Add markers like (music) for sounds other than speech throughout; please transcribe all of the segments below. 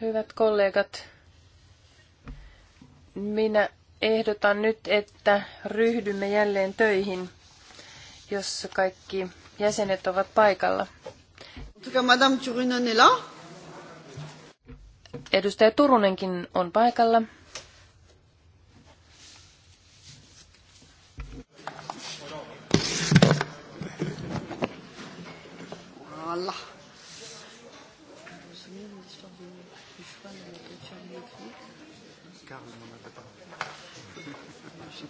Hyvät kollegat, minä ehdotan nyt, että ryhdymme jälleen töihin, jos kaikki jäsenet ovat paikalla. Edustaja Turunenkin on paikalla. Allah.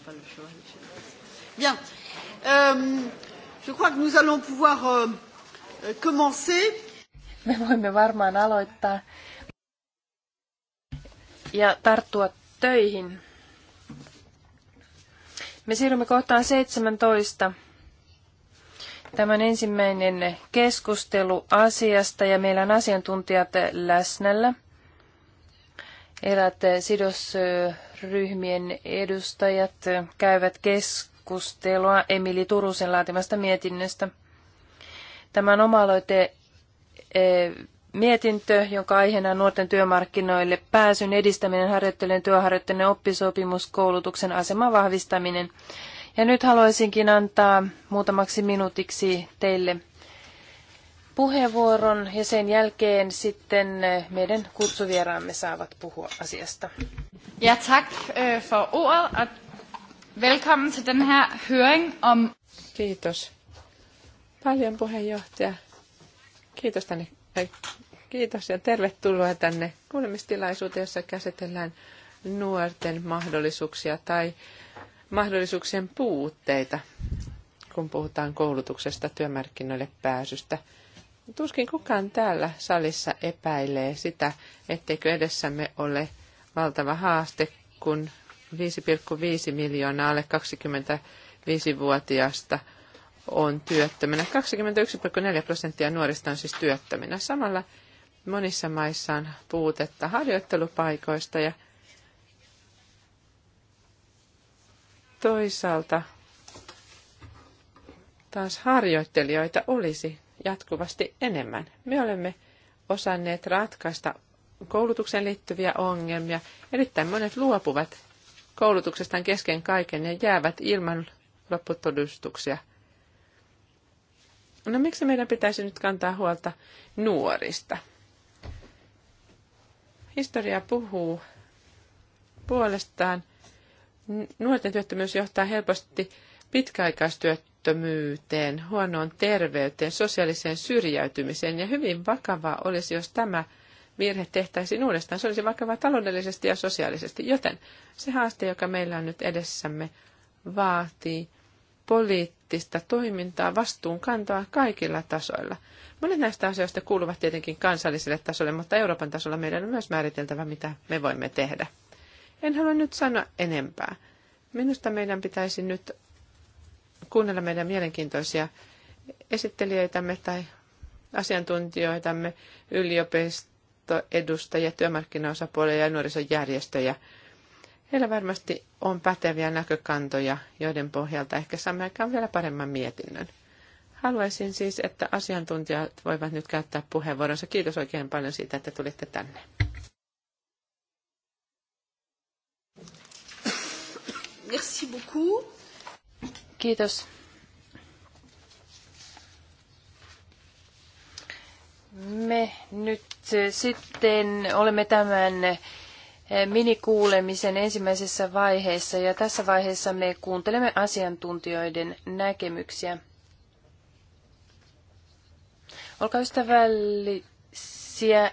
pas le choix. Bien. Euh, je crois que nous allons pouvoir euh, commencer. Me voimme varmaan aloittaa ja tarttua töihin. Me siirrymme kohtaan 17. Tämä on ensimmäinen keskustelu asiasta ja meillä on asiantuntijat läsnällä. Erät sidosryhmien edustajat käyvät keskustelua Emili Turusen laatimasta mietinnöstä. Tämä on oma e, mietintö, jonka aiheena on nuorten työmarkkinoille pääsyn edistäminen, harjoittelujen työharjoittelun oppisopimuskoulutuksen aseman vahvistaminen. Ja nyt haluaisinkin antaa muutamaksi minuutiksi teille puheenvuoron ja sen jälkeen sitten eh, meidän kutsuvieraamme saavat puhua asiasta. Ja tack eh, för ordet och välkommen till den här höring om... Kiitos. Paljon puheenjohtaja. Kiitos tänne. Eh, kiitos ja tervetuloa tänne kuulemistilaisuuteen, jossa käsitellään nuorten mahdollisuuksia tai mahdollisuuksien puutteita, kun puhutaan koulutuksesta, työmarkkinoille pääsystä – Tuskin kukaan täällä salissa epäilee sitä, etteikö edessämme ole valtava haaste, kun 5,5 miljoonaa alle 25-vuotiaasta on työttömänä. 21,4 prosenttia nuorista on siis työttömänä. Samalla monissa maissa on puutetta harjoittelupaikoista ja toisaalta taas harjoittelijoita olisi jatkuvasti enemmän. Me olemme osanneet ratkaista koulutukseen liittyviä ongelmia. Erittäin monet luopuvat koulutuksestaan kesken kaiken ja jäävät ilman lopputodistuksia. No miksi meidän pitäisi nyt kantaa huolta nuorista? Historia puhuu puolestaan. Nuorten työttömyys johtaa helposti pitkäaikaistyöttömyyteen työttömyyteen, huonoon terveyteen, sosiaaliseen syrjäytymiseen. Ja hyvin vakavaa olisi, jos tämä virhe tehtäisiin uudestaan. Se olisi vakavaa taloudellisesti ja sosiaalisesti. Joten se haaste, joka meillä on nyt edessämme, vaatii poliittista toimintaa, vastuunkantoa kaikilla tasoilla. Monet näistä asioista kuuluvat tietenkin kansalliselle tasolle, mutta Euroopan tasolla meidän on myös määriteltävä, mitä me voimme tehdä. En halua nyt sanoa enempää. Minusta meidän pitäisi nyt kuunnella meidän mielenkiintoisia esittelijöitämme tai asiantuntijoitamme, yliopistoedustajia, työmarkkinaosapuolia ja nuorisojärjestöjä. Heillä varmasti on päteviä näkökantoja, joiden pohjalta ehkä saamme aikaan vielä paremman mietinnön. Haluaisin siis, että asiantuntijat voivat nyt käyttää puheenvuoronsa. Kiitos oikein paljon siitä, että tulitte tänne. Merci beaucoup. Kiitos. Me nyt eh, sitten olemme tämän eh, minikuulemisen ensimmäisessä vaiheessa ja tässä vaiheessa me kuuntelemme asiantuntijoiden näkemyksiä. Olkaa ystävällisiä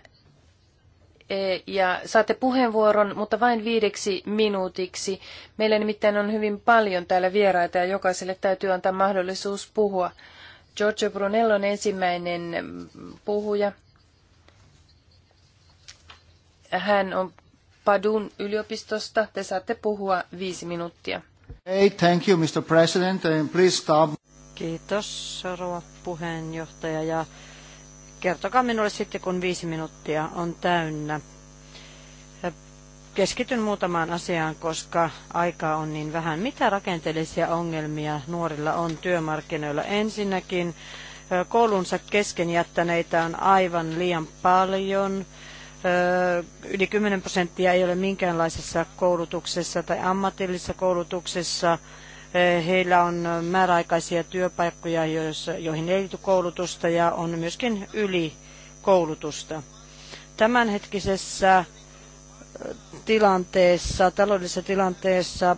E, ja saatte puheenvuoron, mutta vain viideksi minuutiksi. Meillä nimittäin on hyvin paljon täällä vieraita ja jokaiselle täytyy antaa mahdollisuus puhua. Giorgio Brunello on ensimmäinen puhuja. Hän on Padun yliopistosta. Te saatte puhua viisi minuuttia. Hey, thank you, Mr. President, please stop. Kiitos, rouva puheenjohtaja. Ja Kertokaa minulle sitten, kun viisi minuuttia on täynnä. Keskityn muutamaan asiaan, koska aikaa on niin vähän. Mitä rakenteellisia ongelmia nuorilla on työmarkkinoilla? Ensinnäkin koulunsa kesken jättäneitä on aivan liian paljon yli 10 prosenttia ei ole minkäänlaisessa koulutuksessa tai ammatillisessa koulutuksessa. Eh, heillä on määräaikaisia työpaikkoja, joihin ei liity koulutusta ja on myöskin ylikoulutusta. Tämänhetkisessä eh, tilanteessa, taloudellisessa tilanteessa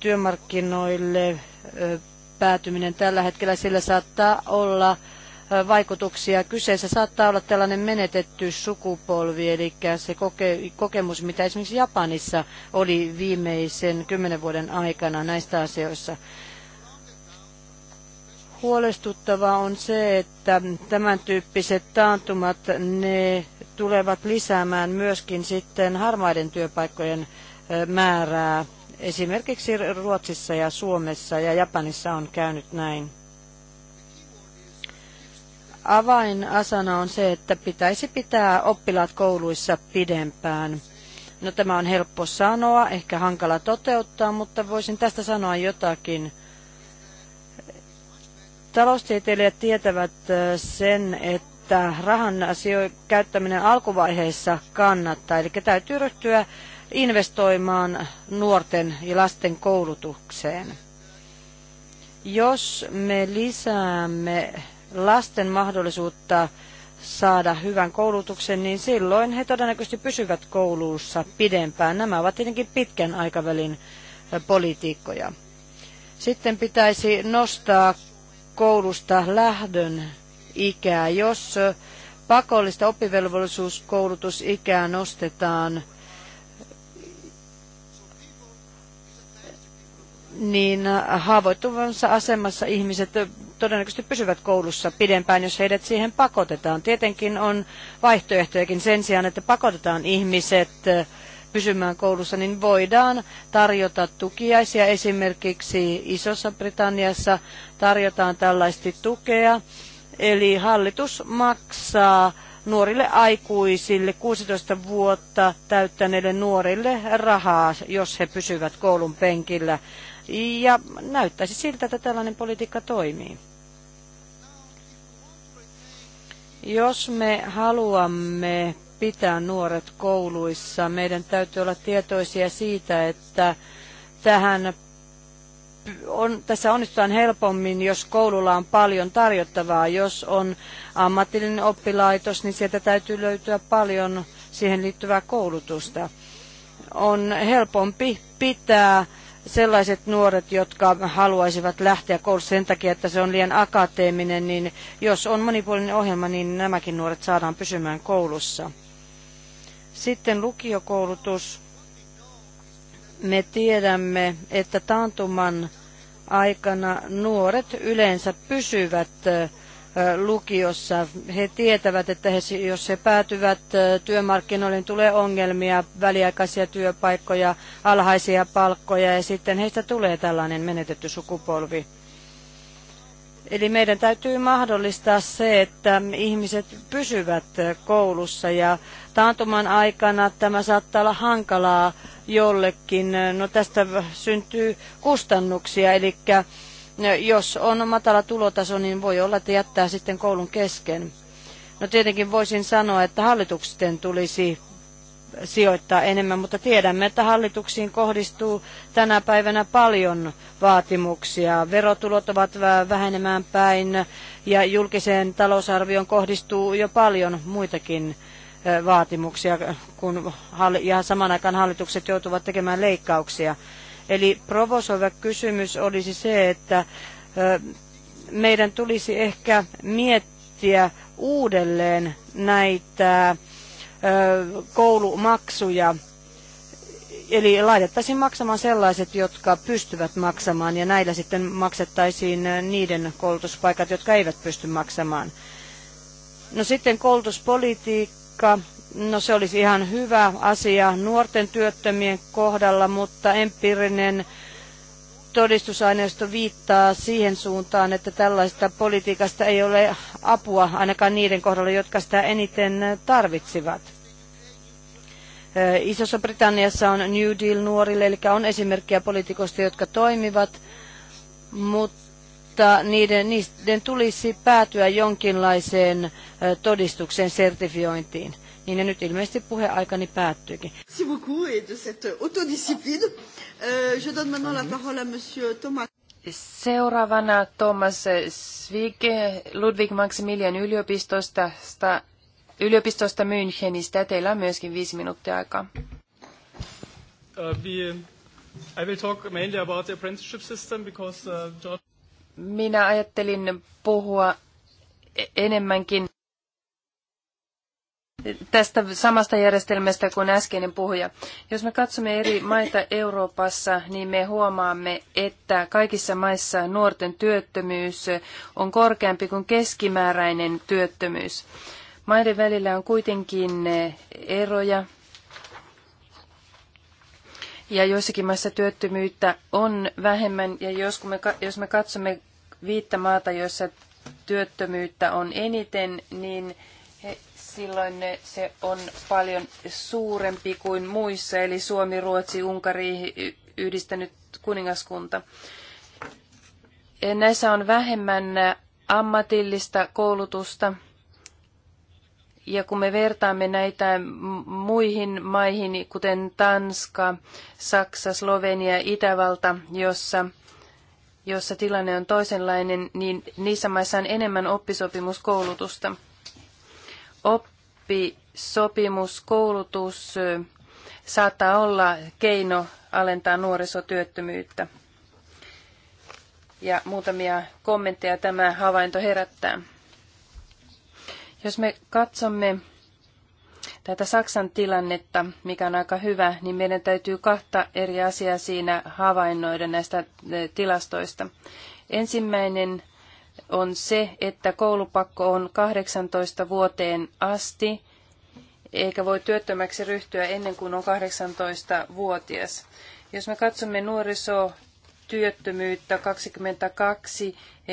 työmarkkinoille eh, päätyminen tällä hetkellä, sillä saattaa olla vaikutuksia. Kyseessä saattaa olla tällainen menetetty sukupolvi, eli se koke, kokemus, mitä esimerkiksi Japanissa oli viimeisen kymmenen vuoden aikana näistä asioissa. Huolestuttavaa on se, että tämän tyyppiset taantumat, ne tulevat lisäämään myöskin sitten harmaiden työpaikkojen määrää. Esimerkiksi Ruotsissa ja Suomessa ja Japanissa on käynyt näin. Avainasana on se, että pitäisi pitää oppilaat kouluissa pidempään. No tämä on helppo sanoa, ehkä hankala toteuttaa, mutta voisin tästä sanoa jotakin. Taloustieteilijät tietävät äh, sen, että rahan käyttäminen alkuvaiheessa kannattaa, eli täytyy ryhtyä investoimaan nuorten ja lasten koulutukseen. Jos me lisäämme lasten mahdollisuutta saada hyvän koulutuksen, niin silloin he todennäköisesti pysyvät koulussa pidempään. Nämä ovat tietenkin pitkän aikavälin politiikkoja. Sitten pitäisi nostaa koulusta lähdön ikää. Jos pakollista oppivelvollisuuskoulutusikää nostetaan niin äh, haavoittuvassa asemassa ihmiset äh, todennäköisesti pysyvät koulussa pidempään, jos heidät siihen pakotetaan. Tietenkin on vaihtoehtojakin sen sijaan, että pakotetaan ihmiset äh, pysymään koulussa, niin voidaan tarjota tukiaisia. Esimerkiksi Isossa Britanniassa tarjotaan tällaista tukea. Eli hallitus maksaa nuorille aikuisille, 16 vuotta täyttäneille nuorille rahaa, jos he pysyvät koulun penkillä. Ja näyttäisi siltä, että tällainen politiikka toimii. Jos me haluamme pitää nuoret kouluissa, meidän täytyy olla tietoisia siitä, että tähän on, tässä onnistutaan helpommin, jos koululla on paljon tarjottavaa. Jos on ammatillinen oppilaitos, niin sieltä täytyy löytyä paljon siihen liittyvää koulutusta. On helpompi pitää sellaiset nuoret, jotka haluaisivat lähteä koulusta sen takia, että se on liian akateeminen, niin jos on monipuolinen ohjelma, niin nämäkin nuoret saadaan pysymään koulussa. Sitten lukiokoulutus. Me tiedämme, että taantuman aikana nuoret yleensä pysyvät lukiossa. He tietävät, että he, jos he päätyvät työmarkkinoille, niin tulee ongelmia, väliaikaisia työpaikkoja, alhaisia palkkoja ja sitten heistä tulee tällainen menetetty sukupolvi. Eli meidän täytyy mahdollistaa se, että ihmiset pysyvät koulussa ja taantuman aikana tämä saattaa olla hankalaa jollekin. No tästä syntyy kustannuksia, eli jos on matala tulotaso, niin voi olla, että jättää sitten koulun kesken. No tietenkin voisin sanoa, että hallituksen tulisi sijoittaa enemmän, mutta tiedämme, että hallituksiin kohdistuu tänä päivänä paljon vaatimuksia. Verotulot ovat vähenemään päin ja julkiseen talousarvioon kohdistuu jo paljon muitakin vaatimuksia, kun, ja saman aikaan hallitukset joutuvat tekemään leikkauksia. Eli provosoiva kysymys olisi se, että meidän tulisi ehkä miettiä uudelleen näitä koulumaksuja. Eli laitettaisiin maksamaan sellaiset, jotka pystyvät maksamaan, ja näillä sitten maksettaisiin niiden koulutuspaikat, jotka eivät pysty maksamaan. No sitten koulutuspolitiikka No se olisi ihan hyvä asia nuorten työttömien kohdalla, mutta empiirinen todistusaineisto viittaa siihen suuntaan, että tällaista politiikasta ei ole apua ainakaan niiden kohdalla, jotka sitä eniten tarvitsivat. Isossa Britanniassa on New Deal nuorille, eli on esimerkkejä poliitikoista, jotka toimivat, mutta niiden, niiden tulisi päätyä jonkinlaiseen todistukseen, sertifiointiin. Niin ja nyt ilmeisesti puheaikani päättyykin. Merci beaucoup et de cette autodiscipline. Euh, je donne maintenant la parole à monsieur Thomas. Seuraavana Thomas Svig Ludwig Maximilian yliopistosta, yliopistosta Münchenistä. Teillä on myöskin viisi minuuttia aikaa. Uh, uh, Minä ajattelin puhua e-, enemmänkin tästä samasta järjestelmästä kuin äskeinen puhuja. Jos me katsomme eri maita Euroopassa, niin me huomaamme, että kaikissa maissa nuorten työttömyys on korkeampi kuin keskimääräinen työttömyys. Maiden välillä on kuitenkin eroja. Ja joissakin maissa työttömyyttä on vähemmän. Ja jos, me, jos me katsomme viittä maata, joissa työttömyyttä on eniten, niin silloin ne, se on paljon suurempi kuin muissa, eli Suomi, Ruotsi, Unkari, yhdistänyt kuningaskunta. Näissä on vähemmän ammatillista koulutusta. Ja kun me vertaamme näitä muihin maihin, kuten Tanska, Saksa, Slovenia, Itävalta, jossa, jossa tilanne on toisenlainen, niin niissä maissa on enemmän oppisopimuskoulutusta oppisopimus, koulutus saattaa olla keino alentaa nuorisotyöttömyyttä. Ja muutamia kommentteja tämä havainto herättää. Jos me katsomme tätä Saksan tilannetta, mikä on aika hyvä, niin meidän täytyy kahta eri asiaa siinä havainnoida näistä tilastoista. Ensimmäinen on se, että koulupakko on 18 vuoteen asti, eikä voi työttömäksi ryhtyä ennen kuin on 18-vuotias. Jos me katsomme nuorisotyöttömyyttä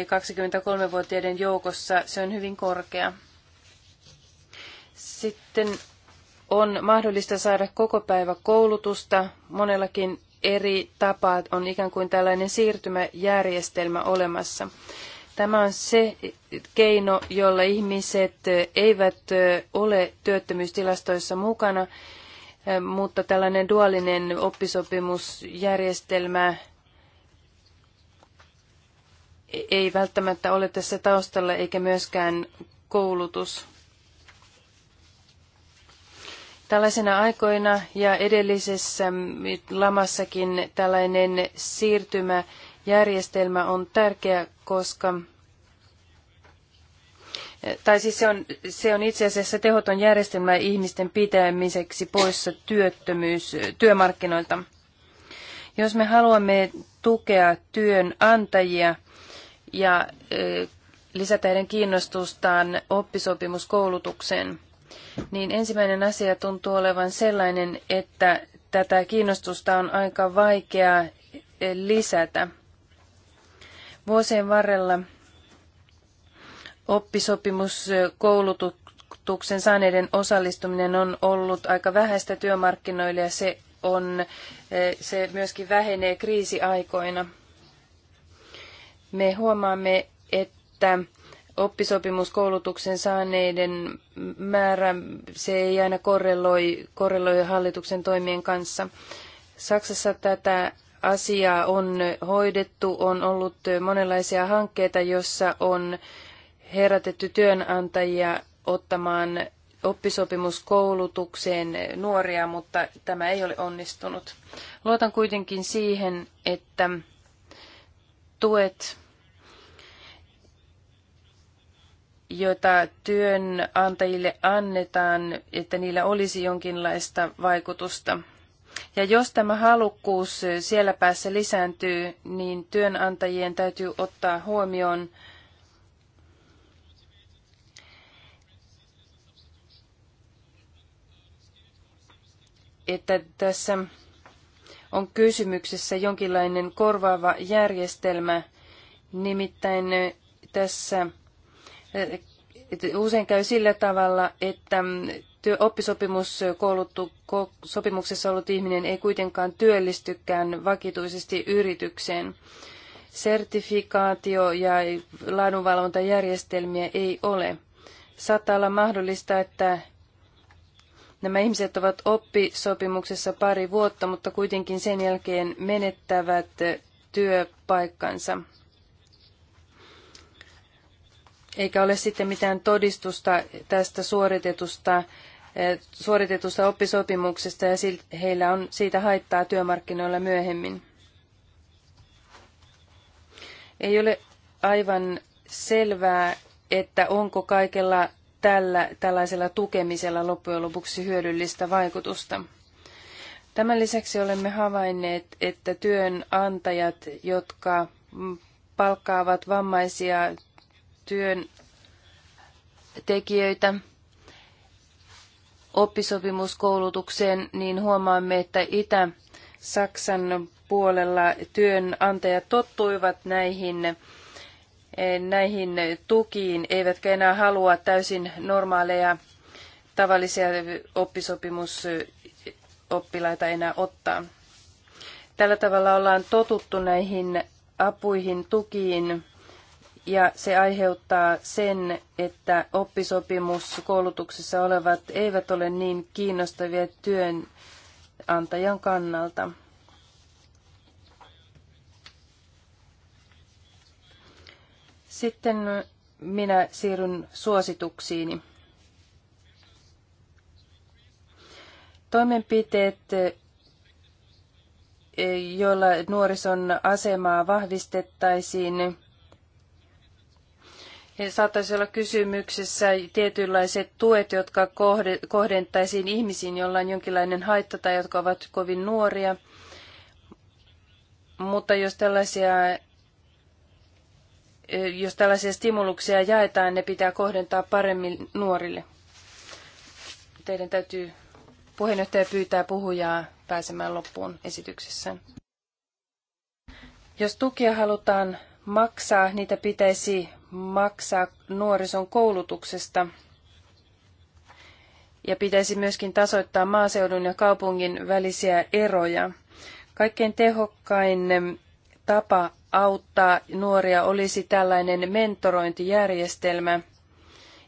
22-23-vuotiaiden joukossa, se on hyvin korkea. Sitten on mahdollista saada koko päivä koulutusta monellakin eri tapaa on ikään kuin tällainen siirtymäjärjestelmä olemassa. Tämä on se keino, jolla ihmiset eivät ole työttömyystilastoissa mukana, mutta tällainen duaalinen oppisopimusjärjestelmä ei välttämättä ole tässä taustalla eikä myöskään koulutus. Tällaisena aikoina ja edellisessä lamassakin tällainen siirtymäjärjestelmä on tärkeä, koska tai siis se on, se on itse asiassa tehoton järjestelmä ihmisten pitämiseksi poissa työttömyys, työmarkkinoilta. Jos me haluamme tukea työnantajia ja lisätä heidän kiinnostustaan oppisopimuskoulutukseen, niin ensimmäinen asia tuntuu olevan sellainen, että tätä kiinnostusta on aika vaikea lisätä. Vuosien varrella oppisopimuskoulutuksen saaneiden osallistuminen on ollut aika vähäistä työmarkkinoille ja se, on, eh, se myöskin vähenee kriisiaikoina. Me huomaamme, että oppisopimuskoulutuksen saaneiden määrä, se ei aina korreloi, korreloi hallituksen toimien kanssa. Saksassa tätä asiaa on hoidettu, on ollut monenlaisia hankkeita, joissa on herätetty työnantajia ottamaan oppisopimuskoulutukseen nuoria, mutta tämä ei ole onnistunut. Luotan kuitenkin siihen, että tuet, joita työnantajille annetaan, että niillä olisi jonkinlaista vaikutusta. Ja jos tämä halukkuus siellä päässä lisääntyy, niin työnantajien täytyy ottaa huomioon että tässä on kysymyksessä jonkinlainen korvaava järjestelmä. Nimittäin tässä usein käy sillä tavalla, että työ, oppisopimuksessa ollut ihminen ei kuitenkaan työllistykään vakituisesti yritykseen. Sertifikaatio- ja laadunvalvontajärjestelmiä ei ole. Saattaa olla mahdollista, että nämä ihmiset ovat oppisopimuksessa pari vuotta, mutta kuitenkin sen jälkeen menettävät työpaikkansa eikä ole sitten mitään todistusta tästä suoritetusta Eh, suoritetusta oppisopimuksesta ja heillä on siitä haittaa työmarkkinoilla myöhemmin. Ei ole aivan selvää, että onko kaikella tällä, tällaisella tukemisella loppujen lopuksi hyödyllistä vaikutusta. Tämän lisäksi olemme havainneet, että työnantajat, jotka palkkaavat vammaisia työntekijöitä, oppisopimuskoulutukseen, niin huomaamme, että Itä-Saksan puolella työnantajat tottuivat näihin, eh, näihin tukiin, eivätkä enää halua täysin normaaleja tavallisia oppisopimusoppilaita enää ottaa. Tällä tavalla ollaan totuttu näihin apuihin, tukiin, ja se aiheuttaa sen, että oppisopimuskoulutuksessa olevat eivät ole niin kiinnostavia työnantajan kannalta. Sitten minä siirryn suosituksiini. Toimenpiteet, joilla nuorison asemaa vahvistettaisiin, saattaisi olla kysymyksessä tietynlaiset tuet, jotka kohdentaisiin ihmisiin, joilla on jonkinlainen haitta tai jotka ovat kovin nuoria. Mutta jos tällaisia, jos tällaisia stimuluksia jaetaan, ne pitää kohdentaa paremmin nuorille. Teidän täytyy puheenjohtaja pyytää puhujaa pääsemään loppuun esityksessään. Jos tukia halutaan maksaa, niitä pitäisi maksaa nuorison koulutuksesta. Ja pitäisi myöskin tasoittaa maaseudun ja kaupungin välisiä eroja. Kaikkein tehokkain tapa auttaa nuoria olisi tällainen mentorointijärjestelmä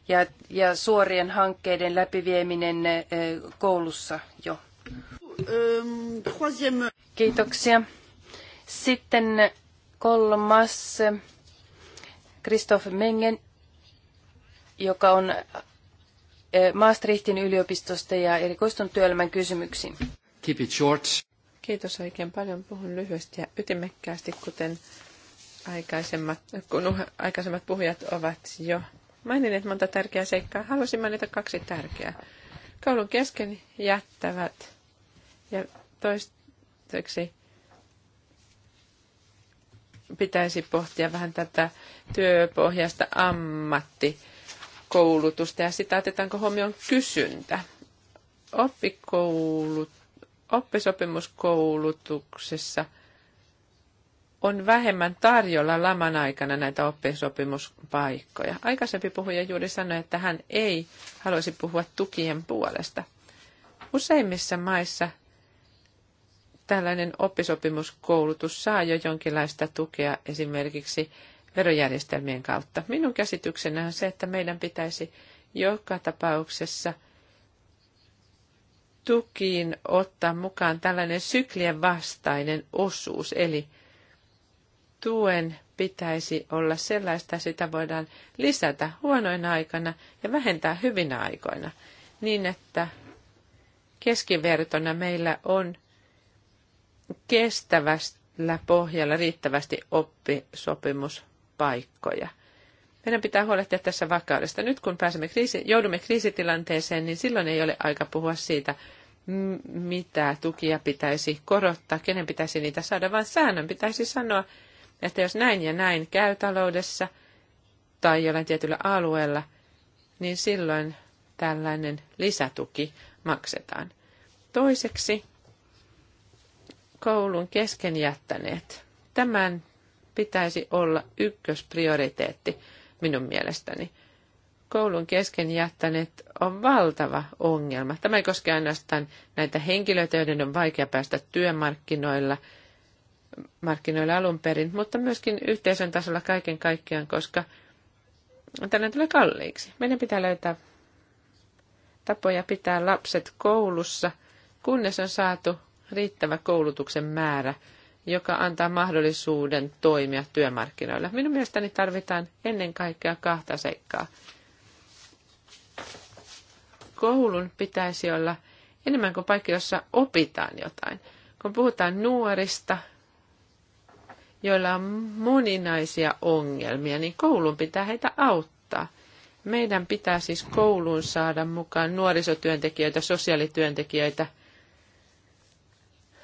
ja, ja suorien hankkeiden läpivieminen eh, koulussa jo. Kiitoksia. Sitten kolmas Christoph Mengen, joka on eh, Maastrichtin yliopistosta ja erikoistunut työelämän kysymyksiin. Keep it short. Kiitos oikein paljon. Puhun lyhyesti ja ytimekkäästi, kuten aikaisemmat, kun aikaisemmat puhujat ovat jo maininneet monta tärkeää seikkaa. Haluaisin mainita kaksi tärkeää. Koulun kesken jättävät ja toistaiseksi pitäisi pohtia vähän tätä työpohjaista ammattikoulutusta ja sitä, otetaanko huomioon kysyntä. Oppikoulut, oppisopimuskoulutuksessa on vähemmän tarjolla laman aikana näitä oppisopimuspaikkoja. Aikaisempi puhuja juuri sanoi, että hän ei haluaisi puhua tukien puolesta. Useimmissa maissa – tällainen oppisopimuskoulutus saa jo jonkinlaista tukea esimerkiksi verojärjestelmien kautta. Minun käsityksenä on se, että meidän pitäisi joka tapauksessa tukiin ottaa mukaan tällainen syklien vastainen osuus, eli tuen pitäisi olla sellaista, sitä voidaan lisätä huonoina aikana ja vähentää hyvinä aikoina, niin että keskivertona meillä on kestävällä pohjalla riittävästi oppisopimuspaikkoja. Meidän pitää huolehtia tässä vakaudesta. Nyt kun pääsemme kriisi, joudumme kriisitilanteeseen, niin silloin ei ole aika puhua siitä, mitä tukia pitäisi korottaa, kenen pitäisi niitä saada, vaan säännön pitäisi sanoa, että jos näin ja näin käy taloudessa tai jollain tietyllä alueella, niin silloin tällainen lisätuki maksetaan. Toiseksi koulun kesken jättäneet. Tämän pitäisi olla ykkösprioriteetti minun mielestäni. Koulun kesken jättäneet on valtava ongelma. Tämä ei koske ainoastaan näitä henkilöitä, joiden on vaikea päästä työmarkkinoilla markkinoilla alun perin, mutta myöskin yhteisön tasolla kaiken kaikkiaan, koska tänne tulee kalliiksi. Meidän pitää löytää tapoja pitää lapset koulussa, kunnes on saatu riittävä koulutuksen määrä, joka antaa mahdollisuuden toimia työmarkkinoilla. Minun mielestäni tarvitaan ennen kaikkea kahta seikkaa. Koulun pitäisi olla enemmän kuin paikka, jossa opitaan jotain. Kun puhutaan nuorista, joilla on moninaisia ongelmia, niin koulun pitää heitä auttaa. Meidän pitää siis kouluun saada mukaan nuorisotyöntekijöitä, sosiaalityöntekijöitä –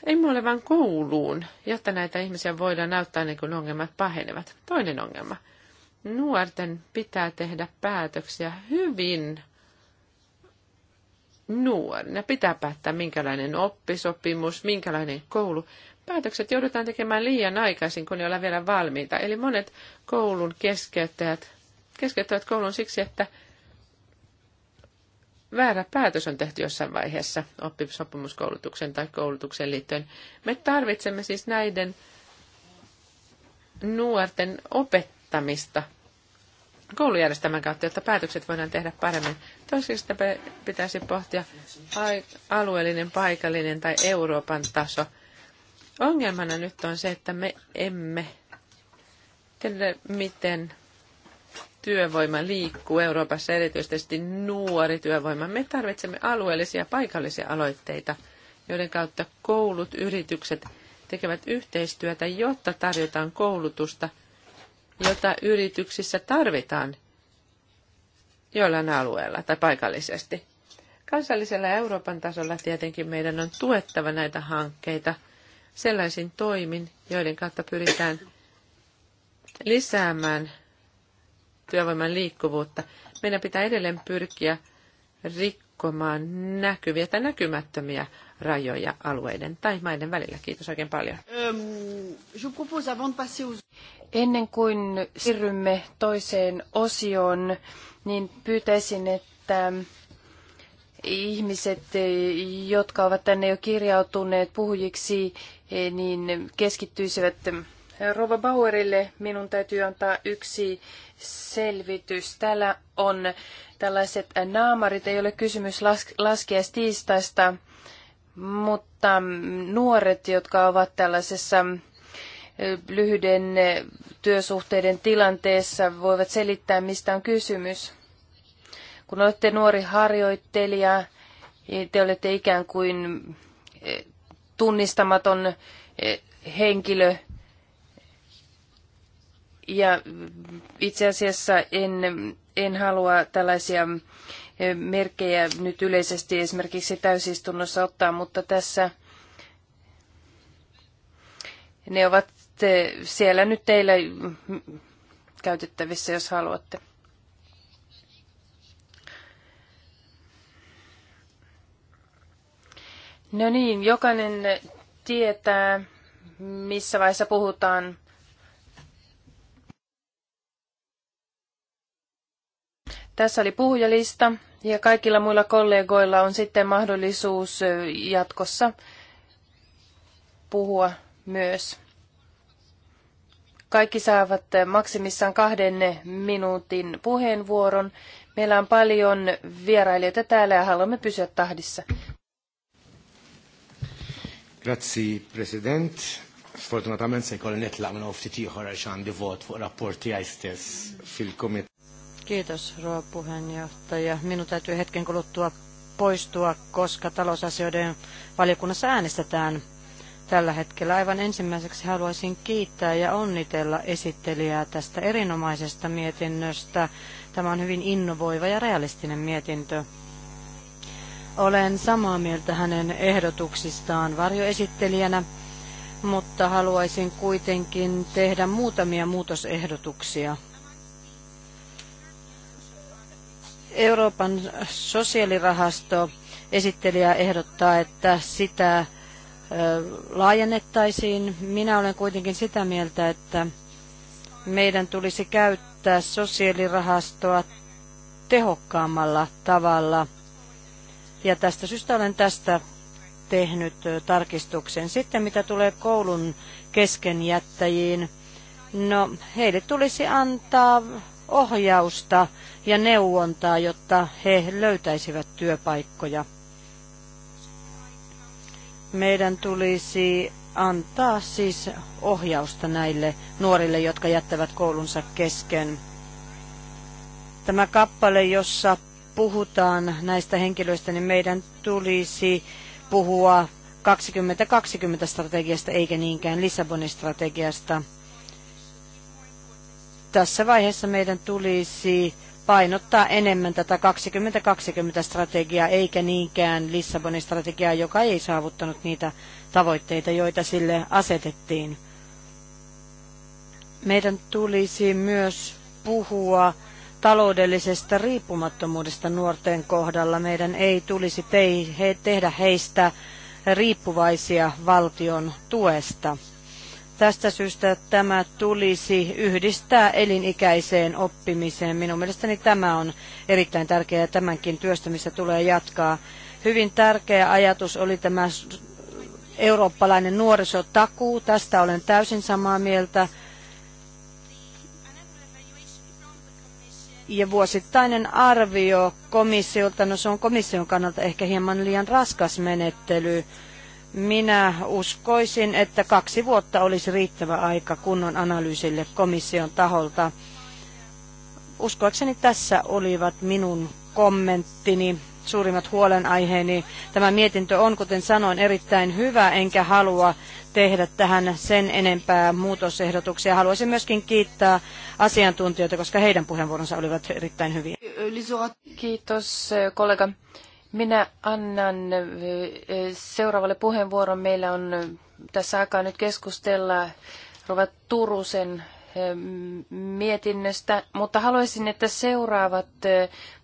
emme ole vain kouluun, jotta näitä ihmisiä voidaan näyttää ennen kuin ongelmat pahenevat. Toinen ongelma. Nuorten pitää tehdä päätöksiä hyvin nuorina. Pitää päättää, minkälainen oppisopimus, minkälainen koulu. Päätökset joudutaan tekemään liian aikaisin, kun ei ole vielä valmiita. Eli monet koulun keskeyttäjät keskeyttävät koulun siksi, että väärä päätös on tehty jossain vaiheessa oppisopimuskoulutuksen tai koulutuksen liittyen. Me tarvitsemme siis näiden nuorten opettamista koulujärjestelmän kautta, jotta päätökset voidaan tehdä paremmin. Toiseksi sitä pitäisi pohtia alueellinen, paikallinen tai Euroopan taso. Ongelmana nyt on se, että me emme tiedä, miten työvoima liikkuu Euroopassa, erityisesti nuori työvoima. Me tarvitsemme alueellisia ja paikallisia aloitteita, joiden kautta koulut, yritykset tekevät yhteistyötä, jotta tarjotaan koulutusta, jota yrityksissä tarvitaan jollain alueella tai paikallisesti. Kansallisella ja Euroopan tasolla tietenkin meidän on tuettava näitä hankkeita sellaisin toimin, joiden kautta pyritään lisäämään työvoiman liikkuvuutta. Meidän pitää edelleen pyrkiä rikkomaan näkyviä tai näkymättömiä rajoja alueiden tai maiden välillä. Kiitos oikein paljon. Ennen kuin siirrymme toiseen osioon, niin pyytäisin, että ihmiset, jotka ovat tänne jo kirjautuneet puhujiksi, niin keskittyisivät Rova Bauerille minun täytyy antaa yksi selvitys. Täällä on tällaiset naamarit, ei ole kysymys las- tiistaista, mutta nuoret, jotka ovat tällaisessa lyhyden työsuhteiden tilanteessa, voivat selittää, mistä on kysymys. Kun olette nuori harjoittelija, niin te olette ikään kuin tunnistamaton henkilö, ja itse asiassa en, en halua tällaisia eh, merkkejä nyt yleisesti esimerkiksi täysistunnossa ottaa, mutta tässä ne ovat eh, siellä nyt teillä käytettävissä, jos haluatte. No niin, jokainen tietää, missä vaiheessa puhutaan Tässä oli puhujalista ja kaikilla muilla kollegoilla on sitten mahdollisuus jatkossa puhua myös. Kaikki saavat maksimissaan kahden minuutin puheenvuoron. Meillä on paljon vierailijoita täällä ja haluamme pysyä tahdissa. Grazie, President. Sfortunatament se jkolli nitlaq minn uftit ieħor divot, fuq rapporti fil Kiitos, rouva puheenjohtaja. Minun täytyy hetken kuluttua poistua, koska talousasioiden valiokunnassa äänestetään tällä hetkellä. Aivan ensimmäiseksi haluaisin kiittää ja onnitella esittelijää tästä erinomaisesta mietinnöstä. Tämä on hyvin innovoiva ja realistinen mietintö. Olen samaa mieltä hänen ehdotuksistaan varjoesittelijänä, mutta haluaisin kuitenkin tehdä muutamia muutosehdotuksia Euroopan sosiaalirahasto esittelijä ehdottaa, että sitä laajennettaisiin. Minä olen kuitenkin sitä mieltä, että meidän tulisi käyttää sosiaalirahastoa tehokkaammalla tavalla. Ja tästä syystä olen tästä tehnyt tarkistuksen. Sitten mitä tulee koulun keskenjättäjiin, no heille tulisi antaa ohjausta ja neuvontaa, jotta he löytäisivät työpaikkoja. Meidän tulisi antaa siis ohjausta näille nuorille, jotka jättävät koulunsa kesken. Tämä kappale, jossa puhutaan näistä henkilöistä, niin meidän tulisi puhua 2020 strategiasta eikä niinkään Lissabonin strategiasta tässä vaiheessa meidän tulisi painottaa enemmän tätä 2020-strategiaa, eikä niinkään Lissabonin strategiaa, joka ei saavuttanut niitä tavoitteita, joita sille asetettiin. Meidän tulisi myös puhua taloudellisesta riippumattomuudesta nuorten kohdalla. Meidän ei tulisi tehdä heistä riippuvaisia valtion tuesta. Tästä syystä tämä tulisi yhdistää elinikäiseen oppimiseen. Minun mielestäni tämä on erittäin tärkeää tämänkin työstämistä tulee jatkaa. Hyvin tärkeä ajatus oli tämä eurooppalainen nuorisotakuu. Tästä olen täysin samaa mieltä. Ja vuosittainen arvio komissiolta, no se on komission kannalta ehkä hieman liian raskas menettely minä uskoisin, että kaksi vuotta olisi riittävä aika kunnon analyysille komission taholta. Uskoakseni tässä olivat minun kommenttini, suurimmat huolenaiheeni. Tämä mietintö on, kuten sanoin, erittäin hyvä, enkä halua tehdä tähän sen enempää muutosehdotuksia. Haluaisin myöskin kiittää asiantuntijoita, koska heidän puheenvuoronsa olivat erittäin hyviä. Kiitos kollega. Minä annan eh, seuraavalle puheenvuoron. Meillä on eh, tässä aikaa nyt keskustella Rova Turusen eh, mietinnöstä, mutta haluaisin, että seuraavat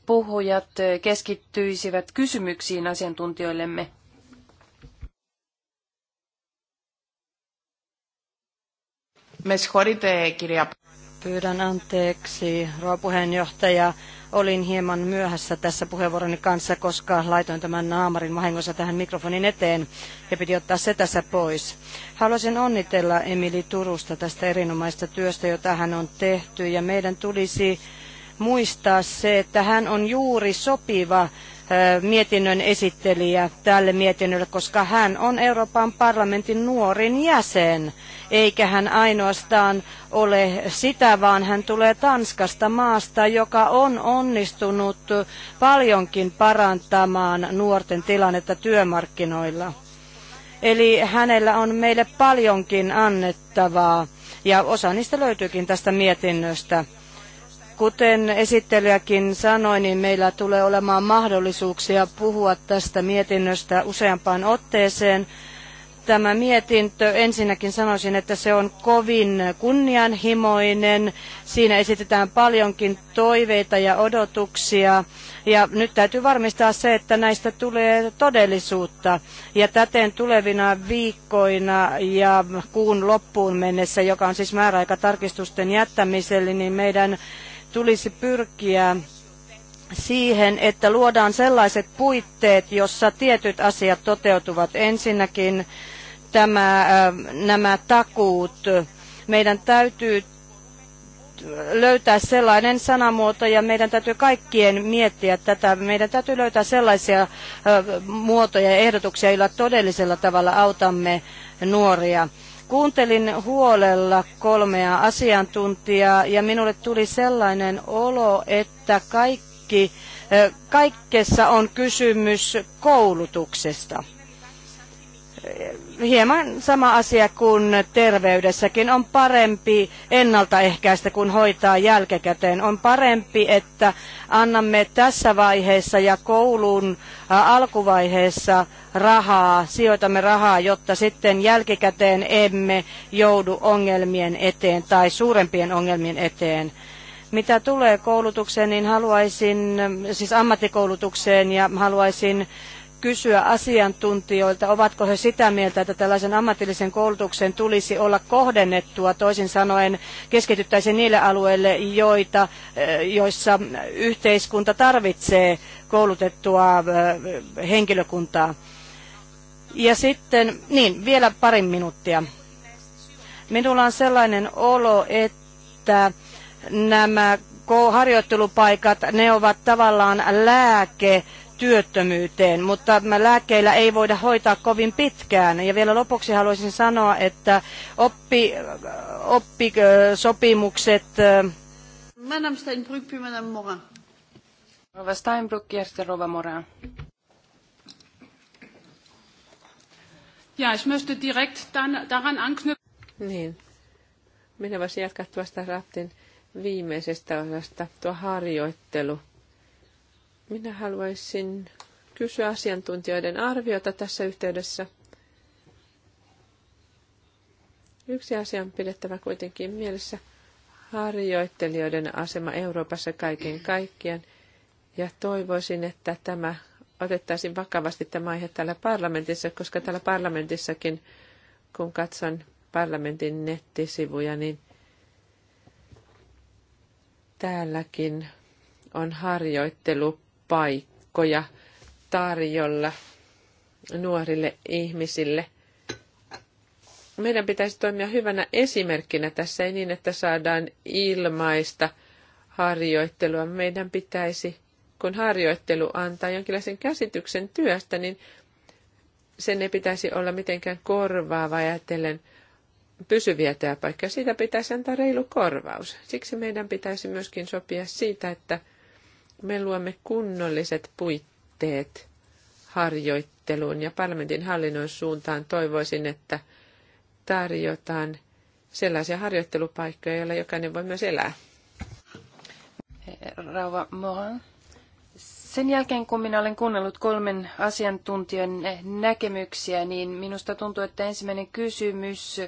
puhujat keskittyisivät kysymyksiin asiantuntijoillemme. Pyydän anteeksi, rouva puheenjohtaja. Olin hieman myöhässä tässä puheenvuoroni kanssa, koska laitoin tämän naamarin vahingossa tähän mikrofonin eteen ja piti ottaa se tässä pois. Haluaisin onnitella Emili Turusta tästä erinomaista työstä, jota hän on tehty ja meidän tulisi muistaa se, että hän on juuri sopiva mietinnön esittelijä tälle mietinnölle, koska hän on Euroopan parlamentin nuorin jäsen eikä hän ainoastaan ole sitä, vaan hän tulee Tanskasta maasta, joka on onnistunut paljonkin parantamaan nuorten tilannetta työmarkkinoilla. Eli hänellä on meille paljonkin annettavaa, ja osa niistä löytyykin tästä mietinnöstä. Kuten esittelijäkin sanoi, niin meillä tulee olemaan mahdollisuuksia puhua tästä mietinnöstä useampaan otteeseen, tämä mietintö. Ensinnäkin sanoisin, että se on kovin kunnianhimoinen. Siinä esitetään paljonkin toiveita ja odotuksia. Ja nyt täytyy varmistaa se, että näistä tulee todellisuutta. Ja täten tulevina viikkoina ja kuun loppuun mennessä, joka on siis määräaika tarkistusten jättämiselle, niin meidän tulisi pyrkiä siihen, että luodaan sellaiset puitteet, jossa tietyt asiat toteutuvat. Ensinnäkin tämä, äh, nämä takuut. Meidän täytyy löytää sellainen sanamuoto ja meidän täytyy kaikkien miettiä tätä. Meidän täytyy löytää sellaisia äh, muotoja ja ehdotuksia, joilla todellisella tavalla autamme nuoria. Kuuntelin huolella kolmea asiantuntijaa ja minulle tuli sellainen olo, että kaikki, äh, kaikkessa on kysymys koulutuksesta hieman sama asia kuin terveydessäkin. On parempi ennaltaehkäistä kuin hoitaa jälkikäteen. On parempi, että annamme tässä vaiheessa ja koulun alkuvaiheessa rahaa, sijoitamme rahaa, jotta sitten jälkikäteen emme joudu ongelmien eteen tai suurempien ongelmien eteen. Mitä tulee koulutukseen, niin haluaisin, siis ammattikoulutukseen ja haluaisin kysyä asiantuntijoilta, ovatko he sitä mieltä, että tällaisen ammatillisen koulutuksen tulisi olla kohdennettua, toisin sanoen keskityttäisiin niille alueille, joita, eh, joissa yhteiskunta tarvitsee koulutettua eh, henkilökuntaa. Ja sitten, niin, vielä pari minuuttia. Minulla on sellainen olo, että nämä harjoittelupaikat, ne ovat tavallaan lääke työttömyyteen, mutta lääkkeillä ei voida hoitaa kovin pitkään. Ja vielä lopuksi haluaisin sanoa, että oppi, oppisopimukset... Madame Steinbrück, puis Madame Morin. Rova Steinbrück ja sitten Rova Morin. Ja, ich möchte direkt dann daran anknüpfen. Niin. Minä voisin jatkaa tuosta Raptin viimeisestä osasta, tuo harjoittelu minä haluaisin kysyä asiantuntijoiden arviota tässä yhteydessä. Yksi asia on pidettävä kuitenkin mielessä harjoittelijoiden asema Euroopassa kaiken kaikkiaan, ja toivoisin, että tämä otettaisiin vakavasti tämä aihe täällä parlamentissa, koska täällä parlamentissakin, kun katson parlamentin nettisivuja, niin täälläkin on harjoittelu paikkoja tarjolla nuorille ihmisille. Meidän pitäisi toimia hyvänä esimerkkinä tässä, ei niin, että saadaan ilmaista harjoittelua. Meidän pitäisi, kun harjoittelu antaa jonkinlaisen käsityksen työstä, niin sen ei pitäisi olla mitenkään korvaava ajatellen pysyviä työpaikkoja. Siitä pitäisi antaa reilu korvaus. Siksi meidän pitäisi myöskin sopia siitä, että – me luomme kunnolliset puitteet harjoitteluun ja parlamentin hallinnon suuntaan toivoisin, että tarjotaan sellaisia harjoittelupaikkoja, joilla jokainen voi myös elää. Rauva Moran. Sen jälkeen, kun minä olen kuunnellut kolmen asiantuntijan näkemyksiä, niin minusta tuntuu, että ensimmäinen kysymys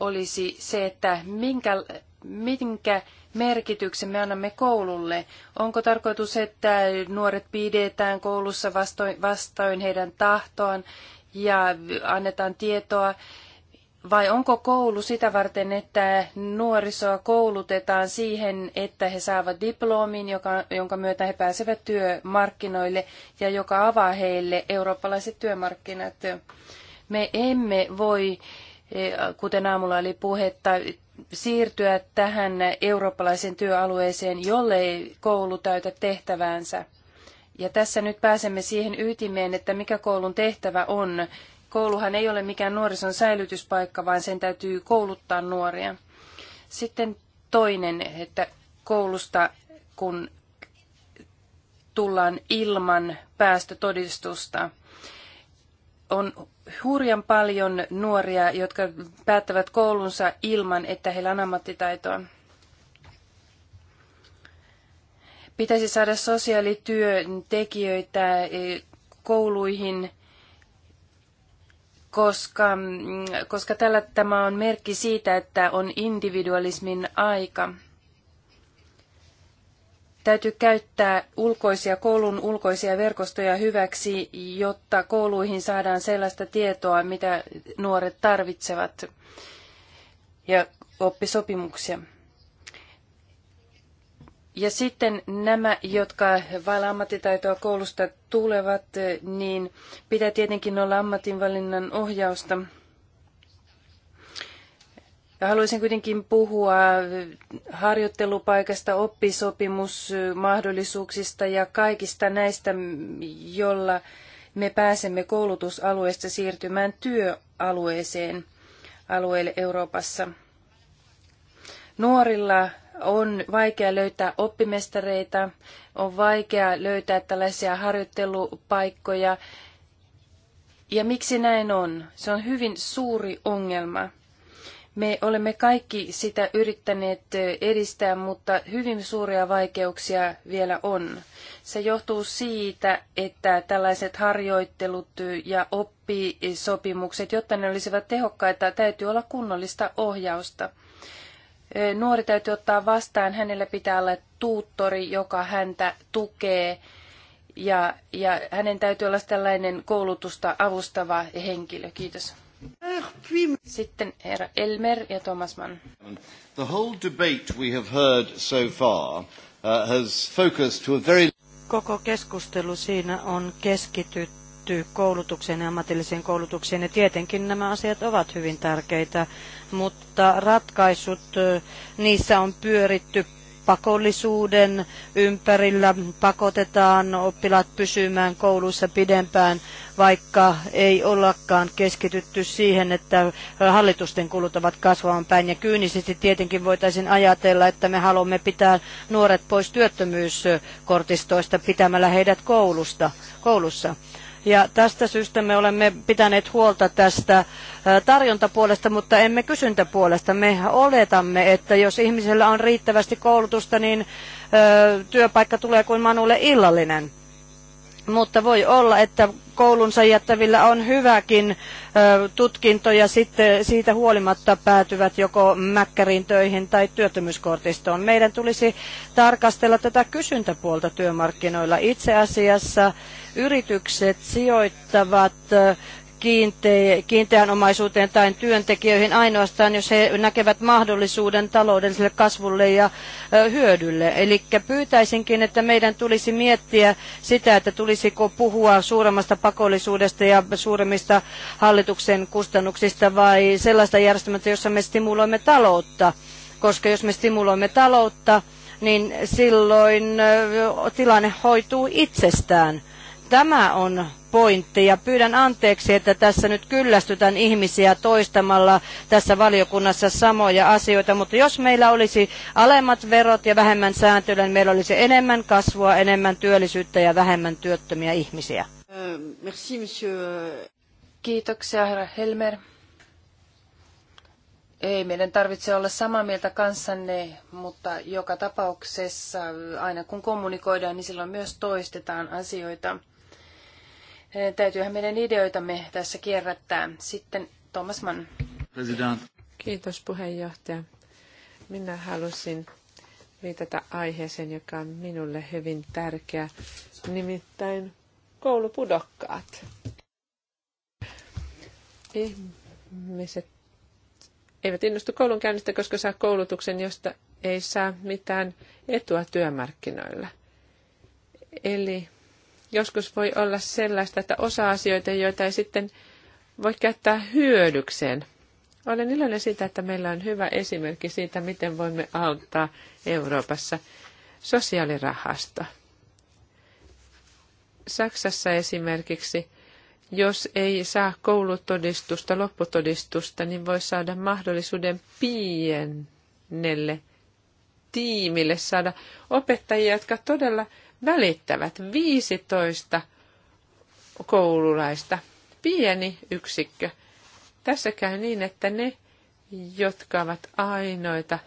olisi se, että minkä, minkä merkityksen me annamme koululle? Onko tarkoitus, että nuoret pidetään koulussa vastoin, vastoin heidän tahtoon ja annetaan tietoa? Vai onko koulu sitä varten, että nuorisoa koulutetaan siihen, että he saavat diplomin, joka, jonka myötä he pääsevät työmarkkinoille ja joka avaa heille eurooppalaiset työmarkkinat? Me emme voi kuten aamulla oli puhetta, siirtyä tähän eurooppalaisen työalueeseen, jollei koulu täytä tehtäväänsä. Ja tässä nyt pääsemme siihen ytimeen, että mikä koulun tehtävä on. Kouluhan ei ole mikään nuorison säilytyspaikka, vaan sen täytyy kouluttaa nuoria. Sitten toinen, että koulusta kun tullaan ilman päästötodistusta – on hurjan paljon nuoria, jotka päättävät koulunsa ilman, että heillä on ammattitaitoa. Pitäisi saada sosiaalityöntekijöitä eh, kouluihin, koska, mm, koska tällä tämä on merkki siitä, että on individualismin aika täytyy käyttää ulkoisia koulun ulkoisia verkostoja hyväksi, jotta kouluihin saadaan sellaista tietoa, mitä nuoret tarvitsevat ja oppisopimuksia. Ja sitten nämä, jotka vailla ammattitaitoa koulusta tulevat, niin pitää tietenkin olla ammatinvalinnan ohjausta haluaisin kuitenkin puhua harjoittelupaikasta, oppisopimusmahdollisuuksista ja kaikista näistä, jolla me pääsemme koulutusalueesta siirtymään työalueeseen alueelle Euroopassa. Nuorilla on vaikea löytää oppimestareita, on vaikea löytää tällaisia harjoittelupaikkoja. Ja miksi näin on? Se on hyvin suuri ongelma. Me olemme kaikki sitä yrittäneet edistää, mutta hyvin suuria vaikeuksia vielä on. Se johtuu siitä, että tällaiset harjoittelut ja oppisopimukset, jotta ne olisivat tehokkaita, täytyy olla kunnollista ohjausta. Nuori täytyy ottaa vastaan, hänellä pitää olla tuuttori, joka häntä tukee, ja, ja hänen täytyy olla tällainen koulutusta avustava henkilö. Kiitos. Sitten herra Elmer ja Thomas Mann. The whole debate we have heard so far uh, has focused to a very... Koko keskustelu siinä on keskitytty koulutukseen ja ammatilliseen koulutukseen, ja tietenkin nämä asiat ovat hyvin tärkeitä, mutta ratkaisut, niissä on pyöritty pakollisuuden ympärillä, pakotetaan oppilaat pysymään kouluissa pidempään, vaikka ei ollakaan keskitytty siihen, että hallitusten kulut ovat kasvavan päin. Ja kyynisesti tietenkin voitaisiin ajatella, että me haluamme pitää nuoret pois työttömyyskortistoista pitämällä heidät koulusta, koulussa. Ja tästä syystä me olemme pitäneet huolta tästä tarjontapuolesta, mutta emme kysyntäpuolesta. Me oletamme, että jos ihmisellä on riittävästi koulutusta, niin työpaikka tulee kuin manulle illallinen mutta voi olla, että koulunsa jättävillä on hyväkin tutkinto ja sitten siitä huolimatta päätyvät joko mäkkäriin töihin tai työttömyyskortistoon. Meidän tulisi tarkastella tätä kysyntäpuolta työmarkkinoilla. Itse asiassa yritykset sijoittavat kiinte- kiinteään omaisuuteen tai työntekijöihin ainoastaan, jos he näkevät mahdollisuuden taloudelliselle kasvulle ja hyödylle. Eli pyytäisinkin, että meidän tulisi miettiä sitä, että tulisiko puhua suuremmasta pakollisuudesta ja suuremmista hallituksen kustannuksista vai sellaista järjestelmästä, jossa me stimuloimme taloutta. Koska jos me stimuloimme taloutta, niin silloin tilanne hoituu itsestään. Tämä on pointti ja pyydän anteeksi, että tässä nyt kyllästytän ihmisiä toistamalla tässä valiokunnassa samoja asioita, mutta jos meillä olisi alemmat verot ja vähemmän sääntelyä, niin meillä olisi enemmän kasvua, enemmän työllisyyttä ja vähemmän työttömiä ihmisiä. Euh, merci, monsieur. Kiitoksia, herra Helmer. Ei meidän tarvitse olla samaa mieltä kanssanne, mutta joka tapauksessa aina kun kommunikoidaan, niin silloin myös toistetaan asioita. Täytyyhän meidän ideoitamme tässä kierrättää. Sitten Thomas Mann. President. Kiitos puheenjohtaja. Minä halusin viitata aiheeseen, joka on minulle hyvin tärkeä, nimittäin koulupudokkaat. Ihmiset eivät innostu koulun käynnistä, koska saa koulutuksen, josta ei saa mitään etua työmarkkinoilla. Eli joskus voi olla sellaista, että osa asioita, joita ei sitten voi käyttää hyödykseen. Olen iloinen siitä, että meillä on hyvä esimerkki siitä, miten voimme auttaa Euroopassa sosiaalirahasta. Saksassa esimerkiksi, jos ei saa koulutodistusta, lopputodistusta, niin voi saada mahdollisuuden pienelle tiimille saada opettajia, jotka todella välittävät 15 koululaista. Pieni yksikkö. Tässä käy niin, että ne, jotka ovat ainoita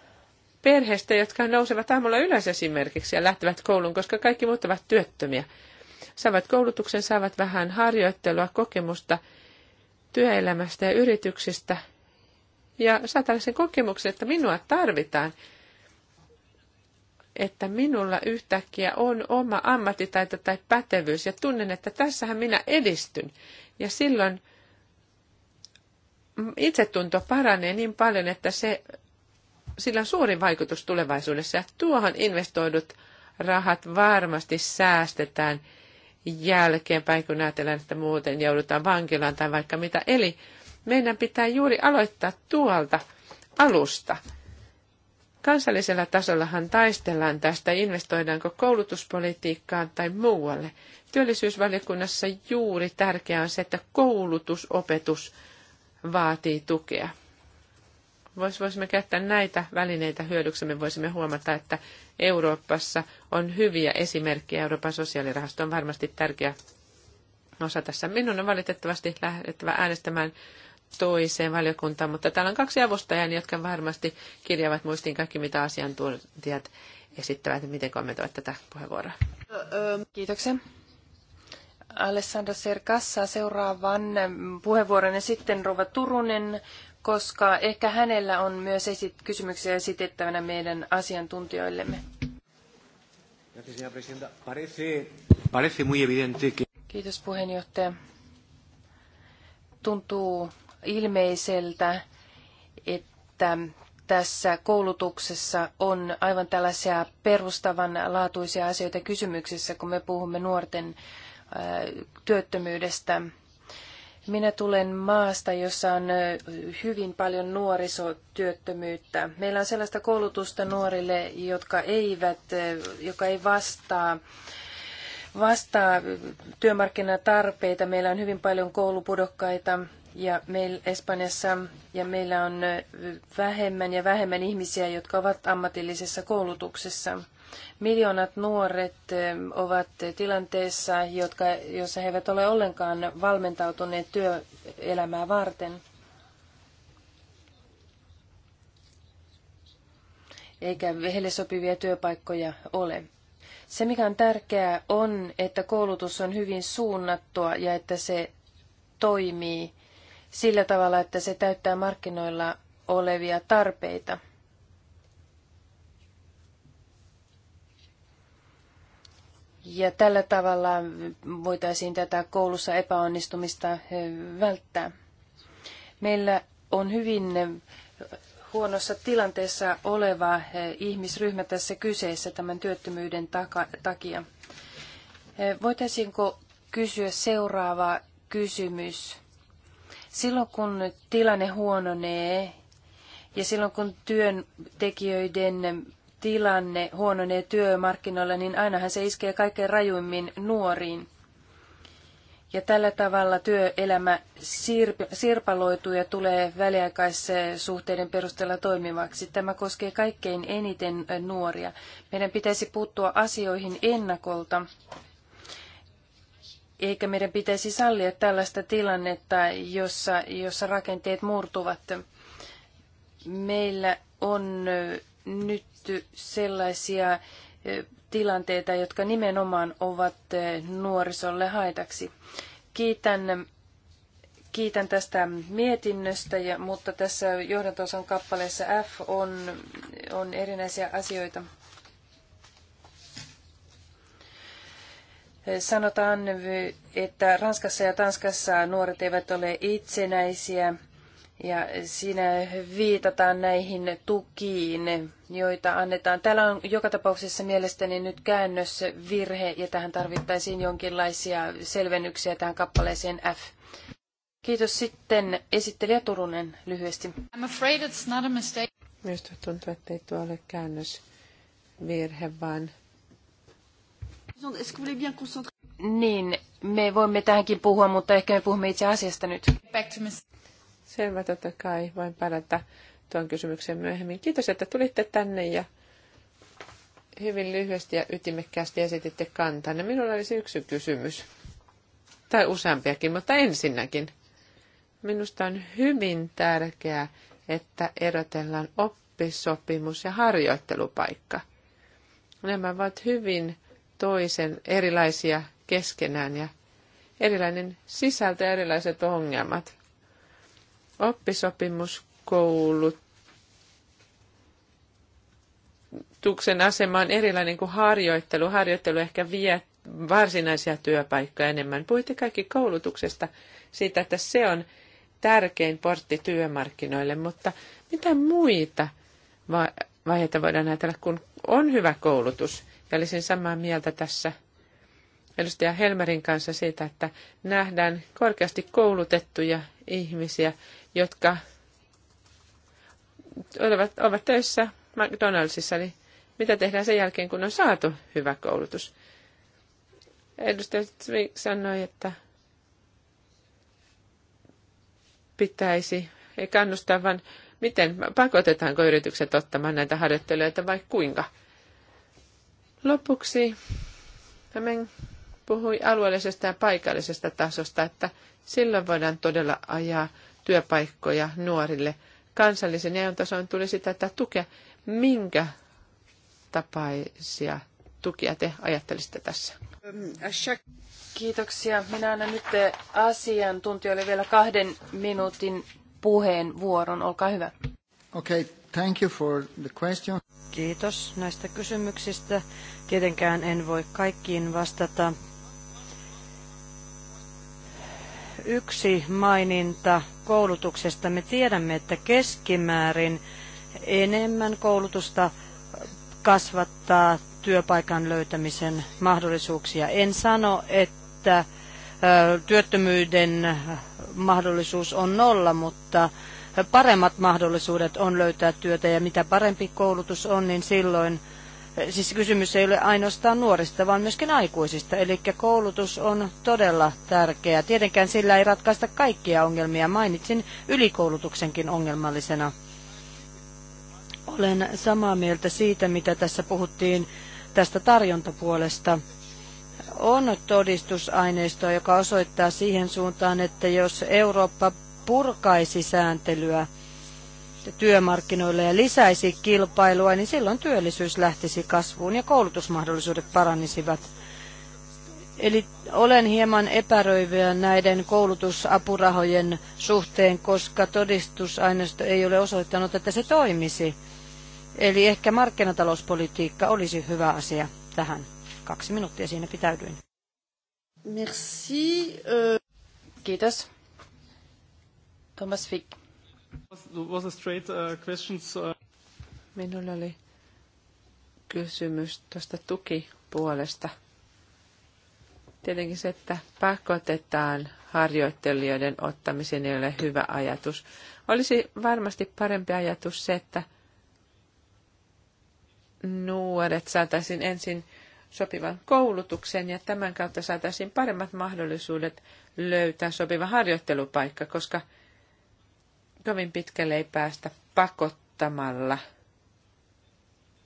perheistä, jotka nousevat aamulla ylös esimerkiksi ja lähtevät kouluun, koska kaikki muut ovat työttömiä, saavat koulutuksen, saavat vähän harjoittelua, kokemusta työelämästä ja yrityksistä ja saa tällaisen kokemuksen, että minua tarvitaan – että minulla yhtäkkiä on oma ammattitaito tai pätevyys ja tunnen, että tässähän minä edistyn. Ja silloin itsetunto paranee niin paljon, että se, sillä on suuri vaikutus tulevaisuudessa. Ja tuohon investoidut rahat varmasti säästetään jälkeenpäin, kun ajatellaan, että muuten joudutaan vankilaan tai vaikka mitä. Eli meidän pitää juuri aloittaa tuolta alusta Kansallisella tasollahan taistellaan tästä, investoidaanko koulutuspolitiikkaan tai muualle. Työllisyysvaliokunnassa juuri tärkeää on se, että koulutusopetus vaatii tukea. Vois, voisimme käyttää näitä välineitä hyödyksemme, voisimme huomata, että Euroopassa on hyviä esimerkkejä. Euroopan sosiaalirahasto on varmasti tärkeä osa tässä. Minun on valitettavasti lähdettävä äänestämään toiseen valiokuntaan, mutta täällä on kaksi avustajaa, niin jotka varmasti kirjaavat muistiin kaikki, mitä asiantuntijat esittävät ja miten kommentoivat tätä puheenvuoroa. Kiitoksia. Alessandro Serkassa seuraavan puheenvuoron ja sitten Rova Turunen, koska ehkä hänellä on myös esit- kysymyksiä esitettävänä meidän asiantuntijoillemme. Kiitos puheenjohtaja. Tuntuu ilmeiseltä, että tässä koulutuksessa on aivan tällaisia perustavanlaatuisia asioita kysymyksissä, kun me puhumme nuorten äh, työttömyydestä. Minä tulen maasta, jossa on äh, hyvin paljon nuorisotyöttömyyttä. Meillä on sellaista koulutusta nuorille, jotka eivät, äh, joka ei vastaa vastaa työmarkkinatarpeita. Meillä on hyvin paljon koulupudokkaita ja meillä Espanjassa ja meillä on vähemmän ja vähemmän ihmisiä, jotka ovat ammatillisessa koulutuksessa. Miljoonat nuoret ovat tilanteessa, jotka, jossa he eivät ole ollenkaan valmentautuneet työelämää varten. Eikä heille sopivia työpaikkoja ole. Se, mikä on tärkeää, on, että koulutus on hyvin suunnattua ja että se toimii sillä tavalla, että se täyttää markkinoilla olevia tarpeita. Ja tällä tavalla voitaisiin tätä koulussa epäonnistumista eh, välttää. Meillä on hyvin eh, huonossa tilanteessa oleva eh, ihmisryhmä tässä kyseessä tämän työttömyyden takia. Voitaisiinko kysyä seuraava kysymys? Silloin kun tilanne huononee ja silloin kun työntekijöiden tilanne huononee työmarkkinoilla, niin ainahan se iskee kaikkein rajuimmin nuoriin. Ja tällä tavalla työelämä sirp- sirpaloituu ja tulee väliaikaissuhteiden perusteella toimivaksi. Tämä koskee kaikkein eniten nuoria. Meidän pitäisi puuttua asioihin ennakolta eikä meidän pitäisi sallia tällaista tilannetta, jossa, jossa rakenteet murtuvat. Meillä on nyt sellaisia tilanteita, jotka nimenomaan ovat nuorisolle haitaksi. Kiitän, kiitän tästä mietinnöstä, ja, mutta tässä johdantosan kappaleessa F on, on erinäisiä asioita. Sanotaan, että Ranskassa ja Tanskassa nuoret eivät ole itsenäisiä ja siinä viitataan näihin tukiin, joita annetaan. Täällä on joka tapauksessa mielestäni nyt käännös virhe ja tähän tarvittaisiin jonkinlaisia selvennyksiä tähän kappaleeseen F. Kiitos sitten esittelijä Turunen lyhyesti. I'm afraid it's not a mistake. Minusta tuntuu, että ei tuo ole käännösvirhe, vaan niin, me voimme tähänkin puhua, mutta ehkä me puhumme itse asiasta nyt. Selvä, totta kai. Voin palata tuon kysymyksen myöhemmin. Kiitos, että tulitte tänne ja hyvin lyhyesti ja ytimekkäästi esititte kantanne. Minulla olisi yksi kysymys, tai useampiakin, mutta ensinnäkin. Minusta on hyvin tärkeää, että erotellaan oppisopimus ja harjoittelupaikka. Nämä ovat hyvin toisen erilaisia keskenään ja erilainen sisältö ja erilaiset ongelmat. Oppisopimuskoulutuksen asema on erilainen kuin harjoittelu. Harjoittelu ehkä vie varsinaisia työpaikkoja enemmän. Puhuitte kaikki koulutuksesta siitä, että se on tärkein portti työmarkkinoille, mutta mitä muita vaiheita voidaan ajatella, kun on hyvä koulutus? Ja olisin samaa mieltä tässä edustaja Helmerin kanssa siitä, että nähdään korkeasti koulutettuja ihmisiä, jotka ovat töissä McDonaldsissa, eli niin mitä tehdään sen jälkeen, kun on saatu hyvä koulutus. Edustaja Zwing sanoi, että pitäisi, ei kannustaa, vaan miten pakotetaanko yritykset ottamaan näitä harjoittelijoita vai kuinka – Lopuksi hän puhui alueellisesta ja paikallisesta tasosta, että silloin voidaan todella ajaa työpaikkoja nuorille. Kansallisen EU-tason tulisi tätä tukea. Minkä tapaisia tukia te ajattelisitte tässä? Kiitoksia. Minä annan nyt asiantuntijoille vielä kahden minuutin puheenvuoron. Olkaa hyvä. Okei, okay, Thank you for the question. Kiitos näistä kysymyksistä. Tietenkään en voi kaikkiin vastata. Yksi maininta koulutuksesta. Me tiedämme, että keskimäärin enemmän koulutusta kasvattaa työpaikan löytämisen mahdollisuuksia. En sano, että työttömyyden mahdollisuus on nolla, mutta paremmat mahdollisuudet on löytää työtä ja mitä parempi koulutus on, niin silloin eh, Siis kysymys ei ole ainoastaan nuorista, vaan myöskin aikuisista. Eli koulutus on todella tärkeää. Tietenkään sillä ei ratkaista kaikkia ongelmia. Mainitsin ylikoulutuksenkin ongelmallisena. Olen samaa mieltä siitä, mitä tässä puhuttiin tästä tarjontapuolesta on todistusaineistoa, joka osoittaa siihen suuntaan, että jos Eurooppa purkaisi sääntelyä työmarkkinoille ja lisäisi kilpailua, niin silloin työllisyys lähtisi kasvuun ja koulutusmahdollisuudet paranisivat. Eli olen hieman epäröivyä näiden koulutusapurahojen suhteen, koska todistusaineisto ei ole osoittanut, että se toimisi. Eli ehkä markkinatalouspolitiikka olisi hyvä asia tähän. Kaksi minuuttia siinä pitäydyin. Merci. Kiitos. Thomas Fick. Was a straight, uh, uh, Minulla oli kysymys tuosta tukipuolesta. Tietenkin se, että pakotetaan harjoittelijoiden ottamisen ei ole hyvä ajatus. Olisi varmasti parempi ajatus se, että nuoret saataisiin ensin sopivan koulutuksen ja tämän kautta saataisiin paremmat mahdollisuudet löytää sopiva harjoittelupaikka, koska – kovin pitkälle ei päästä pakottamalla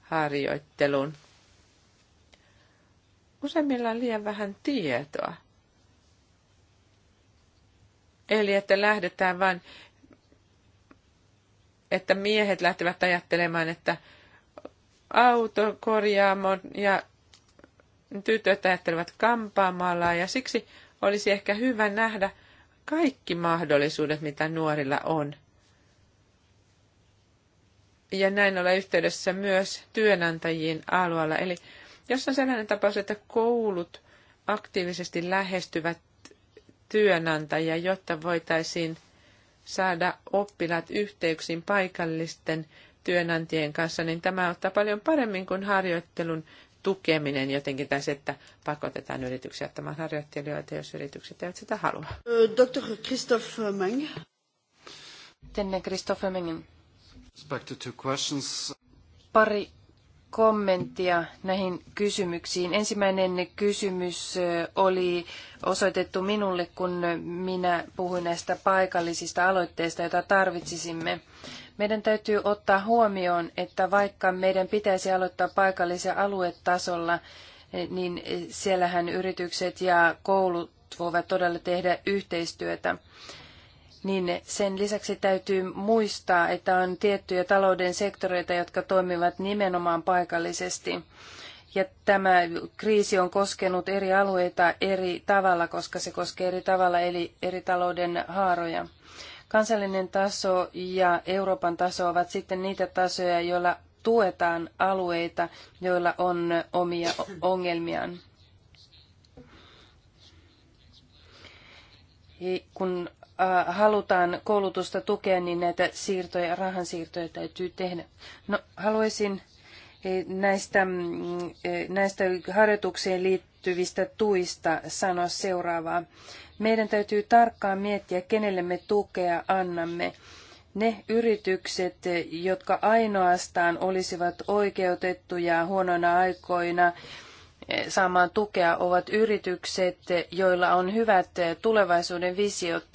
harjoitteluun. Useimmilla on liian vähän tietoa. Eli että lähdetään vain, että miehet lähtevät ajattelemaan, että autokorjaamon ja tytöt ajattelevat kampaamalla ja siksi olisi ehkä hyvä nähdä kaikki mahdollisuudet, mitä nuorilla on – ja näin olla yhteydessä myös työnantajiin alueella. Eli jos on sellainen tapaus, että koulut aktiivisesti lähestyvät työnantajia, jotta voitaisiin saada oppilaat yhteyksiin paikallisten työnantajien kanssa, niin tämä ottaa paljon paremmin kuin harjoittelun tukeminen jotenkin, tai se, että pakotetaan yrityksiä ottamaan harjoittelijoita, jos yritykset eivät sitä halua. Dr. Christoph Meng. Tänne Christoph Mengen. Pari kommenttia näihin kysymyksiin. Ensimmäinen kysymys oli osoitettu minulle, kun minä puhuin näistä paikallisista aloitteista, joita tarvitsisimme. Meidän täytyy ottaa huomioon, että vaikka meidän pitäisi aloittaa paikallisen aluetasolla, niin siellähän yritykset ja koulut voivat todella tehdä yhteistyötä niin sen lisäksi täytyy muistaa, että on tiettyjä talouden sektoreita, jotka toimivat nimenomaan paikallisesti. Ja tämä kriisi on koskenut eri alueita eri tavalla, koska se koskee eri tavalla eli eri talouden haaroja. Kansallinen taso ja Euroopan taso ovat sitten niitä tasoja, joilla tuetaan alueita, joilla on omia ongelmiaan. kun Äh, halutaan koulutusta tukea, niin näitä siirtoja, rahansiirtoja täytyy tehdä. No, haluaisin eh, näistä, mm, eh, näistä harjoitukseen liittyvistä tuista sanoa seuraavaa. Meidän täytyy tarkkaan miettiä, kenelle me tukea annamme. Ne yritykset, eh, jotka ainoastaan olisivat oikeutettuja huonoina aikoina saamaan tukea ovat yritykset, joilla on hyvät tulevaisuuden visiot.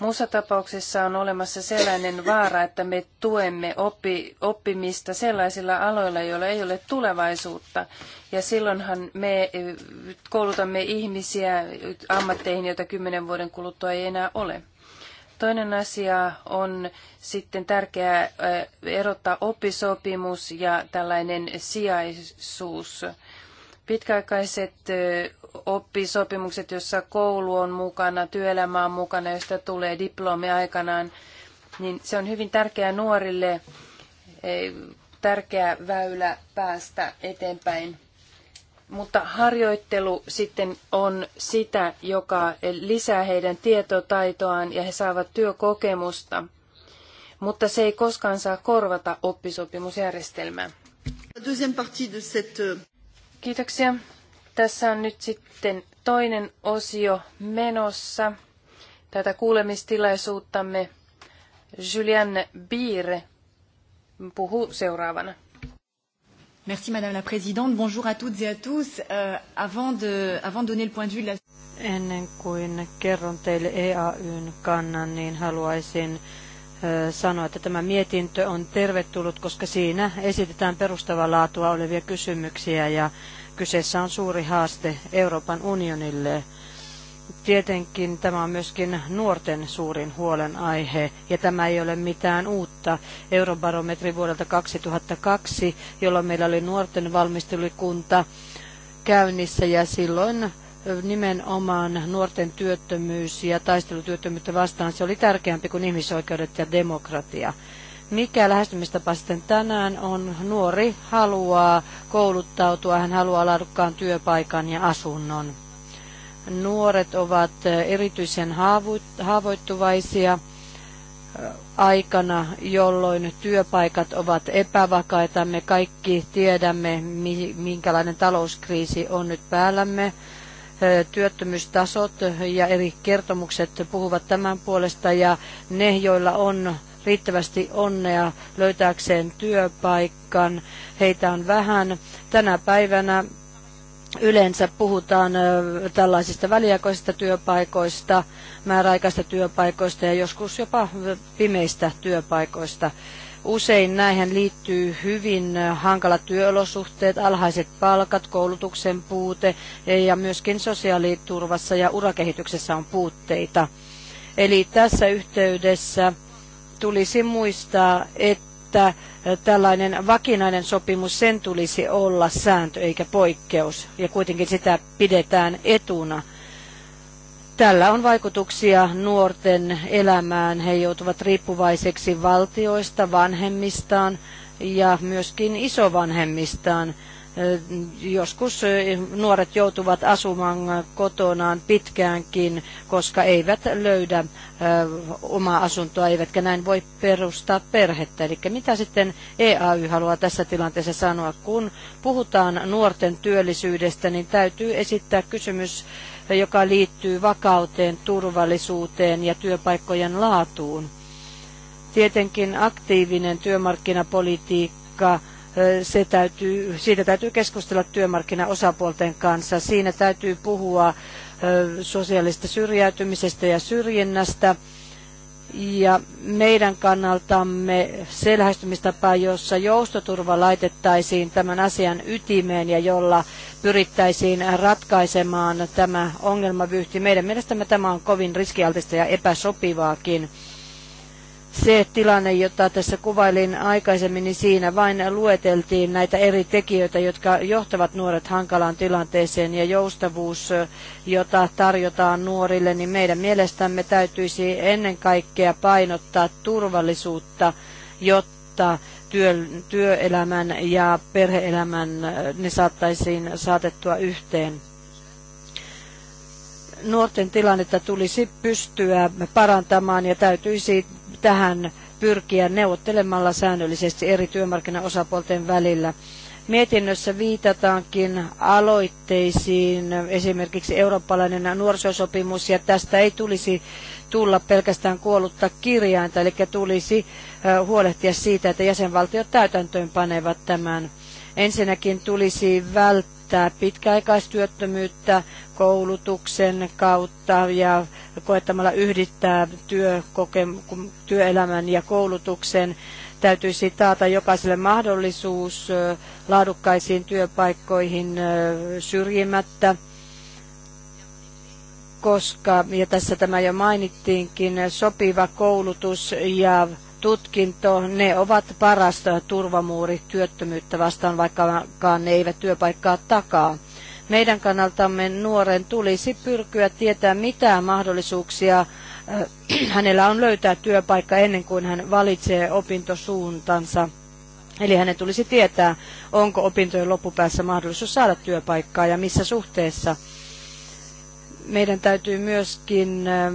Muussa tapauksessa on olemassa sellainen vaara, että me tuemme oppi, oppimista sellaisilla aloilla, joilla ei ole tulevaisuutta. Ja silloinhan me koulutamme ihmisiä ammatteihin, joita kymmenen vuoden kuluttua ei enää ole. Toinen asia on sitten tärkeää erottaa oppisopimus ja tällainen sijaisuus. Pitkäaikaiset oppisopimukset, jossa koulu on mukana, työelämä on mukana, josta tulee diplomi aikanaan, niin se on hyvin tärkeä nuorille, tärkeä väylä päästä eteenpäin. Mutta harjoittelu sitten on sitä, joka lisää heidän tietotaitoaan ja he saavat työkokemusta, mutta se ei koskaan saa korvata oppisopimusjärjestelmää. Kiitoksia. Tässä on nyt sitten toinen osio menossa. Tätä kuulemistilaisuuttamme Julianne Biire puhuu seuraavana. Merci Madame la Présidente. Bonjour à toutes et à tous. Euh, avant, de, avant de donner le point de vue de la... Ennen kuin kerron teille EAYn kannan, niin haluaisin sanoa, että tämä mietintö on tervetullut, koska siinä esitetään perustavaa laatua olevia kysymyksiä ja kyseessä on suuri haaste Euroopan unionille. Tietenkin tämä on myöskin nuorten suurin huolenaihe, ja tämä ei ole mitään uutta. Eurobarometri vuodelta 2002, jolloin meillä oli nuorten valmistelukunta käynnissä, ja silloin nimenomaan nuorten työttömyys ja taistelutyöttömyyttä vastaan, se oli tärkeämpi kuin ihmisoikeudet ja demokratia. Mikä lähestymistapa sitten tänään on? Nuori haluaa kouluttautua, hän haluaa laadukkaan työpaikan ja asunnon. Nuoret ovat erityisen haavoittuvaisia aikana, jolloin työpaikat ovat epävakaita. Me kaikki tiedämme, minkälainen talouskriisi on nyt päällämme työttömyystasot ja eri kertomukset puhuvat tämän puolesta ja ne, joilla on riittävästi onnea löytääkseen työpaikan, heitä on vähän. Tänä päivänä yleensä puhutaan tällaisista väliaikaisista työpaikoista, määräaikaisista työpaikoista ja joskus jopa pimeistä työpaikoista. Usein näihin liittyy hyvin hankalat työolosuhteet, alhaiset palkat, koulutuksen puute e, ja myöskin sosiaaliturvassa ja urakehityksessä on puutteita. Eli tässä yhteydessä tulisi muistaa, että tällainen vakinainen sopimus, sen tulisi olla sääntö eikä poikkeus, ja kuitenkin sitä pidetään etuna – Tällä on vaikutuksia nuorten elämään. He joutuvat riippuvaiseksi valtioista, vanhemmistaan ja myöskin isovanhemmistaan. Joskus nuoret joutuvat asumaan kotonaan pitkäänkin, koska eivät löydä omaa asuntoa, eivätkä näin voi perustaa perhettä. Eli mitä sitten EAY haluaa tässä tilanteessa sanoa? Kun puhutaan nuorten työllisyydestä, niin täytyy esittää kysymys joka liittyy vakauteen, turvallisuuteen ja työpaikkojen laatuun. Tietenkin aktiivinen työmarkkinapolitiikka se täytyy, siitä täytyy keskustella työmarkkinaosapuolten kanssa. Siinä täytyy puhua sosiaalista syrjäytymisestä ja syrjinnästä ja meidän kannaltamme se lähestymistapa, jossa joustoturva laitettaisiin tämän asian ytimeen ja jolla pyrittäisiin ratkaisemaan tämä ongelmavyyhti, meidän mielestämme tämä on kovin riskialtista ja epäsopivaakin se tilanne, jota tässä kuvailin aikaisemmin, niin siinä vain lueteltiin näitä eri tekijöitä, jotka johtavat nuoret hankalaan tilanteeseen ja joustavuus, jota tarjotaan nuorille, niin meidän mielestämme täytyisi ennen kaikkea painottaa turvallisuutta, jotta työ, työelämän ja perheelämän äh, ne saattaisiin saatettua yhteen nuorten tilannetta tulisi pystyä parantamaan ja täytyisi tähän pyrkiä neuvottelemalla säännöllisesti eri työmarkkinaosapuolten välillä. Mietinnössä viitataankin aloitteisiin, esimerkiksi eurooppalainen nuorisosopimus, ja tästä ei tulisi tulla pelkästään kuollutta kirjainta, eli tulisi huolehtia siitä, että jäsenvaltiot täytäntöön panevat tämän. Ensinnäkin tulisi välttää että pitkäaikaistyöttömyyttä koulutuksen kautta ja koettamalla yhdittää työkoke- työelämän ja koulutuksen. Täytyisi taata jokaiselle mahdollisuus laadukkaisiin työpaikkoihin syrjimättä koska, ja tässä tämä jo mainittiinkin, sopiva koulutus ja tutkinto, ne ovat paras turvamuuri työttömyyttä vastaan, vaikkakaan ne eivät työpaikkaa takaa. Meidän kannaltamme nuoren tulisi pyrkyä tietää, mitä mahdollisuuksia äh, (clears throat) hänellä on löytää työpaikka ennen kuin hän valitsee opintosuuntansa. Eli hänen tulisi tietää, onko opintojen loppupäässä mahdollisuus saada työpaikkaa ja missä suhteessa. Meidän täytyy myöskin äh,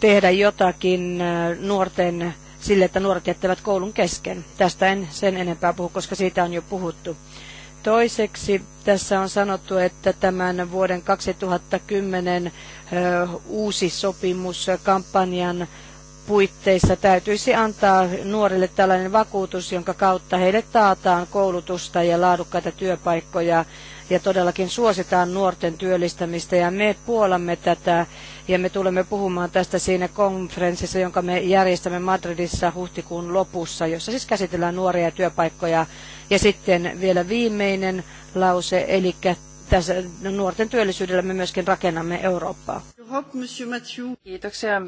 tehdä jotakin äh, nuorten sille, että nuoret jättävät koulun kesken. Tästä en sen enempää puhu, koska siitä on jo puhuttu. Toiseksi tässä on sanottu, että tämän vuoden 2010 äh, uusi sopimus kampanjan puitteissa täytyisi antaa nuorille tällainen vakuutus, jonka kautta heille taataan koulutusta ja laadukkaita työpaikkoja ja todellakin suositaan nuorten työllistämistä ja me puolamme tätä ja me tulemme puhumaan tästä siinä konferenssissa, jonka me järjestämme Madridissa huhtikuun lopussa, jossa siis käsitellään nuoria työpaikkoja. Ja sitten vielä viimeinen lause, eli tässä nuorten työllisyydellä me myöskin rakennamme Eurooppaa. Kiitoksia äh,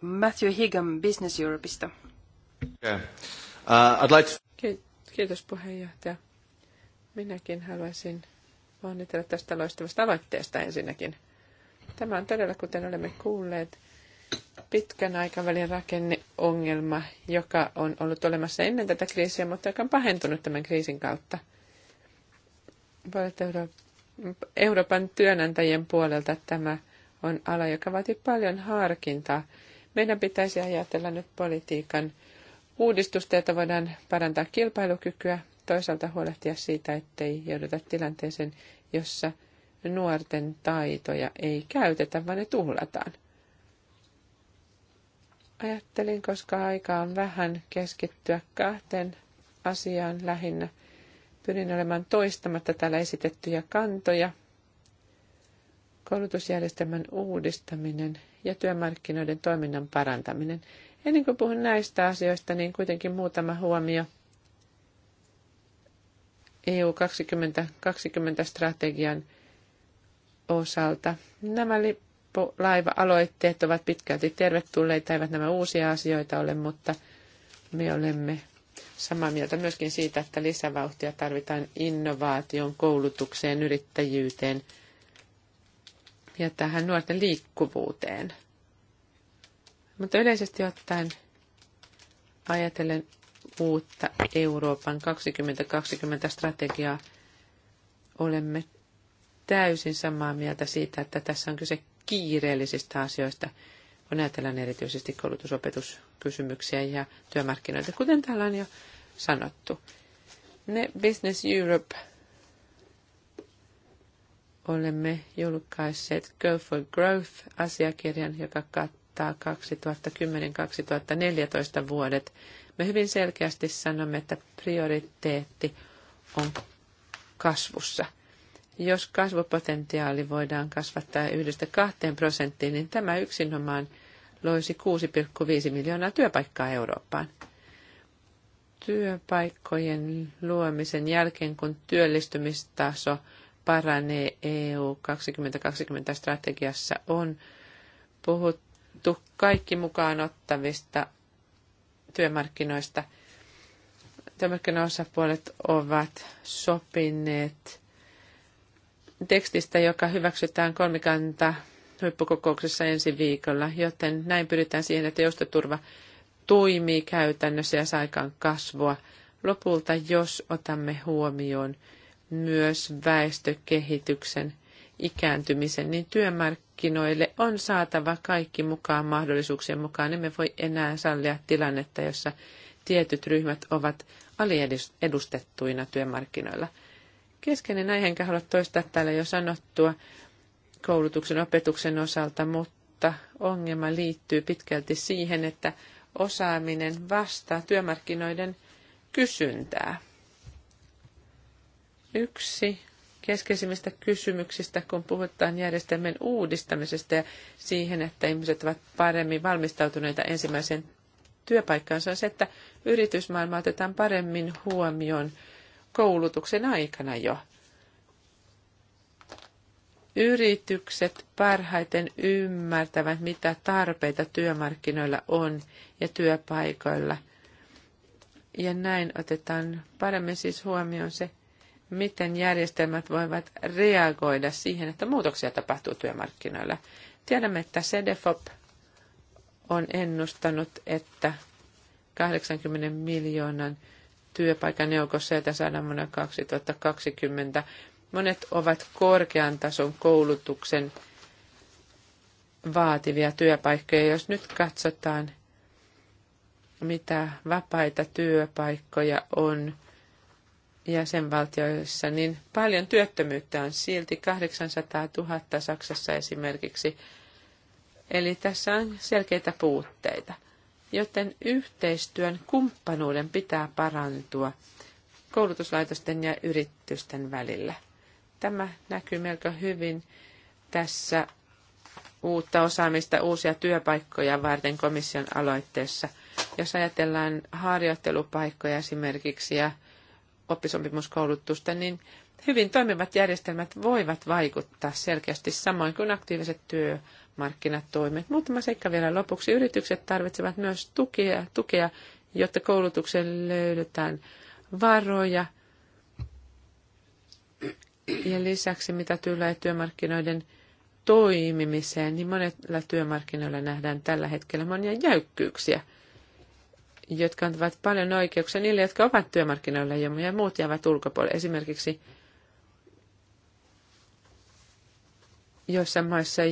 Matthew Higgam Business Europeista. Uh, kiitos puheenjohtaja. Minäkin haluaisin onnitella tästä loistavasta aloitteesta ensinnäkin. Tämä on todella, kuten olemme kuulleet, pitkän aikavälin rakenneongelma, joka on ollut olemassa ennen tätä kriisiä, mutta joka on pahentunut tämän kriisin kautta. Euroopan työnantajien puolelta tämä on ala, joka vaatii paljon harkintaa. Meidän pitäisi ajatella nyt politiikan uudistusta, että voidaan parantaa kilpailukykyä, toisaalta huolehtia siitä, ettei jouduta tilanteeseen, jossa – nuorten taitoja ei käytetä, vaan ne tuhlataan. Ajattelin, koska aika on vähän keskittyä kahteen asiaan lähinnä. Pyrin olemaan toistamatta täällä esitettyjä kantoja. Koulutusjärjestelmän uudistaminen ja työmarkkinoiden toiminnan parantaminen. Ennen kuin puhun näistä asioista, niin kuitenkin muutama huomio EU 2020-strategian 2020 strategian osalta. Nämä lippulaiva-aloitteet ovat pitkälti tervetulleita, eivät nämä uusia asioita ole, mutta me olemme samaa mieltä myöskin siitä, että lisävauhtia tarvitaan innovaation, koulutukseen, yrittäjyyteen ja tähän nuorten liikkuvuuteen. Mutta yleisesti ottaen ajatellen uutta Euroopan 2020 strategiaa olemme täysin samaa mieltä siitä, että tässä on kyse kiireellisistä asioista, kun ajatellaan erityisesti koulutusopetuskysymyksiä ja työmarkkinoita, kuten täällä on jo sanottu. Ne Business Europe olemme julkaisseet Go for Growth-asiakirjan, joka kattaa 2010-2014 vuodet. Me hyvin selkeästi sanomme, että prioriteetti on kasvussa – jos kasvupotentiaali voidaan kasvattaa yhdestä kahteen prosenttiin, niin tämä yksinomaan loisi 6,5 miljoonaa työpaikkaa Eurooppaan. Työpaikkojen luomisen jälkeen, kun työllistymistaso paranee EU 2020 strategiassa, on puhuttu kaikki mukaan ottavista työmarkkinoista. Työmarkkinaosapuolet ovat sopineet tekstistä, joka hyväksytään kolmikanta huippukokouksessa ensi viikolla, joten näin pyritään siihen, että joustoturva toimii käytännössä ja saa aikaan kasvua. Lopulta, jos otamme huomioon myös väestökehityksen ikääntymisen, niin työmarkkinoille on saatava kaikki mukaan mahdollisuuksien mukaan. Emme voi enää sallia tilannetta, jossa tietyt ryhmät ovat aliedustettuina työmarkkinoilla keskeinen aihe, enkä halua toistaa täällä jo sanottua koulutuksen opetuksen osalta, mutta ongelma liittyy pitkälti siihen, että osaaminen vastaa työmarkkinoiden kysyntää. Yksi keskeisimmistä kysymyksistä, kun puhutaan järjestelmän uudistamisesta ja siihen, että ihmiset ovat paremmin valmistautuneita ensimmäiseen työpaikkaansa, on se, että yritysmaailma otetaan paremmin huomioon – koulutuksen aikana jo. Yritykset parhaiten ymmärtävät, mitä tarpeita työmarkkinoilla on ja työpaikoilla. Ja näin otetaan paremmin siis huomioon se, miten järjestelmät voivat reagoida siihen, että muutoksia tapahtuu työmarkkinoilla. Tiedämme, että CDFOP on ennustanut, että 80 miljoonan työpaikan joukossa, jota saadaan vuonna 2020. Monet ovat korkean tason koulutuksen vaativia työpaikkoja. Jos nyt katsotaan, mitä vapaita työpaikkoja on jäsenvaltioissa, niin paljon työttömyyttä on silti 800 000 Saksassa esimerkiksi. Eli tässä on selkeitä puutteita joten yhteistyön kumppanuuden pitää parantua koulutuslaitosten ja yritysten välillä. Tämä näkyy melko hyvin tässä uutta osaamista uusia työpaikkoja varten komission aloitteessa. Jos ajatellaan harjoittelupaikkoja esimerkiksi ja oppisopimuskoulutusta, niin hyvin toimivat järjestelmät voivat vaikuttaa selkeästi samoin kuin aktiiviset työ markkinat toimivat, Muutama seikka vielä lopuksi. Yritykset tarvitsevat myös tukea, tukea jotta koulutukseen löydetään varoja. Ja lisäksi mitä tulee työmarkkinoiden toimimiseen, niin monella työmarkkinoilla nähdään tällä hetkellä monia jäykkyyksiä, jotka antavat paljon oikeuksia niille, jotka ovat työmarkkinoilla ja muut jäävät ulkopuolelle. Esimerkiksi joissain maissa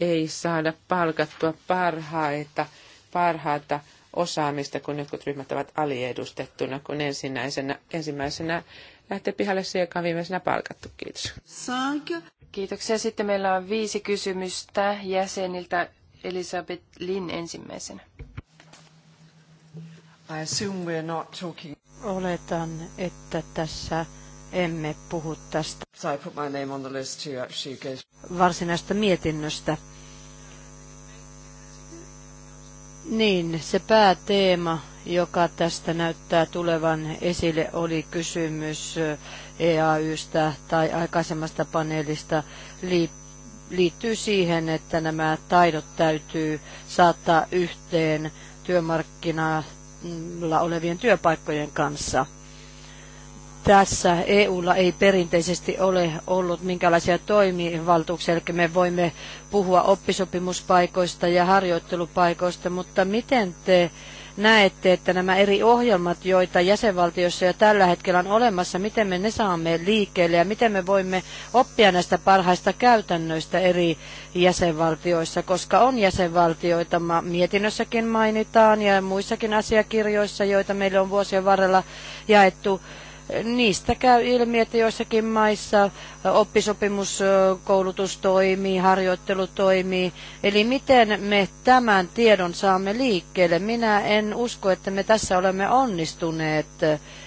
ei saada palkattua parhaita, parhaata osaamista, kun jotkut ryhmät ovat aliedustettuna, kun ensimmäisenä, ensimmäisenä lähtee pihalle se, joka on viimeisenä palkattu. Kiitos. Kiitoksia. Sitten meillä on viisi kysymystä jäseniltä. Elisabeth Lin ensimmäisenä. I assume we're not talking... Oletan, että tässä emme puhu tästä varsinaista mietinnöstä. Niin, se pääteema, joka tästä näyttää tulevan esille, oli kysymys EAYstä tai aikaisemmasta paneelista liittyy siihen, että nämä taidot täytyy saattaa yhteen työmarkkinalla olevien työpaikkojen kanssa – tässä EUlla ei perinteisesti ole ollut minkälaisia toimivaltuuksia, eli me voimme puhua oppisopimuspaikoista ja harjoittelupaikoista, mutta miten te näette, että nämä eri ohjelmat, joita jäsenvaltiossa jo tällä hetkellä on olemassa, miten me ne saamme liikkeelle ja miten me voimme oppia näistä parhaista käytännöistä eri jäsenvaltioissa, koska on jäsenvaltioita, mietinnössäkin mainitaan ja muissakin asiakirjoissa, joita meille on vuosien varrella jaettu, niistä käy ilmi, että joissakin maissa oppisopimuskoulutus toimii, harjoittelu toimii. Eli miten me tämän tiedon saamme liikkeelle? Minä en usko, että me tässä olemme onnistuneet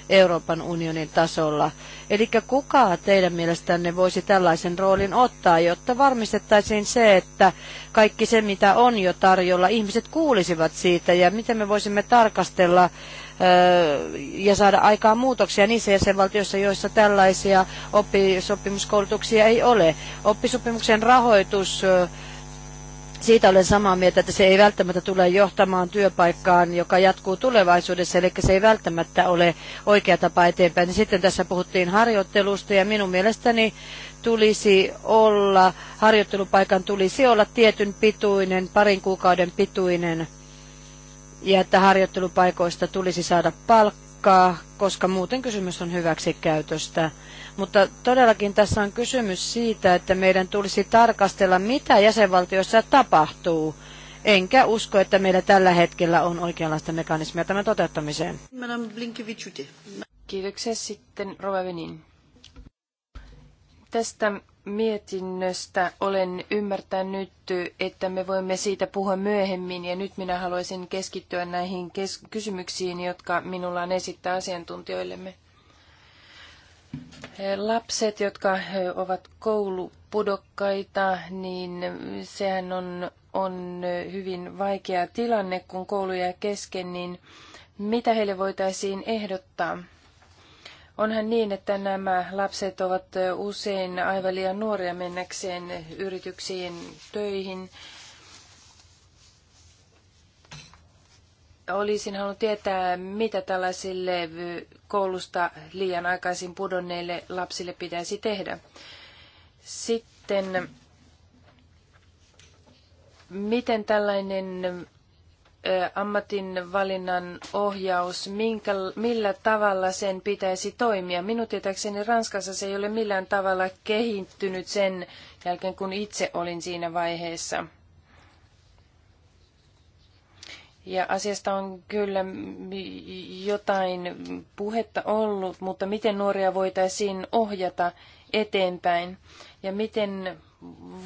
Euroopan unionin tasolla. Eli kuka teidän mielestänne voisi tällaisen roolin ottaa, jotta varmistettaisiin se, että kaikki se, mitä on jo tarjolla, ihmiset kuulisivat siitä ja miten me voisimme tarkastella ja saada aikaan muutoksia niissä jäsenvaltioissa, joissa tällaisia oppisopimuskoulutuksia ei ole. Oppisopimuksen rahoitus siitä olen samaa mieltä, että se ei välttämättä tule johtamaan työpaikkaan, joka jatkuu tulevaisuudessa, eli se ei välttämättä ole oikea tapa eteenpäin. Sitten tässä puhuttiin harjoittelusta ja minun mielestäni tulisi olla, harjoittelupaikan tulisi olla tietyn pituinen, parin kuukauden pituinen ja että harjoittelupaikoista tulisi saada palkkaa, koska muuten kysymys on hyväksikäytöstä. Mutta todellakin tässä on kysymys siitä, että meidän tulisi tarkastella, mitä jäsenvaltioissa tapahtuu. Enkä usko, että meillä tällä hetkellä on oikeanlaista mekanismia tämän toteuttamiseen. Kiitoksia sitten Rovenin. Tästä mietinnöstä olen ymmärtänyt, että me voimme siitä puhua myöhemmin ja nyt minä haluaisin keskittyä näihin kes- kysymyksiin, jotka minulla on esittää asiantuntijoillemme. Lapset, jotka ovat koulupudokkaita, niin sehän on, on hyvin vaikea tilanne, kun kouluja kesken, niin mitä heille voitaisiin ehdottaa? Onhan niin, että nämä lapset ovat usein aivan liian nuoria mennäkseen yrityksiin töihin. Olisin halunnut tietää, mitä tällaisille koulusta liian aikaisin pudonneille lapsille pitäisi tehdä. Sitten, miten tällainen ammatin valinnan ohjaus, minkä, millä tavalla sen pitäisi toimia. Minun tietääkseni Ranskassa se ei ole millään tavalla kehittynyt sen jälkeen, kun itse olin siinä vaiheessa. Ja asiasta on kyllä jotain puhetta ollut, mutta miten nuoria voitaisiin ohjata eteenpäin ja miten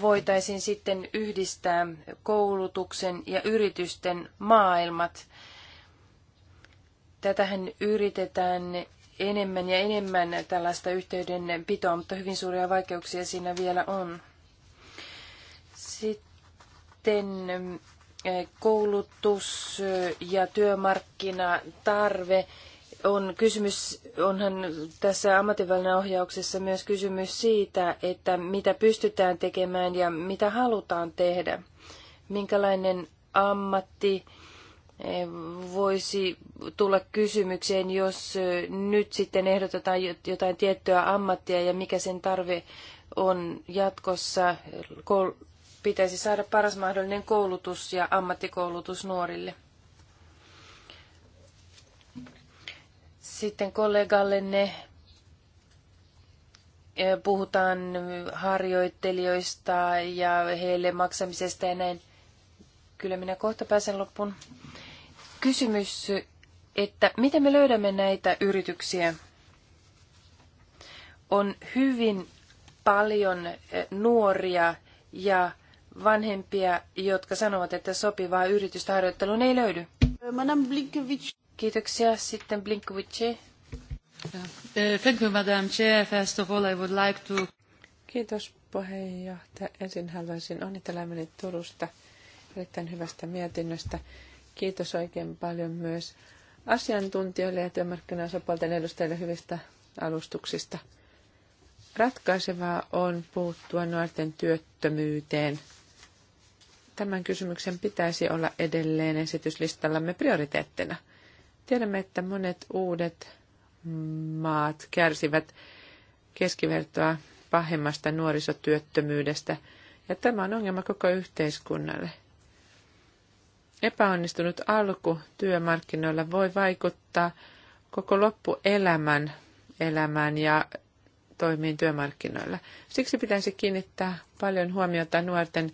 voitaisiin sitten yhdistää koulutuksen ja yritysten maailmat. Tätähän yritetään enemmän ja enemmän tällaista yhteydenpitoa, mutta hyvin suuria vaikeuksia siinä vielä on. Sitten eh, koulutus eh, ja työmarkkinatarve on kysymys, onhan tässä ammatinvälinen ohjauksessa myös kysymys siitä, että mitä pystytään tekemään ja mitä halutaan tehdä. Minkälainen ammatti eh, voisi tulla kysymykseen, jos eh, nyt sitten ehdotetaan jotain tiettyä ammattia ja mikä sen tarve on jatkossa. Pitäisi saada paras mahdollinen koulutus ja ammattikoulutus nuorille. Sitten kollegallenne eh, puhutaan harjoittelijoista ja heille maksamisesta ja näin. Kyllä minä kohta pääsen loppuun. Kysymys, että miten me löydämme näitä yrityksiä? On hyvin paljon eh, nuoria ja vanhempia, jotka sanovat, että sopivaa yritystä harjoitteluun ei löydy. Madame Blinkovic. Kiitoksia. Sitten Blinkovici. Uh, uh, thank you, Madam Chair. First of all, I would like to... Kiitos puheenjohtaja. Ensin haluaisin onnitella Emily Turusta erittäin hyvästä mietinnöstä. Kiitos oikein paljon myös asiantuntijoille ja työmarkkinaosapuolten edustajille hyvistä alustuksista. Ratkaisevaa on puuttua nuorten työttömyyteen. Tämän kysymyksen pitäisi olla edelleen esityslistallamme prioriteettina. Tiedämme, että monet uudet maat kärsivät keskivertoa pahemmasta nuorisotyöttömyydestä, ja tämä on ongelma koko yhteiskunnalle. Epäonnistunut alku työmarkkinoilla voi vaikuttaa koko loppuelämän elämään ja toimiin työmarkkinoilla. Siksi pitäisi kiinnittää paljon huomiota nuorten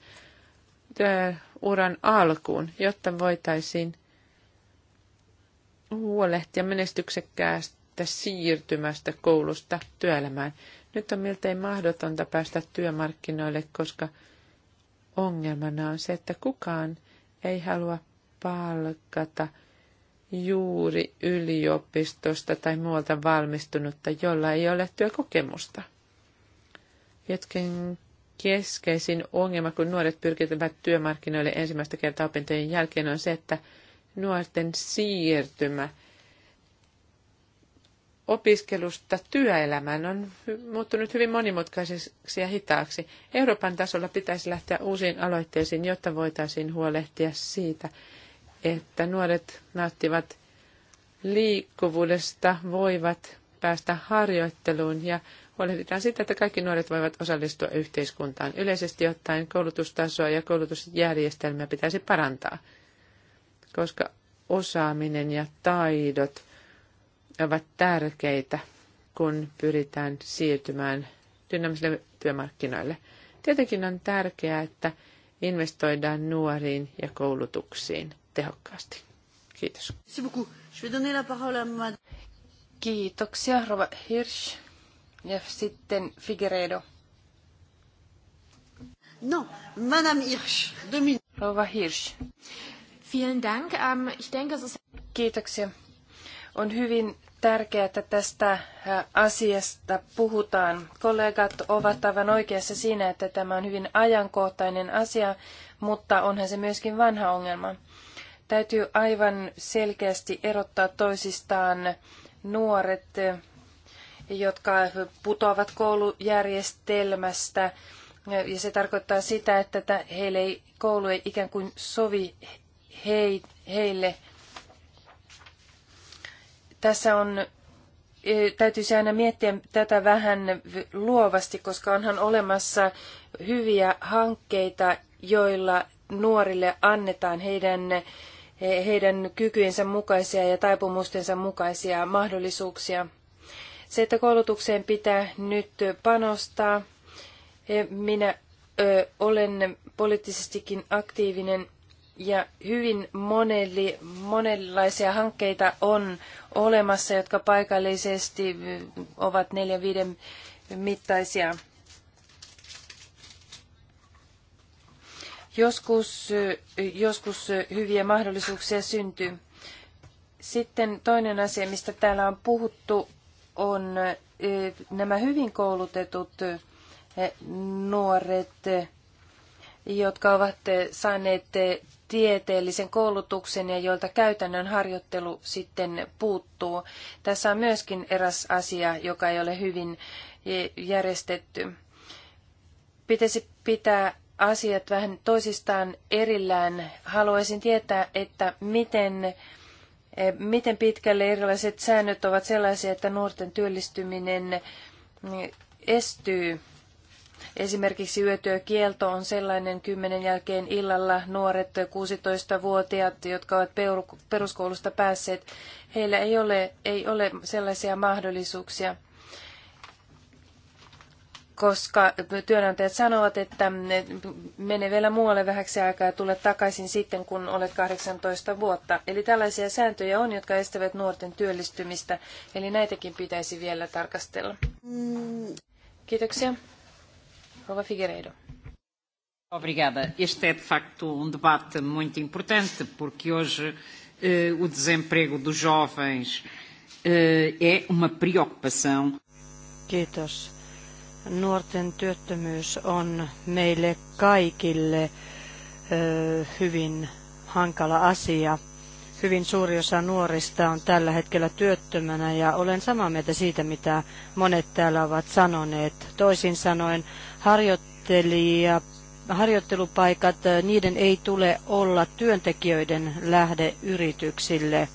uran alkuun, jotta voitaisiin huolehtia menestyksekkäästä siirtymästä koulusta työelämään. Nyt on miltei mahdotonta päästä työmarkkinoille, koska ongelmana on se, että kukaan ei halua palkata juuri yliopistosta tai muualta valmistunutta, jolla ei ole työkokemusta. Jotkin keskeisin ongelma, kun nuoret pyrkivät työmarkkinoille ensimmäistä kertaa opintojen jälkeen, on se, että – nuorten siirtymä opiskelusta työelämään on muuttunut hyvin monimutkaiseksi ja hitaaksi. Euroopan tasolla pitäisi lähteä uusiin aloitteisiin, jotta voitaisiin huolehtia siitä, että nuoret nauttivat liikkuvuudesta, voivat päästä harjoitteluun ja huolehditaan siitä, että kaikki nuoret voivat osallistua yhteiskuntaan. Yleisesti ottaen koulutustasoa ja koulutusjärjestelmää pitäisi parantaa koska osaaminen ja taidot ovat tärkeitä, kun pyritään siirtymään dynaamisille työmarkkinoille. Tietenkin on tärkeää, että investoidaan nuoriin ja koulutuksiin tehokkaasti. Kiitos. Kiitoksia, Rova Hirsch. Ja sitten Figueredo. No, Madame Hirsch, Rova Hirsch. Vielen Dank. Ähm, ich denke, es ist... Kiitoksia. On hyvin tärkeää, että tästä äh, asiasta puhutaan. Kollegat ovat aivan oikeassa siinä, että tämä on hyvin ajankohtainen asia, mutta onhan se myöskin vanha ongelma. Täytyy aivan selkeästi erottaa toisistaan nuoret, jotka putoavat koulujärjestelmästä. Ja se tarkoittaa sitä, että heille ei, koulu ei ikään kuin sovi hei, heille. Tässä on, e, täytyisi aina miettiä tätä vähän luovasti, koska onhan olemassa hyviä hankkeita, joilla nuorille annetaan heidän, e, heidän kykyjensä mukaisia ja taipumustensa mukaisia mahdollisuuksia. Se, että koulutukseen pitää nyt panostaa. E, minä ö, olen poliittisestikin aktiivinen ja hyvin monelli, monenlaisia hankkeita on olemassa, jotka paikallisesti ovat 4-5 mittaisia. Joskus, joskus hyviä mahdollisuuksia syntyy. Sitten toinen asia, mistä täällä on puhuttu, on e, nämä hyvin koulutetut e, nuoret, e, jotka ovat saaneet tieteellisen koulutuksen ja joilta käytännön harjoittelu sitten puuttuu. Tässä on myöskin eräs asia, joka ei ole hyvin järjestetty. Pitäisi pitää asiat vähän toisistaan erillään. Haluaisin tietää, että miten, eh, miten pitkälle erilaiset säännöt ovat sellaisia, että nuorten työllistyminen eh, estyy Esimerkiksi yötyökielto on sellainen kymmenen jälkeen illalla nuoret 16-vuotiaat, jotka ovat peruskoulusta päässeet, heillä ei ole, ei ole sellaisia mahdollisuuksia koska työnantajat sanovat, että mene vielä muualle vähäksi aikaa ja tule takaisin sitten, kun olet 18 vuotta. Eli tällaisia sääntöjä on, jotka estävät nuorten työllistymistä, eli näitäkin pitäisi vielä tarkastella. Mm. Kiitoksia. Rova Figueiredo. Obrigada. Este é, de facto, um debate muito importante, porque hoje eh, o desemprego dos jovens eh, é uma preocupação. Kiitos. Nuorten työttömyys on meille kaikille eh, hyvin hankala asia Hyvin suuri osa nuorista on tällä hetkellä työttömänä ja olen samaa mieltä siitä, mitä monet täällä ovat sanoneet. Toisin sanoen harjoittelija harjoittelupaikat, niiden ei tule olla työntekijöiden lähde yrityksille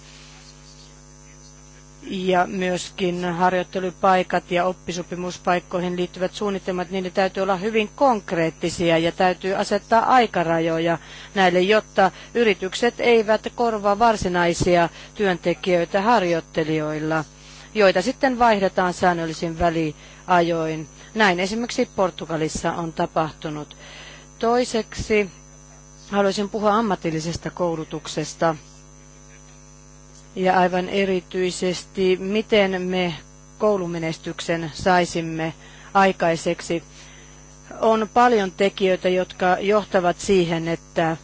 ja myöskin harjoittelupaikat ja oppisopimuspaikkoihin liittyvät suunnitelmat, niin ne täytyy olla hyvin konkreettisia ja täytyy asettaa aikarajoja näille, jotta yritykset eivät korvaa varsinaisia työntekijöitä harjoittelijoilla, joita sitten vaihdetaan säännöllisin väliajoin. Näin esimerkiksi Portugalissa on tapahtunut. Toiseksi haluaisin puhua ammatillisesta koulutuksesta ja aivan erityisesti, miten me koulumenestyksen saisimme aikaiseksi. On paljon tekijöitä, jotka johtavat siihen, että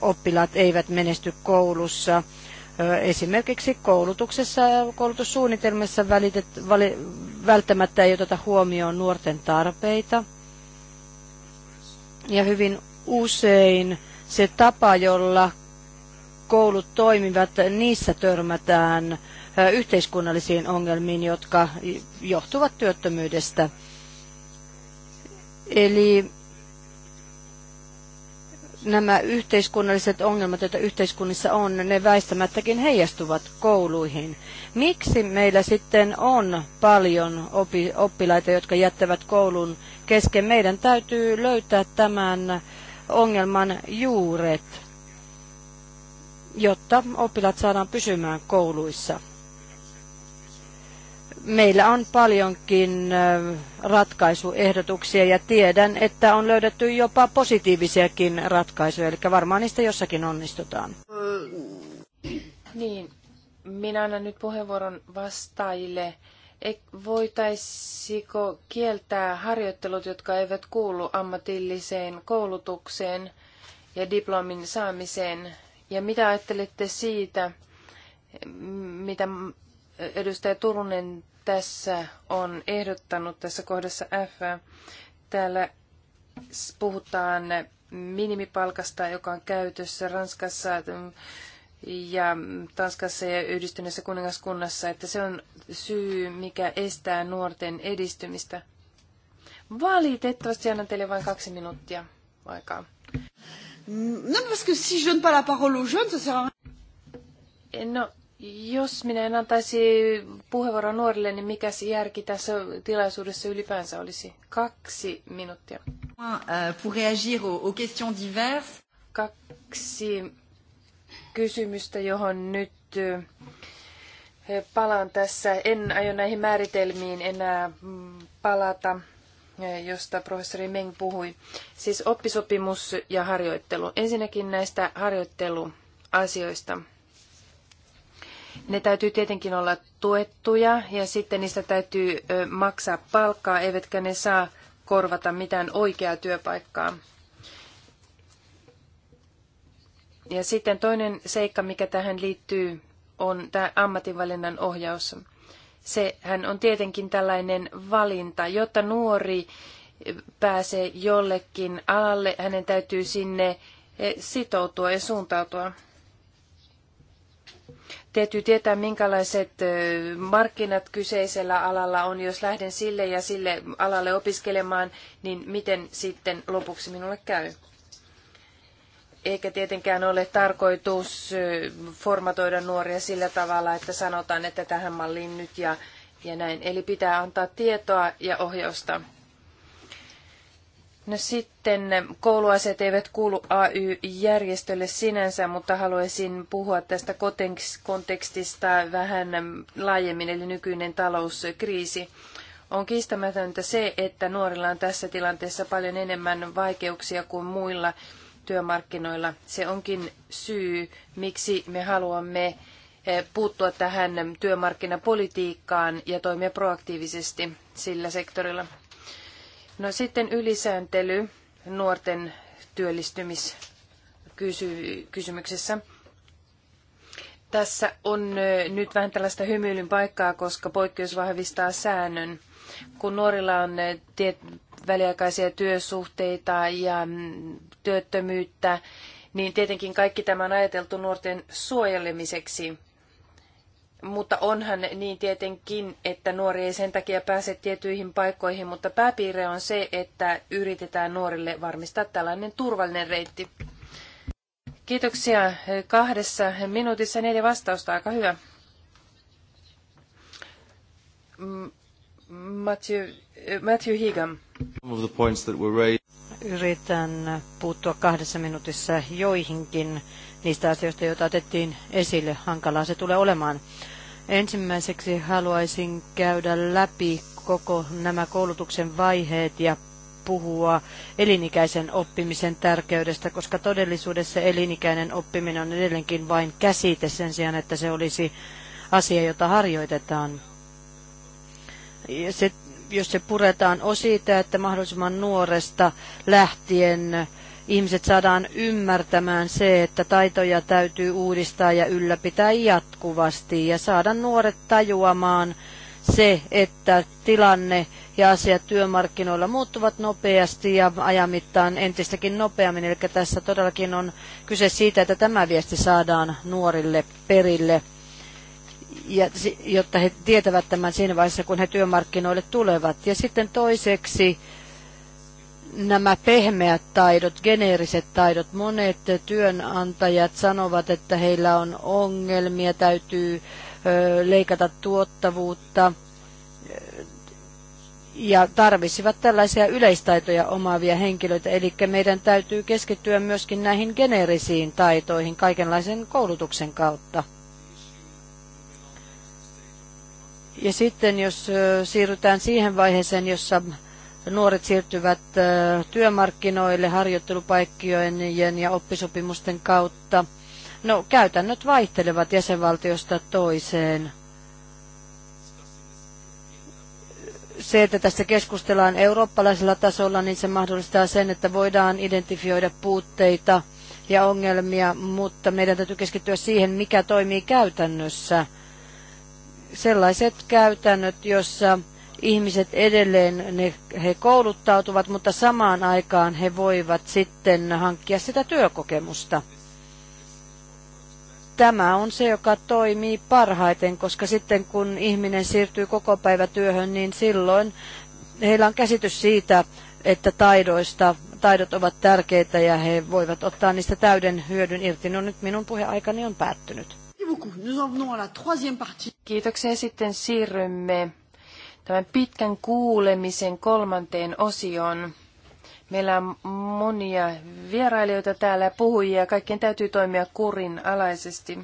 oppilaat eivät menesty koulussa. Esimerkiksi koulutuksessa ja koulutussuunnitelmassa välitet, vali, välttämättä ei oteta huomioon nuorten tarpeita. Ja hyvin usein se tapa, jolla koulut toimivat, niissä törmätään yhteiskunnallisiin ongelmiin, jotka johtuvat työttömyydestä. Eli nämä yhteiskunnalliset ongelmat, joita yhteiskunnissa on, ne väistämättäkin heijastuvat kouluihin. Miksi meillä sitten on paljon oppilaita, jotka jättävät koulun kesken? Meidän täytyy löytää tämän ongelman juuret jotta oppilaat saadaan pysymään kouluissa. Meillä on paljonkin ratkaisuehdotuksia ja tiedän, että on löydetty jopa positiivisiakin ratkaisuja, eli varmaan niistä jossakin onnistutaan. Niin, minä annan nyt puheenvuoron vastaajille. E, voitaisiko kieltää harjoittelut, jotka eivät kuulu ammatilliseen koulutukseen ja diplomin saamiseen ja mitä ajattelette siitä, mitä edustaja Turunen tässä on ehdottanut tässä kohdassa F. Täällä puhutaan minimipalkasta, joka on käytössä Ranskassa ja Tanskassa ja yhdistyneessä kuningaskunnassa, että se on syy, mikä estää nuorten edistymistä. Valitettavasti annan teille vain kaksi minuuttia aikaa. Mm, non, parce que si je donne pas la parole aux jeunes, ça sert à rien. No, jos minä en antaisi puheenvuoroa nuorille, niin mikä se järki tässä tilaisuudessa ylipäänsä olisi? Kaksi minuuttia. Euh, pour réagir aux questions diverses. Kaksi kysymystä, johon nyt äh, palaan tässä. En aio näihin määritelmiin enää mm, palata josta professori Meng puhui. Siis oppisopimus ja harjoittelu. Ensinnäkin näistä harjoitteluasioista. Ne täytyy tietenkin olla tuettuja ja sitten niistä täytyy maksaa palkkaa, eivätkä ne saa korvata mitään oikeaa työpaikkaa. Ja sitten toinen seikka, mikä tähän liittyy, on tämä ammatinvalinnan ohjaus. Sehän on tietenkin tällainen valinta, jotta nuori pääsee jollekin alalle, hänen täytyy sinne eh, sitoutua ja suuntautua. Täytyy tietää, minkälaiset eh, markkinat kyseisellä alalla on. Jos lähden sille ja sille alalle opiskelemaan, niin miten sitten lopuksi minulle käy? eikä tietenkään ole tarkoitus formatoida nuoria sillä tavalla, että sanotaan, että tähän malliin nyt ja, ja näin. Eli pitää antaa tietoa ja ohjausta. No sitten kouluaset eivät kuulu AY-järjestölle sinänsä, mutta haluaisin puhua tästä kontekstista vähän laajemmin, eli nykyinen talouskriisi. On kiistämätöntä se, että nuorilla on tässä tilanteessa paljon enemmän vaikeuksia kuin muilla työmarkkinoilla. Se onkin syy, miksi me haluamme eh, puuttua tähän työmarkkinapolitiikkaan ja toimia proaktiivisesti sillä sektorilla. No sitten ylisääntely nuorten työllistymiskysymyksessä. Tässä on eh, nyt vähän tällaista hymyilyn paikkaa, koska poikkeus vahvistaa säännön. Kun nuorilla on eh, väliaikaisia työsuhteita ja mm, työttömyyttä, niin tietenkin kaikki tämä on ajateltu nuorten suojelemiseksi. Mutta onhan niin tietenkin, että nuori ei sen takia pääse tiettyihin paikkoihin, mutta pääpiirre on se, että yritetään nuorille varmistaa tällainen turvallinen reitti. Kiitoksia kahdessa minuutissa neljä vastausta, aika hyvä mm, Matthew, Matthew raised. Yritän puuttua kahdessa minuutissa joihinkin niistä asioista, joita otettiin esille. Hankalaa se tulee olemaan. Ensimmäiseksi haluaisin käydä läpi koko nämä koulutuksen vaiheet ja puhua elinikäisen oppimisen tärkeydestä, koska todellisuudessa elinikäinen oppiminen on edelleenkin vain käsite sen sijaan, että se olisi asia, jota harjoitetaan se, jos se puretaan osita, että mahdollisimman nuoresta lähtien ihmiset saadaan ymmärtämään se, että taitoja täytyy uudistaa ja ylläpitää jatkuvasti ja saada nuoret tajuamaan se, että tilanne ja asiat työmarkkinoilla muuttuvat nopeasti ja ajan mittaan entistäkin nopeammin. Eli tässä todellakin on kyse siitä, että tämä viesti saadaan nuorille perille ja, jotta he tietävät tämän siinä vaiheessa, kun he työmarkkinoille tulevat. Ja sitten toiseksi nämä pehmeät taidot, geneeriset taidot. Monet työnantajat sanovat, että heillä on ongelmia, täytyy leikata tuottavuutta ja tarvisivat tällaisia yleistaitoja omaavia henkilöitä. Eli meidän täytyy keskittyä myöskin näihin geneerisiin taitoihin kaikenlaisen koulutuksen kautta. Ja sitten jos siirrytään siihen vaiheeseen, jossa nuoret siirtyvät työmarkkinoille harjoittelupaikkojen ja oppisopimusten kautta, no käytännöt vaihtelevat jäsenvaltiosta toiseen. se, että tässä keskustellaan eurooppalaisella tasolla, niin se mahdollistaa sen, että voidaan identifioida puutteita ja ongelmia, mutta meidän täytyy keskittyä siihen, mikä toimii käytännössä sellaiset käytännöt, jossa ihmiset edelleen ne, he kouluttautuvat, mutta samaan aikaan he voivat sitten hankkia sitä työkokemusta. Tämä on se, joka toimii parhaiten, koska sitten kun ihminen siirtyy koko päivä työhön, niin silloin heillä on käsitys siitä, että taidoista, taidot ovat tärkeitä ja he voivat ottaa niistä täyden hyödyn irti. No nyt minun puheaikani on päättynyt beaucoup. Nous en venons à la troisième partie. Kiitoksia. Sitten siirrymme tämän pitkän kuulemisen kolmanteen osioon. Meillä on monia vierailijoita täällä puhujia ja kaikkien täytyy toimia kurin alaisesti.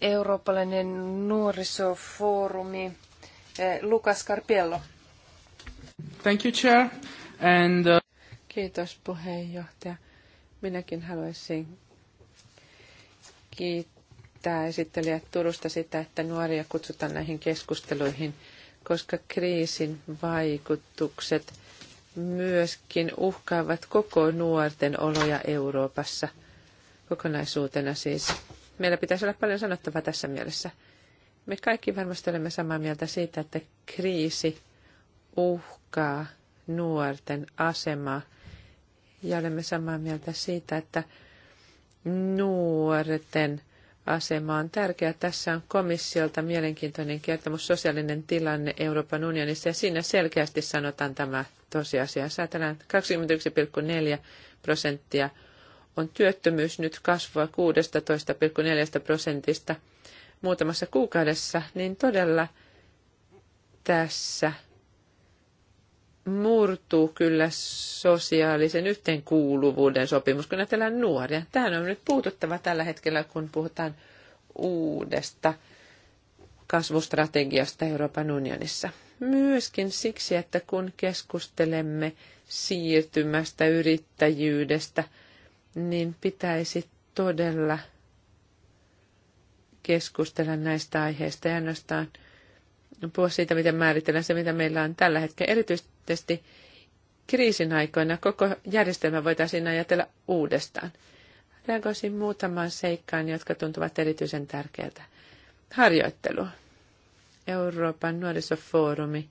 Eurooppalainen nuorisofoorumi. Eh, Lukas Carpiello. Thank you, Chair. And, uh... Kiitos puheenjohtaja. Minäkin haluaisin kiittää esittelijät Turusta sitä, että nuoria kutsutaan näihin keskusteluihin, koska kriisin vaikutukset myöskin uhkaavat koko nuorten oloja Euroopassa kokonaisuutena siis. Meillä pitäisi olla paljon sanottavaa tässä mielessä. Me kaikki varmasti olemme samaa mieltä siitä, että kriisi uhkaa nuorten asemaa – ja olemme samaa mieltä siitä, että nuorten asema on tärkeä. Tässä on komissiolta mielenkiintoinen kertomus sosiaalinen tilanne Euroopan unionissa ja siinä selkeästi sanotaan tämä tosiasia. Säätellään 21,4 prosenttia on työttömyys nyt kasvua 16,4 prosentista muutamassa kuukaudessa, niin todella tässä – murtuu kyllä sosiaalisen yhteenkuuluvuuden sopimus, kun ajatellaan nuoria. Tähän on nyt puututtava tällä hetkellä, kun puhutaan uudesta kasvustrategiasta Euroopan unionissa. Myöskin siksi, että kun keskustelemme siirtymästä, yrittäjyydestä, niin pitäisi todella keskustella näistä aiheista ja ainoastaan – puhua siitä, miten määritellään se, mitä meillä on tällä hetkellä. Erityisesti kriisin aikoina koko järjestelmä voitaisiin ajatella uudestaan. Reagoisin muutamaan seikkaan, jotka tuntuvat erityisen tärkeältä. Harjoittelu. Euroopan nuorisofoorumi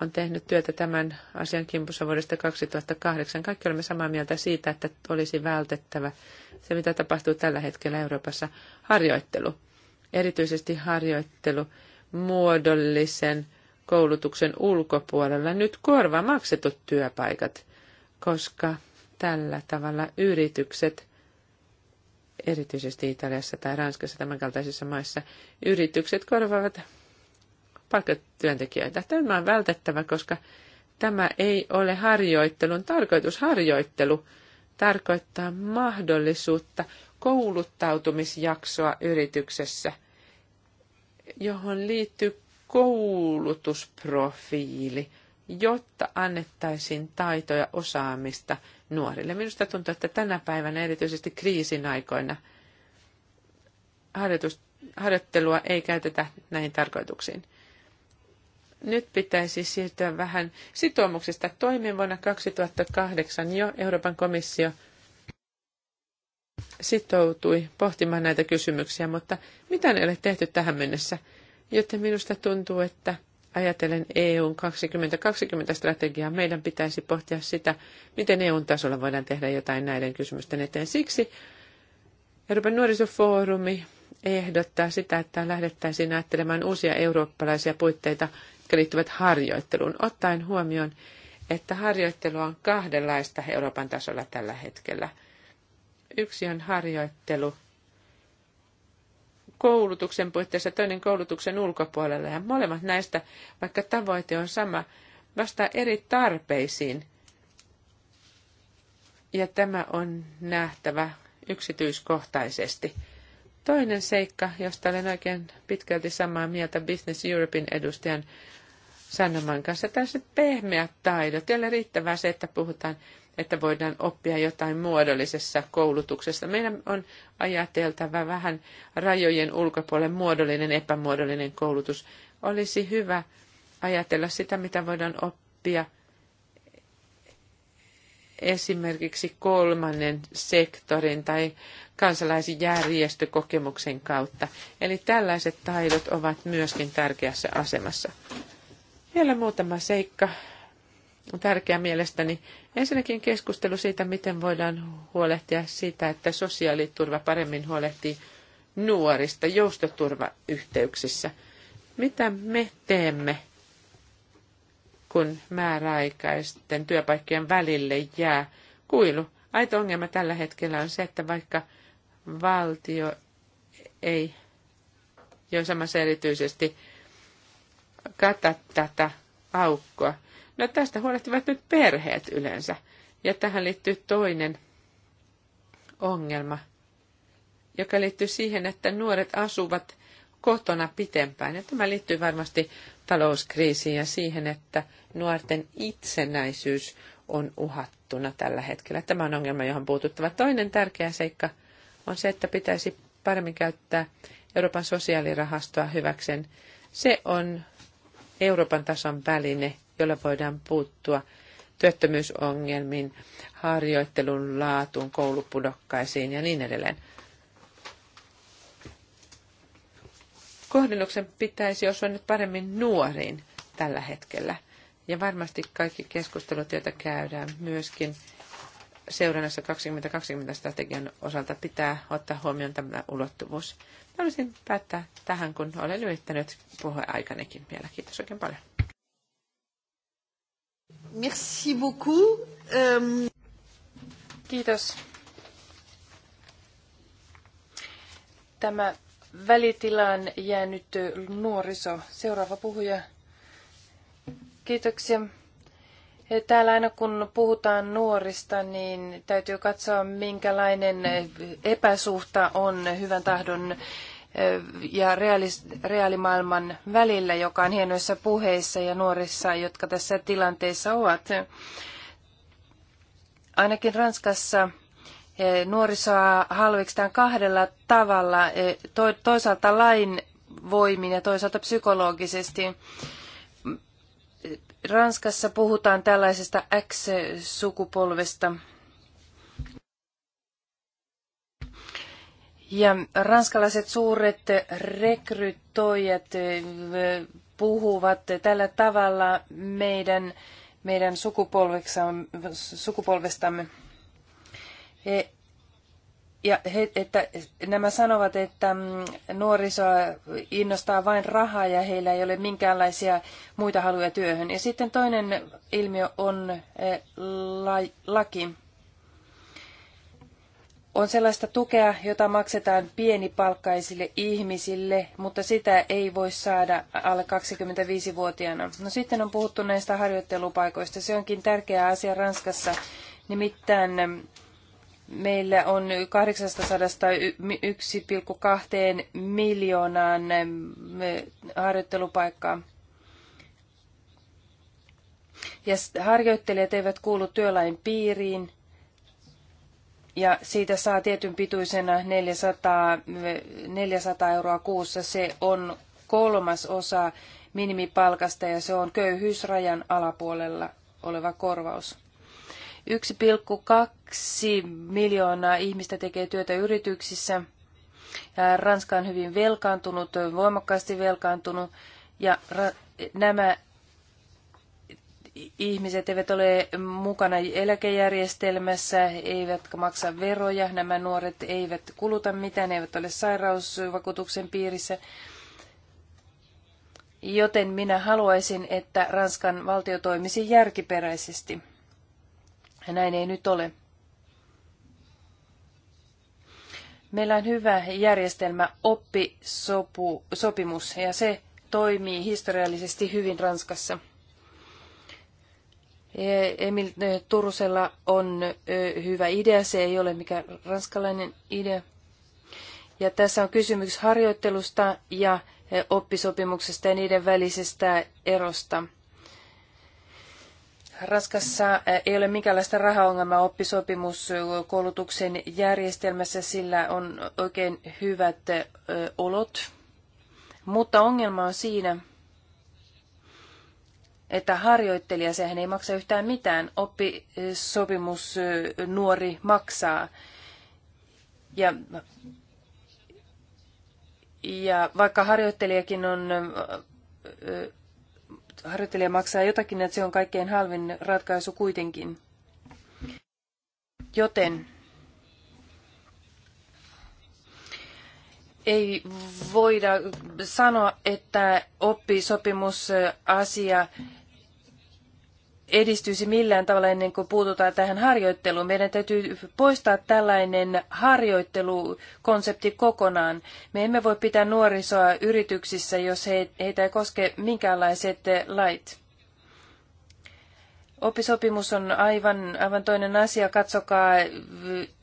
on tehnyt työtä tämän asian kimpussa vuodesta 2008. Kaikki olemme samaa mieltä siitä, että olisi vältettävä se, mitä tapahtuu tällä hetkellä Euroopassa. Harjoittelu. Erityisesti harjoittelu muodollisen koulutuksen ulkopuolella nyt korvamaksetut työpaikat, koska tällä tavalla yritykset, erityisesti Italiassa tai Ranskassa tämänkaltaisissa maissa, yritykset korvaavat palkkatyöntekijöitä. Tämä on vältettävä, koska tämä ei ole harjoittelun tarkoitus. Harjoittelu tarkoittaa mahdollisuutta kouluttautumisjaksoa yrityksessä – johon liittyy koulutusprofiili, jotta annettaisiin taitoja osaamista nuorille. Minusta tuntuu, että tänä päivänä, erityisesti kriisin aikoina, harjoittelua ei käytetä näihin tarkoituksiin. Nyt pitäisi siirtyä vähän sitoumuksista. Toimin vuonna 2008 jo Euroopan komissio – sitoutui pohtimaan näitä kysymyksiä, mutta mitä ei ole tehty tähän mennessä? Joten minusta tuntuu, että ajatellen EUn 2020-strategiaa, meidän pitäisi pohtia sitä, miten EUn tasolla voidaan tehdä jotain näiden kysymysten eteen. Siksi Euroopan nuorisofoorumi ehdottaa sitä, että lähdettäisiin ajattelemaan uusia eurooppalaisia puitteita, jotka liittyvät harjoitteluun, ottaen huomioon, että harjoittelua on kahdenlaista Euroopan tasolla tällä hetkellä – Yksi on harjoittelu koulutuksen puitteissa, toinen koulutuksen ulkopuolella. Ja molemmat näistä, vaikka tavoite on sama, vastaa eri tarpeisiin. Ja tämä on nähtävä yksityiskohtaisesti. Toinen seikka, josta olen oikein pitkälti samaa mieltä Business Europein edustajan sanoman kanssa, tässä pehmeät taidot, joille riittävää se, että puhutaan että voidaan oppia jotain muodollisessa koulutuksessa. Meidän on ajateltava vähän rajojen ulkopuolen muodollinen, epämuodollinen koulutus. Olisi hyvä ajatella sitä, mitä voidaan oppia esimerkiksi kolmannen sektorin tai kansalaisjärjestökokemuksen kautta. Eli tällaiset taidot ovat myöskin tärkeässä asemassa. Vielä muutama seikka on tärkeä mielestäni. Ensinnäkin keskustelu siitä, miten voidaan huolehtia siitä, että sosiaaliturva paremmin huolehtii nuorista joustoturvayhteyksissä. Mitä me teemme, kun määräaikaisten työpaikkojen välille jää kuilu? Aito ongelma tällä hetkellä on se, että vaikka valtio ei samassa erityisesti kata tätä aukkoa, No tästä huolehtivat nyt perheet yleensä. Ja tähän liittyy toinen ongelma, joka liittyy siihen, että nuoret asuvat kotona pitempään. Ja tämä liittyy varmasti talouskriisiin ja siihen, että nuorten itsenäisyys on uhattuna tällä hetkellä. Tämä on ongelma, johon puututtava. Toinen tärkeä seikka on se, että pitäisi paremmin käyttää Euroopan sosiaalirahastoa hyväkseen. Se on Euroopan tason väline, jolla voidaan puuttua työttömyysongelmiin, harjoittelun laatuun, koulupudokkaisiin ja niin edelleen. Kohdennuksen pitäisi osua nyt paremmin nuoriin tällä hetkellä. Ja varmasti kaikki keskustelut, joita käydään myöskin seurannassa 2020-strategian osalta pitää ottaa huomioon tämä ulottuvuus. Haluaisin päättää tähän, kun olen yrittänyt aikanekin vielä. Kiitos oikein paljon. Merci beaucoup. Um... Kiitos. Tämä välitilaan jäänyt nuoriso. Seuraava puhuja. Kiitoksia. Täällä aina kun puhutaan nuorista, niin täytyy katsoa, minkälainen epäsuhta on hyvän tahdon ja realis- reaalimaailman välillä, joka on hienoissa puheissa ja nuorissa, jotka tässä tilanteessa ovat. Ainakin Ranskassa nuorisoa halveksitaan kahdella tavalla, toisaalta lain voimin ja toisaalta psykologisesti. Ranskassa puhutaan tällaisesta X-sukupolvesta, Ja ranskalaiset suuret rekrytoijat eh, puhuvat tällä tavalla meidän, meidän sukupolvestamme. E, ja he, että nämä sanovat, että mm, nuorisoa innostaa vain rahaa ja heillä ei ole minkäänlaisia muita haluja työhön. Ja sitten toinen ilmiö on eh, laki on sellaista tukea, jota maksetaan pienipalkkaisille ihmisille, mutta sitä ei voi saada alle 25-vuotiaana. No sitten on puhuttu näistä harjoittelupaikoista. Se onkin tärkeä asia Ranskassa. Nimittäin mm, meillä on 800-1,2 miljoonaan mm, harjoittelupaikkaa. Ja harjoittelijat eivät kuulu työlain piiriin, ja siitä saa tietyn pituisena 400, 400 euroa kuussa. Se on kolmas osa minimipalkasta ja se on köyhyysrajan alapuolella oleva korvaus. 1,2 miljoonaa ihmistä tekee työtä yrityksissä. Ranska on hyvin velkaantunut, voimakkaasti velkaantunut ja nämä ihmiset eivät ole mukana eläkejärjestelmässä, eivätkä maksa veroja, nämä nuoret eivät kuluta mitään, eivät ole sairausvakuutuksen piirissä. Joten minä haluaisin, että Ranskan valtio toimisi järkiperäisesti. Ja näin ei nyt ole. Meillä on hyvä järjestelmä oppisopimus ja se toimii historiallisesti hyvin Ranskassa. Eh, Emil eh, Turusella on eh, hyvä idea, se ei ole mikään ranskalainen idea. Ja tässä on kysymys harjoittelusta ja oppisopimuksesta ja niiden välisestä erosta. Raskassa ei ole minkäänlaista rahaongelmaa oppisopimuskoulutuksen järjestelmässä, sillä on oikein hyvät olot. Mutta ongelma on siinä, että harjoittelija, sehän ei maksa yhtään mitään, oppisopimus nuori maksaa. Ja, ja vaikka harjoittelijakin on, harjoittelija maksaa jotakin, että se on kaikkein halvin ratkaisu kuitenkin. Joten ei voida sanoa, että oppisopimusasia edistyisi millään tavalla ennen kuin puututaan tähän harjoitteluun. Meidän täytyy poistaa tällainen harjoittelukonsepti kokonaan. Me emme voi pitää nuorisoa yrityksissä, jos heitä ei koske minkäänlaiset lait. Oppisopimus on aivan, aivan toinen asia. Katsokaa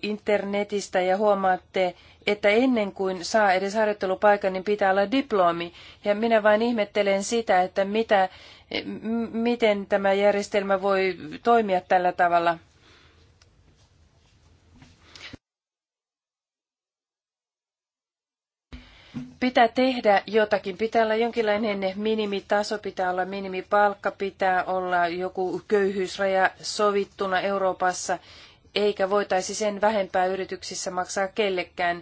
internetistä ja huomaatte, että ennen kuin saa edes harjoittelupaikan, niin pitää olla diplomi. Ja minä vain ihmettelen sitä, että mitä miten tämä järjestelmä voi toimia tällä tavalla. Pitää tehdä jotakin, pitää olla jonkinlainen minimitaso, pitää olla minimipalkka, pitää olla joku köyhyysraja sovittuna Euroopassa, eikä voitaisi sen vähempää yrityksissä maksaa kellekään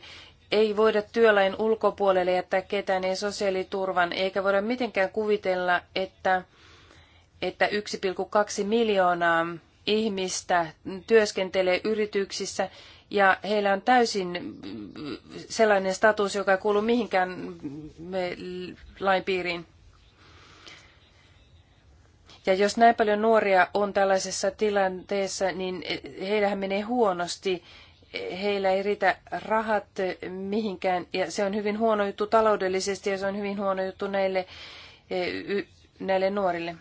ei voida työlain ulkopuolelle jättää ketään, ei sosiaaliturvan, eikä voida mitenkään kuvitella, että että 1,2 miljoonaa ihmistä työskentelee yrityksissä ja heillä on täysin sellainen status, joka ei kuulu mihinkään lain piiriin. Ja jos näin paljon nuoria on tällaisessa tilanteessa, niin heillähän menee huonosti. Heillä ei riitä rahat mihinkään ja se on hyvin huono juttu taloudellisesti ja se on hyvin huono juttu näille, eh, näille nuorille.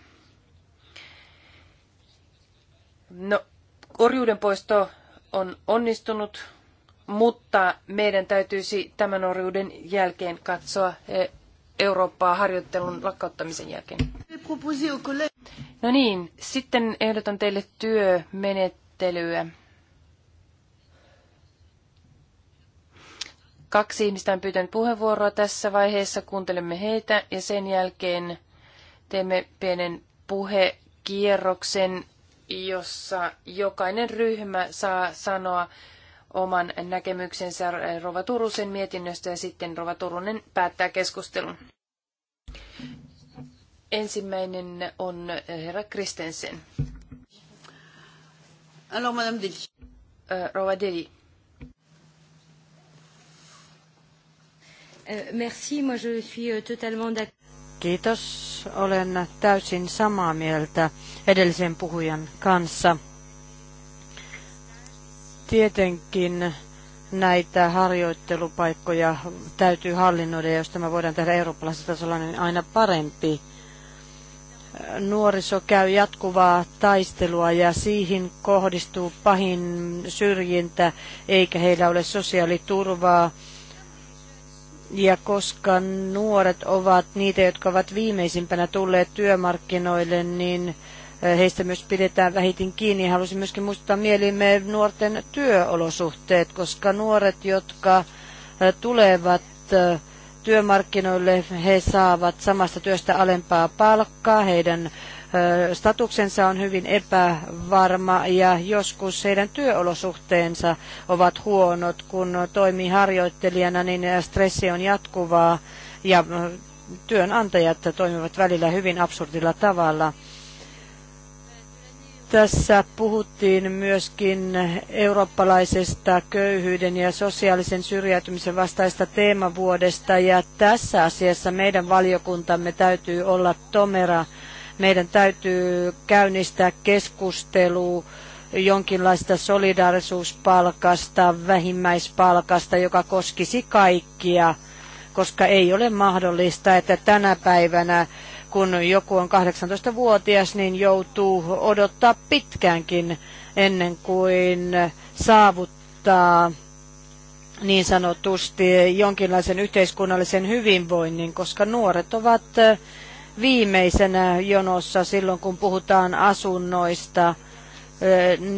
No, orjuuden poisto on onnistunut, mutta meidän täytyisi tämän orjuuden jälkeen katsoa eh, Eurooppaa harjoittelun lakkauttamisen jälkeen. No niin, sitten ehdotan teille työmenettelyä. Kaksi ihmistä on pyytänyt puheenvuoroa tässä vaiheessa. Kuuntelemme heitä ja sen jälkeen teemme pienen puhekierroksen jossa jokainen ryhmä saa sanoa oman näkemyksensä Rova Turusen mietinnöstä ja sitten Rova Turunen päättää keskustelun. Ensimmäinen on herra Kristensen. Alors, Madame Deli. Rova Deli. Euh, merci, moi je suis euh, totalement d'accord. Kiitos. Olen täysin samaa mieltä edellisen puhujan kanssa. Tietenkin näitä harjoittelupaikkoja täytyy hallinnoida, ja jos tämä voidaan tehdä eurooppalaisella tasolla, niin aina parempi. Nuoriso käy jatkuvaa taistelua ja siihen kohdistuu pahin syrjintä, eikä heillä ole sosiaaliturvaa ja koska nuoret ovat niitä, jotka ovat viimeisimpänä tulleet työmarkkinoille, niin eh, heistä myös pidetään vähitin kiinni. Haluaisin myöskin muistuttaa mieliimme nuorten työolosuhteet, koska nuoret, jotka eh, tulevat eh, työmarkkinoille, he saavat samasta työstä alempaa palkkaa, heidän statuksensa on hyvin epävarma ja joskus heidän työolosuhteensa ovat huonot. Kun toimii harjoittelijana, niin stressi on jatkuvaa ja työnantajat toimivat välillä hyvin absurdilla tavalla. Tässä puhuttiin myöskin eurooppalaisesta köyhyyden ja sosiaalisen syrjäytymisen vastaista teemavuodesta ja tässä asiassa meidän valiokuntamme täytyy olla tomera meidän täytyy käynnistää keskustelu jonkinlaista solidarisuuspalkasta, vähimmäispalkasta, joka koskisi kaikkia, koska ei ole mahdollista, että tänä päivänä kun joku on 18-vuotias, niin joutuu odottaa pitkäänkin ennen kuin saavuttaa niin sanotusti jonkinlaisen yhteiskunnallisen hyvinvoinnin, koska nuoret ovat viimeisenä jonossa silloin, kun puhutaan asunnoista.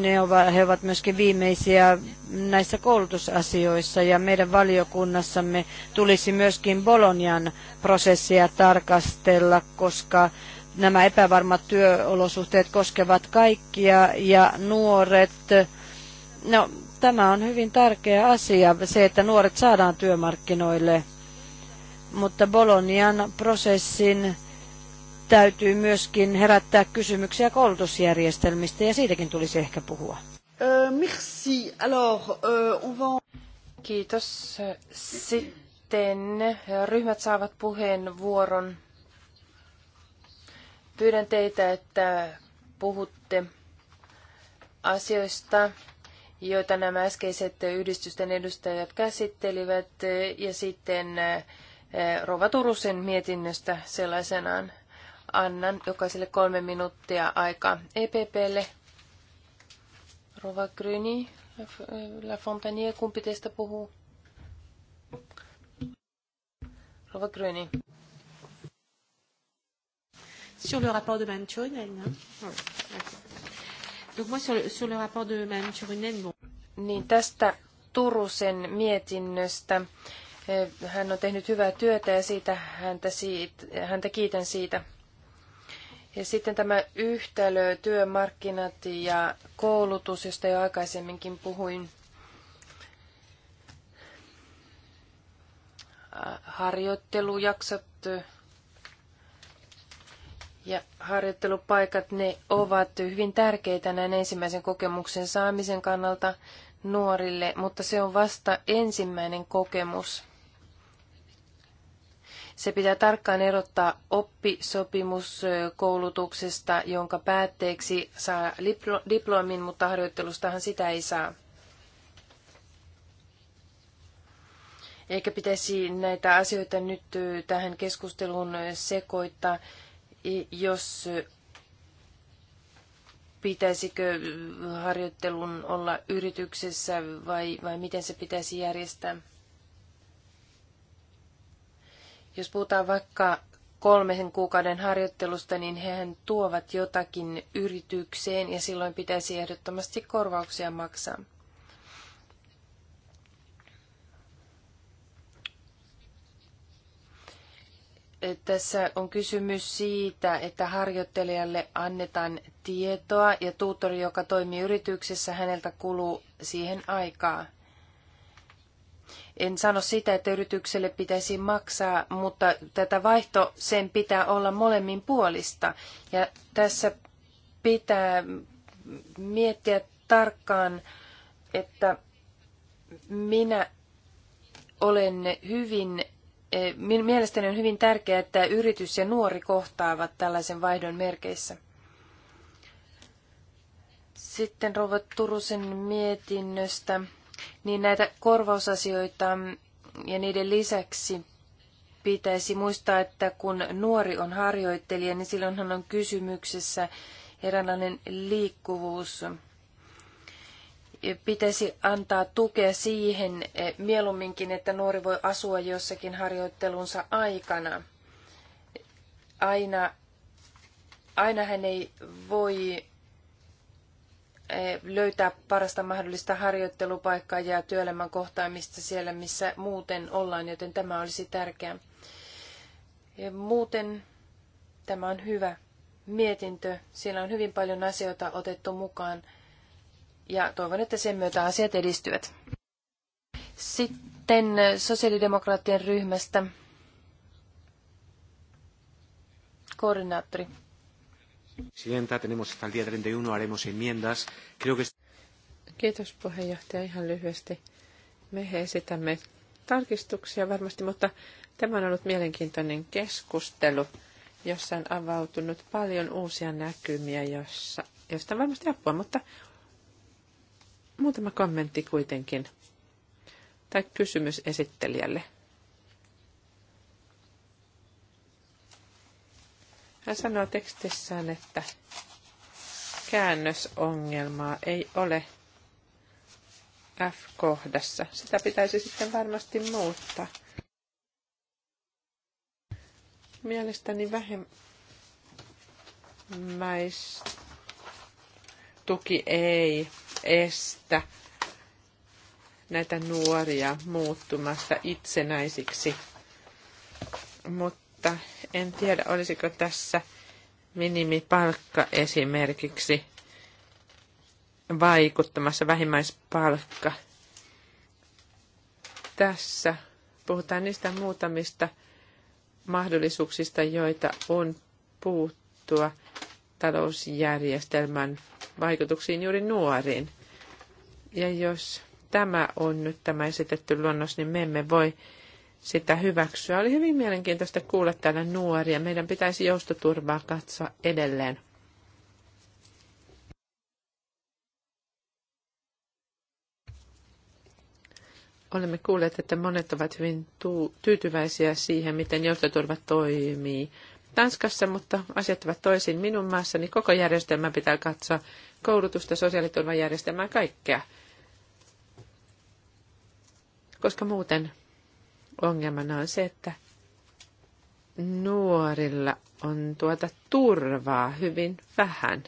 Ne ovat, he ovat myöskin viimeisiä näissä koulutusasioissa ja meidän valiokunnassamme tulisi myöskin Bolonian prosessia tarkastella, koska nämä epävarmat työolosuhteet koskevat kaikkia ja nuoret, no tämä on hyvin tärkeä asia, se, että nuoret saadaan työmarkkinoille, mutta Bolonian prosessin täytyy myöskin herättää kysymyksiä koulutusjärjestelmistä ja siitäkin tulisi ehkä puhua. Merci. Alors, on va... Kiitos. Sitten ryhmät saavat puheenvuoron. Pyydän teitä, että puhutte asioista, joita nämä äskeiset yhdistysten edustajat käsittelivät, ja sitten Rova Turusen mietinnöstä sellaisenaan annan jokaiselle kolme minuuttia aikaa EPPlle. Rova Gryni, La Fontaine, kumpi teistä puhuu? Rova Gryni. Sur le rapport de Madame Turunen. Hein? Oh, Donc moi sur le, sur le rapport de Madame Turunen. Bon. Niin tästä Turusen mietinnöstä. Eh, hän on tehnyt hyvää työtä ja siitä häntä, siitä, häntä kiitän siitä. Ja sitten tämä yhtälö, työmarkkinat ja koulutus, josta jo aikaisemminkin puhuin. Harjoittelujaksot ja harjoittelupaikat, ne ovat hyvin tärkeitä näin ensimmäisen kokemuksen saamisen kannalta nuorille, mutta se on vasta ensimmäinen kokemus. Se pitää tarkkaan erottaa oppisopimuskoulutuksesta, jonka päätteeksi saa diplomin, mutta harjoittelustahan sitä ei saa. Eikä pitäisi näitä asioita nyt tähän keskusteluun sekoittaa, jos pitäisikö harjoittelun olla yrityksessä vai, vai miten se pitäisi järjestää. Jos puhutaan vaikka kolmen kuukauden harjoittelusta, niin hehän tuovat jotakin yritykseen ja silloin pitäisi ehdottomasti korvauksia maksaa. tässä on kysymys siitä, että harjoittelijalle annetaan tietoa ja tuutori, joka toimii yrityksessä, häneltä kuluu siihen aikaa. En sano sitä, että yritykselle pitäisi maksaa, mutta tätä vaihto sen pitää olla molemmin puolista. Ja tässä pitää miettiä tarkkaan, että minä olen hyvin, eh, mielestäni on hyvin tärkeää, että yritys ja nuori kohtaavat tällaisen vaihdon merkeissä. Sitten Rouva Turusen mietinnöstä niin näitä korvausasioita ja niiden lisäksi pitäisi muistaa, että kun nuori on harjoittelija, niin silloinhan on kysymyksessä eräänlainen liikkuvuus. Pitäisi antaa tukea siihen eh, mieluumminkin, että nuori voi asua jossakin harjoittelunsa aikana. Aina, aina hän ei voi löytää parasta mahdollista harjoittelupaikkaa ja työelämän kohtaamista siellä, missä muuten ollaan, joten tämä olisi tärkeää. Muuten tämä on hyvä mietintö. Siellä on hyvin paljon asioita otettu mukaan ja toivon, että sen myötä asiat edistyvät. Sitten sosiaalidemokraattien ryhmästä koordinaattori. Presidenta, tenemos hasta el día 31, haremos enmiendas. Creo que... Kiitos puheenjohtaja ihan lyhyesti. Me esitämme tarkistuksia varmasti, mutta tämä on ollut mielenkiintoinen keskustelu, jossa on avautunut paljon uusia näkymiä, jossa, josta on varmasti apua, mutta muutama kommentti kuitenkin tai kysymys esittelijälle. Hän sanoo tekstissään, että käännösongelmaa ei ole F-kohdassa. Sitä pitäisi sitten varmasti muuttaa. Mielestäni vähemmäistuki ei estä näitä nuoria muuttumasta itsenäisiksi, mutta mutta en tiedä olisiko tässä minimipalkka esimerkiksi vaikuttamassa vähimmäispalkka. Tässä puhutaan niistä muutamista mahdollisuuksista, joita on puuttua talousjärjestelmän vaikutuksiin juuri nuoriin. Ja jos tämä on nyt tämä esitetty luonnos, niin me emme voi sitä hyväksyä. Oli hyvin mielenkiintoista kuulla täällä nuoria. Meidän pitäisi joustoturvaa katsoa edelleen. Olemme kuulleet, että monet ovat hyvin tyytyväisiä siihen, miten joustoturva toimii Tanskassa, mutta asiat ovat toisin minun maassani. Koko järjestelmä pitää katsoa, koulutusta, sosiaaliturvajärjestelmää, kaikkea. Koska muuten ongelmana on se, että nuorilla on tuota turvaa hyvin vähän.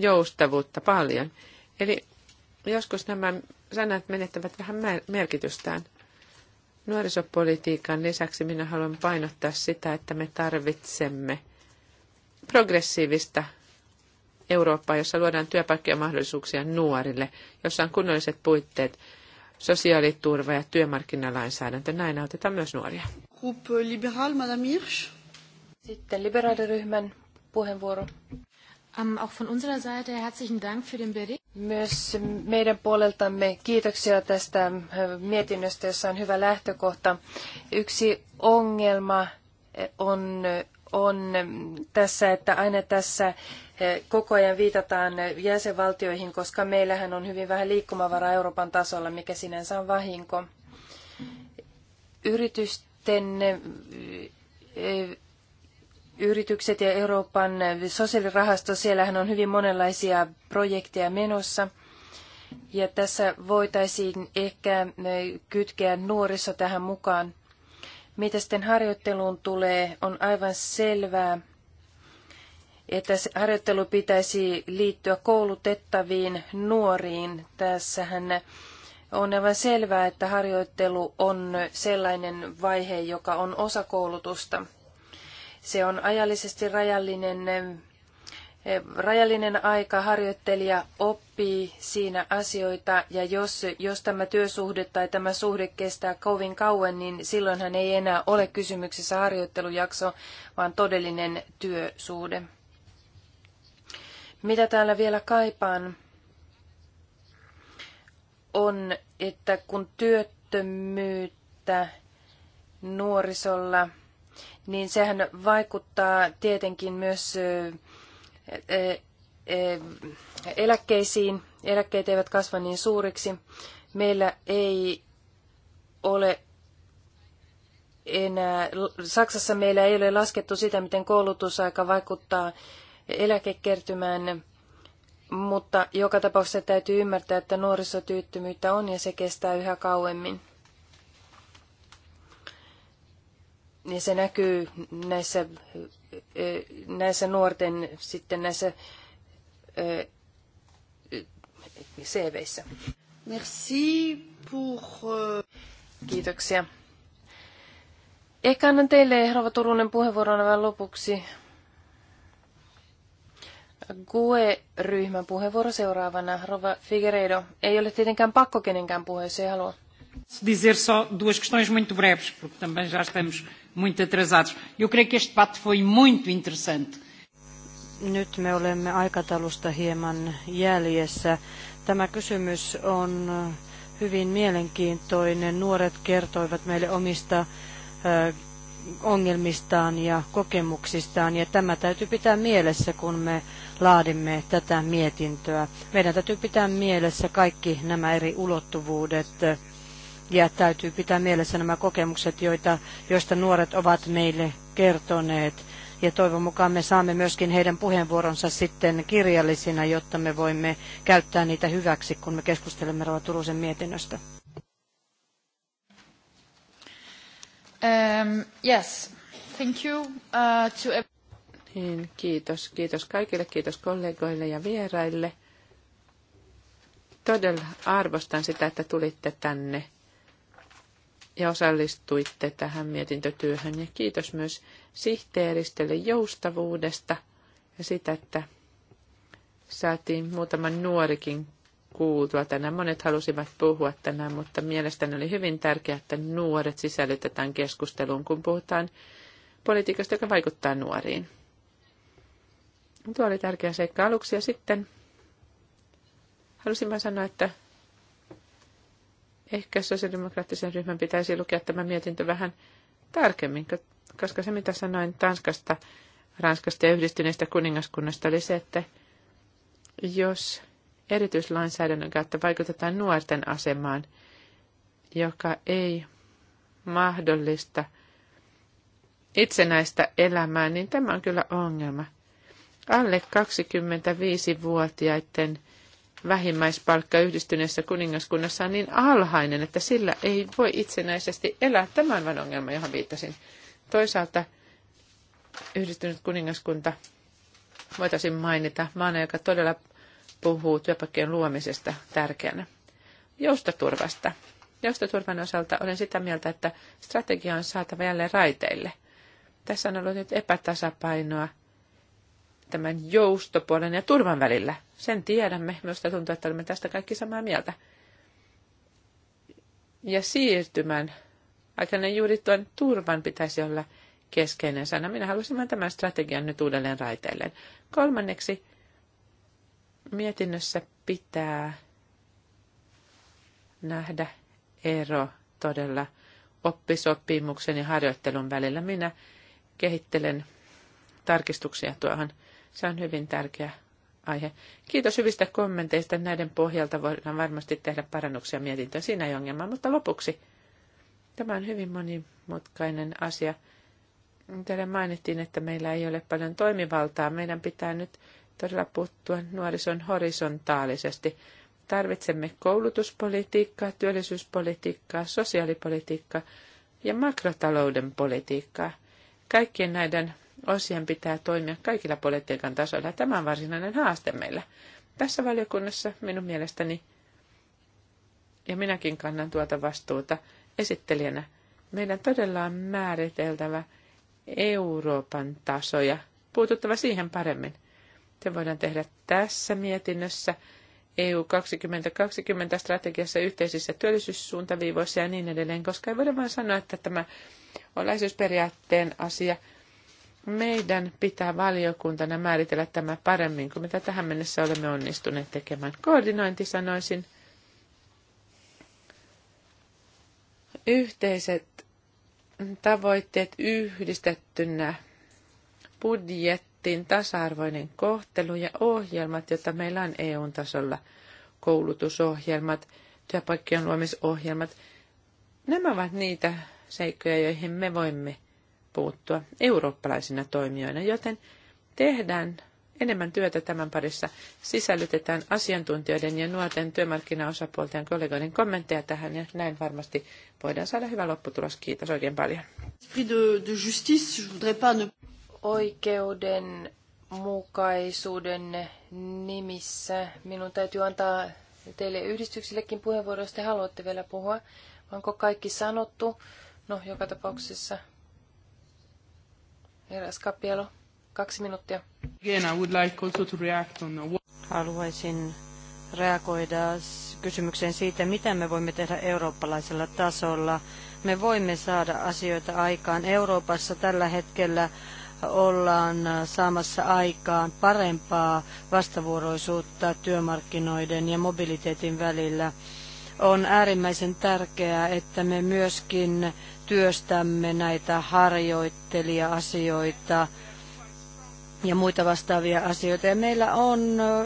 Joustavuutta paljon. Eli joskus nämä sanat menettävät vähän merkitystään. Nuorisopolitiikan lisäksi minä haluan painottaa sitä, että me tarvitsemme progressiivista Eurooppaa, jossa luodaan työpaikkoja mahdollisuuksia nuorille, jossa on kunnolliset puitteet, sosiaaliturva ja työmarkkinalainsäädäntö. Näin autetaan myös nuoria. Liberal, Sitten liberaaliryhmän puheenvuoro. Um, auch von unserer Seite herzlichen Dank für den Bericht. Myös meidän puoleltamme kiitoksia tästä äh, mietinnöstä, jossa on hyvä lähtökohta. Yksi ongelma äh, on äh, on tässä, että aina tässä eh, koko ajan viitataan jäsenvaltioihin, koska meillähän on hyvin vähän liikkumavaraa Euroopan tasolla, mikä sinänsä on vahinko. Yritysten eh, yritykset ja Euroopan sosiaalirahasto, siellähän on hyvin monenlaisia projekteja menossa. Ja tässä voitaisiin ehkä eh, kytkeä nuoriso tähän mukaan. Mitä sitten harjoitteluun tulee, on aivan selvää, että harjoittelu pitäisi liittyä koulutettaviin nuoriin. Tässähän on aivan selvää, että harjoittelu on sellainen vaihe, joka on osa koulutusta. Se on ajallisesti rajallinen rajallinen aika, harjoittelija oppii siinä asioita ja jos, jos tämä työsuhde tai tämä suhde kestää kovin kauan, niin silloinhan ei enää ole kysymyksessä harjoittelujakso, vaan todellinen työsuhde. Mitä täällä vielä kaipaan on, että kun työttömyyttä nuorisolla, niin sehän vaikuttaa tietenkin myös E, e, eläkkeisiin. Eläkkeet eivät kasva niin suuriksi. Meillä ei ole enää, Saksassa meillä ei ole laskettu sitä, miten koulutusaika vaikuttaa eläkekertymään, mutta joka tapauksessa täytyy ymmärtää, että nuorisotyyttömyyttä on ja se kestää yhä kauemmin. Niin se näkyy näissä, näissä nuorten sitten näissä CVissä. Merci pour... Kiitoksia. Ehkä annan teille, Rova Turunen, puheenvuoron aivan lopuksi. GUE-ryhmän puheenvuoro seuraavana. Rova Figueiredo. Ei ole tietenkään pakko kenenkään puhe, jos ei halua. Dizer só duas questões muito breves, porque também já estamos muito atrasados. Eu creio que este debate foi muito interessante. Nyt me olemme aikataulusta hieman jäljessä. Tämä kysymys on hyvin mielenkiintoinen. Nuoret kertoivat meille omista ongelmistaan ja kokemuksistaan, ja tämä täytyy pitää mielessä, kun me laadimme tätä mietintöä. Meidän täytyy pitää mielessä kaikki nämä eri ulottuvuudet ja täytyy pitää mielessä nämä kokemukset, joita, joista nuoret ovat meille kertoneet. Ja toivon mukaan me saamme myöskin heidän puheenvuoronsa sitten kirjallisina, jotta me voimme käyttää niitä hyväksi, kun me keskustelemme Rova Turusen mietinnöstä. Um, yes, thank you uh, to... Niin, kiitos. Kiitos kaikille, kiitos kollegoille ja vieraille. Todella arvostan sitä, että tulitte tänne ja osallistuitte tähän mietintötyöhön. Ja kiitos myös sihteeristölle joustavuudesta ja sitä, että saatiin muutama nuorikin kuultua tänään. Monet halusivat puhua tänään, mutta mielestäni oli hyvin tärkeää, että nuoret sisällytetään keskusteluun, kun puhutaan politiikasta, joka vaikuttaa nuoriin. Tuo oli tärkeä seikka aluksi ja sitten halusin vain sanoa, että Ehkä sosiaalidemokraattisen ryhmän pitäisi lukea tämä mietintö vähän tarkemmin, koska se mitä sanoin Tanskasta, Ranskasta ja yhdistyneestä kuningaskunnasta oli se, että jos erityislainsäädännön kautta vaikutetaan nuorten asemaan, joka ei mahdollista itsenäistä elämää, niin tämä on kyllä ongelma. Alle 25-vuotiaiden vähimmäispalkka yhdistyneessä kuningaskunnassa on niin alhainen, että sillä ei voi itsenäisesti elää. tämän vain ongelma, johon viittasin. Toisaalta yhdistynyt kuningaskunta voitaisiin mainita maana, joka todella puhuu työpaikkojen luomisesta tärkeänä. Joustoturvasta. Joustoturvan osalta olen sitä mieltä, että strategia on saatava jälleen raiteille. Tässä on ollut nyt epätasapainoa tämän joustopuolen ja turvan välillä. Sen tiedämme. myös tuntuu, että olemme tästä kaikki samaa mieltä. Ja siirtymän aikana juuri tuon turvan pitäisi olla keskeinen sana. Minä halusin tämän strategian nyt uudelleen raiteilleen. Kolmanneksi mietinnössä pitää nähdä ero todella oppisopimuksen ja harjoittelun välillä. Minä kehittelen tarkistuksia tuohon se on hyvin tärkeä aihe. Kiitos hyvistä kommenteista. Näiden pohjalta voidaan varmasti tehdä parannuksia mietintöön. Siinä ei ongelmaa, mutta lopuksi. Tämä on hyvin monimutkainen asia. Täällä mainittiin, että meillä ei ole paljon toimivaltaa. Meidän pitää nyt todella puuttua nuorison horisontaalisesti. Tarvitsemme koulutuspolitiikkaa, työllisyyspolitiikkaa, sosiaalipolitiikkaa ja makrotalouden politiikkaa. Kaikkien näiden osien pitää toimia kaikilla politiikan tasoilla. Tämä on varsinainen haaste meillä. Tässä valiokunnassa minun mielestäni, ja minäkin kannan tuota vastuuta esittelijänä, meidän todella on määriteltävä Euroopan tasoja, puututtava siihen paremmin. Se voidaan tehdä tässä mietinnössä, EU 2020 strategiassa, yhteisissä työllisyyssuuntaviivoissa ja niin edelleen, koska ei voida vain sanoa, että tämä on läheisyysperiaatteen asia – meidän pitää valiokuntana määritellä tämä paremmin kuin mitä tähän mennessä olemme onnistuneet tekemään. Koordinointi sanoisin. Yhteiset tavoitteet yhdistettynä budjettiin, tasa-arvoinen kohtelu ja ohjelmat, joita meillä on EU-tasolla, koulutusohjelmat, työpaikkojen luomisohjelmat. Nämä ovat niitä seikkoja, joihin me voimme puuttua eurooppalaisina toimijoina, joten tehdään enemmän työtä tämän parissa. Sisällytetään asiantuntijoiden ja nuorten työmarkkinaosapuolten ja kollegoiden kommentteja tähän ja näin varmasti voidaan saada hyvä lopputulos. Kiitos oikein paljon. Oikeuden mukaisuuden nimissä minun täytyy antaa teille yhdistyksillekin puheenvuoro, jos te haluatte vielä puhua. Onko kaikki sanottu? No, joka tapauksessa Herra kaksi minuuttia. Again, I would like also to react on... Haluaisin reagoida kysymykseen siitä, mitä me voimme tehdä eurooppalaisella tasolla. Me voimme saada asioita aikaan. Euroopassa tällä hetkellä ollaan saamassa aikaan parempaa vastavuoroisuutta työmarkkinoiden ja mobiliteetin välillä. On äärimmäisen tärkeää, että me myöskin työstämme näitä harjoittelija-asioita ja muita vastaavia asioita. Ja meillä on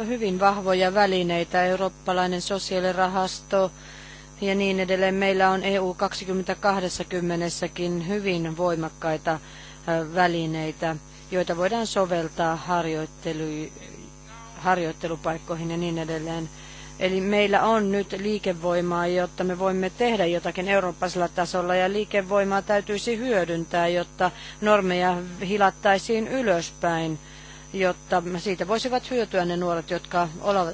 hyvin vahvoja välineitä, eurooppalainen sosiaalirahasto ja niin edelleen. Meillä on EU 2020kin hyvin voimakkaita välineitä, joita voidaan soveltaa harjoittelupaikkoihin ja niin edelleen. Eli meillä on nyt liikevoimaa, jotta me voimme tehdä jotakin eurooppalaisella tasolla ja liikevoimaa täytyisi hyödyntää, jotta normeja hilattaisiin ylöspäin, jotta siitä voisivat hyötyä ne nuoret, jotka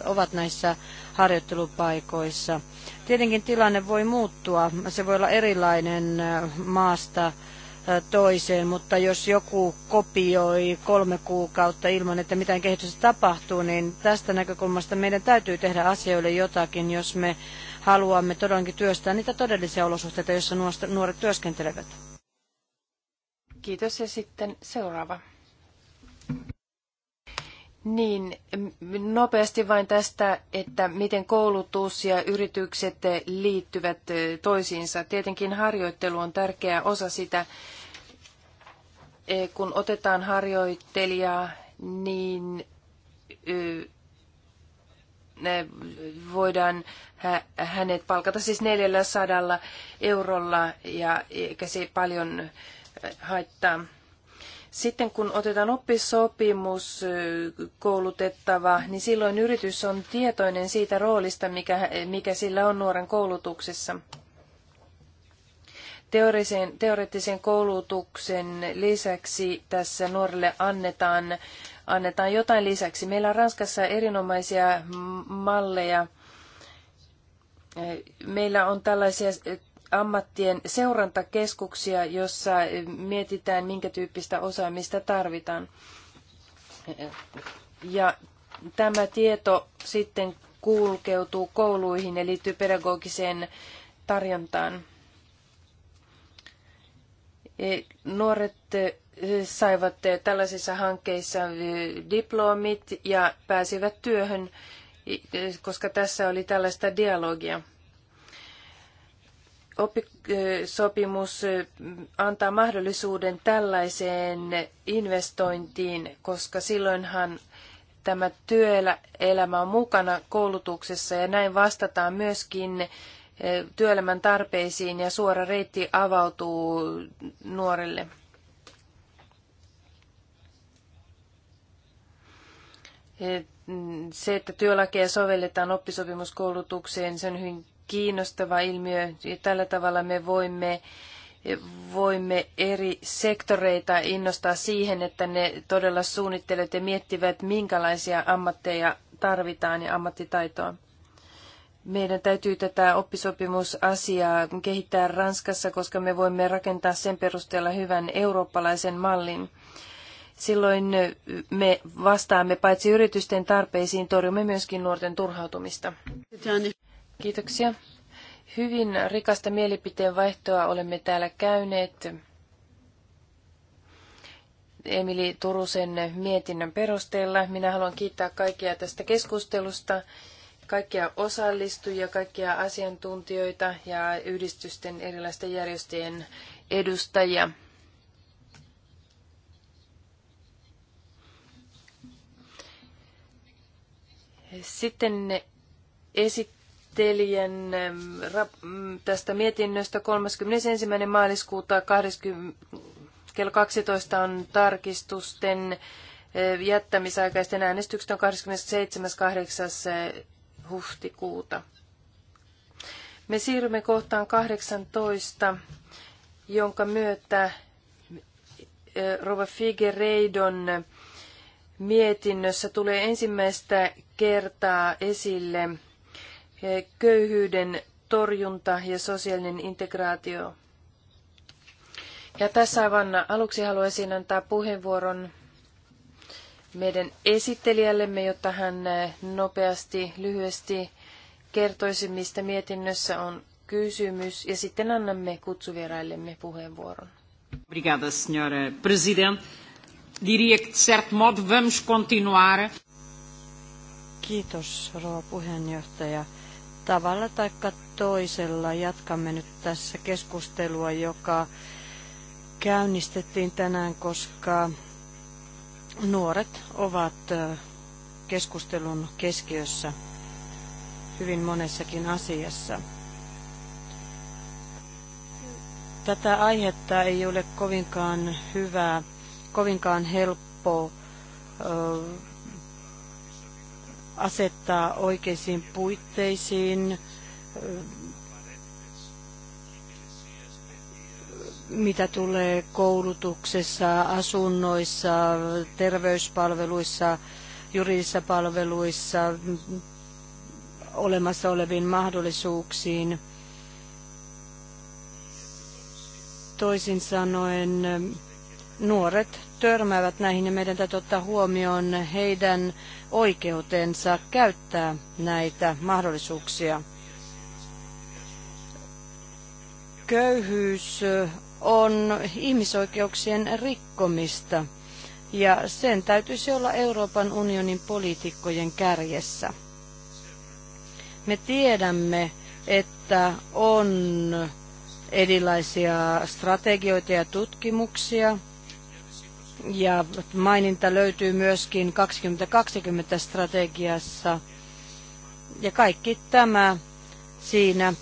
ovat näissä harjoittelupaikoissa. Tietenkin tilanne voi muuttua, se voi olla erilainen äh, maasta toiseen, mutta jos joku kopioi kolme kuukautta ilman, että mitään kehitystä tapahtuu, niin tästä näkökulmasta meidän täytyy tehdä asioille jotakin, jos me haluamme todellakin työstää niitä todellisia olosuhteita, joissa nuoret työskentelevät. Kiitos ja sitten seuraava. Niin, nopeasti vain tästä, että miten koulutus ja yritykset liittyvät toisiinsa. Tietenkin harjoittelu on tärkeä osa sitä. E, kun otetaan harjoittelijaa, niin voidaan hänet palkata siis 400 eurolla, ja eikä se paljon haittaa. Sitten kun otetaan oppisopimus koulutettava, niin silloin yritys on tietoinen siitä roolista, mikä, mikä sillä on nuoren koulutuksessa. Teoreisen, teoreettisen koulutuksen lisäksi tässä nuorille annetaan, annetaan jotain lisäksi. Meillä on Ranskassa erinomaisia malleja. Meillä on tällaisia ammattien seurantakeskuksia, jossa mietitään, minkä tyyppistä osaamista tarvitaan. Ja tämä tieto sitten kulkeutuu kouluihin ja liittyy pedagogiseen tarjontaan. E, nuoret e, saivat tällaisissa hankkeissa e, diplomit ja pääsivät työhön, koska tässä oli tällaista dialogia oppisopimus antaa mahdollisuuden tällaiseen investointiin, koska silloinhan tämä työelämä on mukana koulutuksessa ja näin vastataan myöskin työelämän tarpeisiin ja suora reitti avautuu nuorelle. Mm, se, että työlakeja sovelletaan oppisopimuskoulutukseen, se on hyvin kiinnostava ilmiö. Tällä tavalla me voimme, voimme eri sektoreita innostaa siihen, että ne todella suunnittelevat ja miettivät, minkälaisia ammatteja tarvitaan ja ammattitaitoa. Meidän täytyy tätä oppisopimusasiaa kehittää Ranskassa, koska me voimme rakentaa sen perusteella hyvän eurooppalaisen mallin. Silloin me vastaamme paitsi yritysten tarpeisiin, torjumme myöskin nuorten turhautumista. Kiitoksia. Hyvin rikasta mielipiteen vaihtoa olemme täällä käyneet. Emili Turusen mietinnön perusteella. Minä haluan kiittää kaikkia tästä keskustelusta, kaikkia osallistujia, kaikkia asiantuntijoita ja yhdistysten erilaisten järjestöjen edustajia. Sitten esittää esittelijän ähm, mm, tästä mietinnöstä 31. maaliskuuta 20, kello 12 on tarkistusten äh, jättämisaikaisten äänestykset on 27.8. Äh, huhtikuuta. Me siirrymme kohtaan 18, jonka myötä äh, Rova Figereidon mietinnössä tulee ensimmäistä kertaa esille köyhyyden torjunta ja sosiaalinen integraatio. Ja tässä aivan aluksi haluaisin antaa puheenvuoron meidän esittelijällemme, jotta hän eh, nopeasti, lyhyesti kertoisi, mistä mietinnössä on kysymys, ja sitten annamme kutsuvieraillemme puheenvuoron. Obrigada, senhora presidente. Diria que, de certo modo, vamos continuar. Kiitos, rouva puheenjohtaja tavalla tai toisella jatkamme nyt tässä keskustelua, joka käynnistettiin tänään, koska nuoret ovat keskustelun keskiössä hyvin monessakin asiassa. Tätä aihetta ei ole kovinkaan hyvää, kovinkaan helppoa asettaa oikeisiin puitteisiin, mitä tulee koulutuksessa, asunnoissa, terveyspalveluissa, juridisissa palveluissa, olemassa oleviin mahdollisuuksiin. Toisin sanoen nuoret törmäävät näihin ja meidän täytyy ottaa huomioon heidän oikeutensa käyttää näitä mahdollisuuksia. Köyhyys on ihmisoikeuksien rikkomista ja sen täytyisi olla Euroopan unionin poliitikkojen kärjessä. Me tiedämme, että on erilaisia strategioita ja tutkimuksia, ja maininta löytyy myöskin 2020 strategiassa. Ja kaikki tämä siinä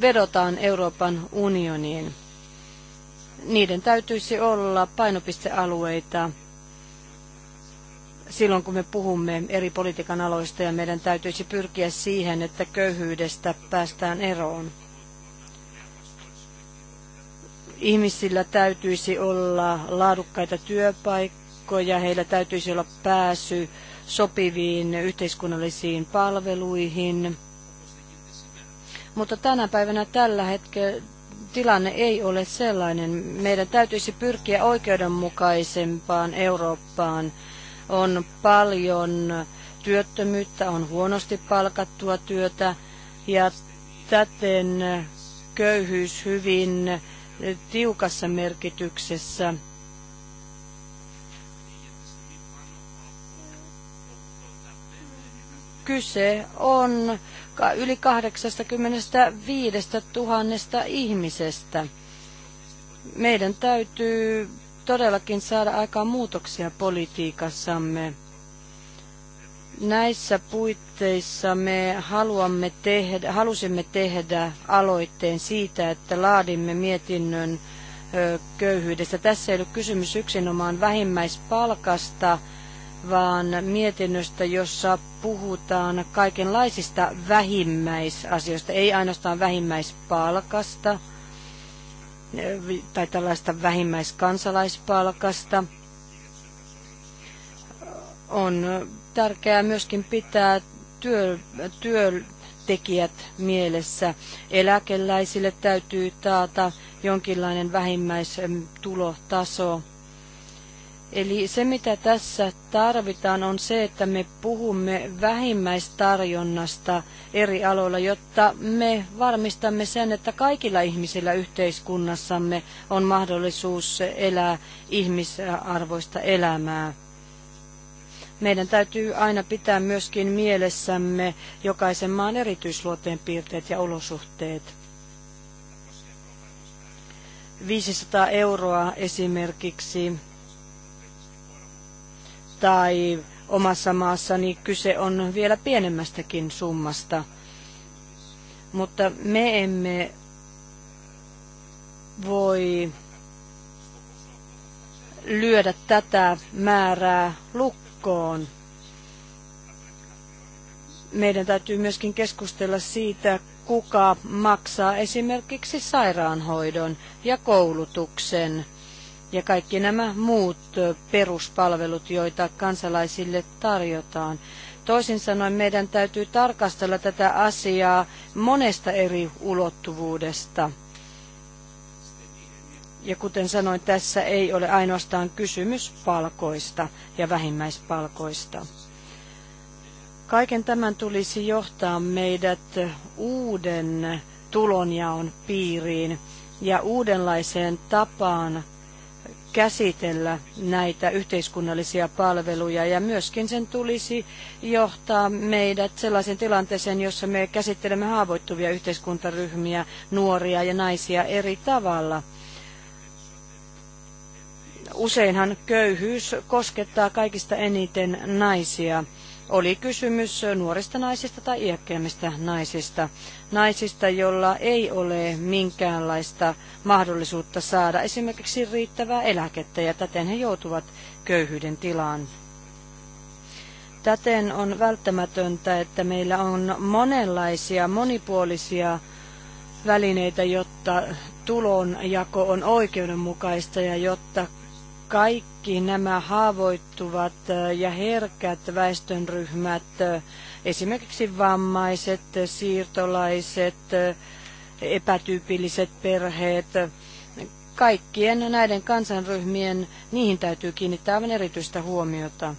vedotaan Euroopan unioniin. Niiden täytyisi olla painopistealueita silloin, kun me puhumme eri politiikan aloista ja meidän täytyisi pyrkiä siihen, että köyhyydestä päästään eroon ihmisillä täytyisi olla laadukkaita työpaikkoja, heillä täytyisi olla pääsy sopiviin yhteiskunnallisiin palveluihin. Mutta tänä päivänä tällä hetkellä tilanne ei ole sellainen. Meidän täytyisi pyrkiä oikeudenmukaisempaan Eurooppaan. On paljon työttömyyttä, on huonosti palkattua työtä ja täten köyhyys hyvin tiukassa merkityksessä. Kyse on yli 85 000 ihmisestä. Meidän täytyy todellakin saada aikaan muutoksia politiikassamme. Näissä puitteissa me haluamme tehdä, halusimme tehdä aloitteen siitä, että laadimme mietinnön köyhyydestä. Tässä ei ole kysymys yksinomaan vähimmäispalkasta, vaan mietinnöstä, jossa puhutaan kaikenlaisista vähimmäisasioista, ei ainoastaan vähimmäispalkasta tai tällaista vähimmäiskansalaispalkasta. On tärkeää myöskin pitää työ, työntekijät mielessä. Eläkeläisille täytyy taata jonkinlainen vähimmäistulotaso. Eli se, mitä tässä tarvitaan, on se, että me puhumme vähimmäistarjonnasta eri aloilla, jotta me varmistamme sen, että kaikilla ihmisillä yhteiskunnassamme on mahdollisuus elää ihmisarvoista elämää meidän täytyy aina pitää myöskin mielessämme jokaisen maan erityisluonteen piirteet ja olosuhteet. 500 euroa esimerkiksi tai omassa maassani kyse on vielä pienemmästäkin summasta. Mutta me emme voi lyödä tätä määrää lukkoon kokoon. Meidän täytyy myöskin keskustella siitä, kuka maksaa esimerkiksi sairaanhoidon ja koulutuksen ja kaikki nämä muut peruspalvelut, joita kansalaisille tarjotaan. Toisin sanoen meidän täytyy tarkastella tätä asiaa monesta eri ulottuvuudesta. Ja kuten sanoin, tässä ei ole ainoastaan kysymys palkoista ja vähimmäispalkoista. Kaiken tämän tulisi johtaa meidät uuden tulonjaon piiriin ja uudenlaiseen tapaan käsitellä näitä yhteiskunnallisia palveluja ja myöskin sen tulisi johtaa meidät sellaisen tilanteeseen, jossa me käsittelemme haavoittuvia yhteiskuntaryhmiä, nuoria ja naisia eri tavalla – Useinhan köyhyys koskettaa kaikista eniten naisia. Oli kysymys nuorista naisista tai iäkkäämmistä naisista. Naisista, joilla ei ole minkäänlaista mahdollisuutta saada esimerkiksi riittävää eläkettä ja täten he joutuvat köyhyyden tilaan. Täten on välttämätöntä, että meillä on monenlaisia, monipuolisia välineitä, jotta tulonjako on oikeudenmukaista ja jotta kaikki nämä haavoittuvat ja herkät väestönryhmät, esimerkiksi vammaiset, siirtolaiset, epätyypilliset perheet, kaikkien näiden kansanryhmien, niihin täytyy kiinnittää aivan erityistä huomiota.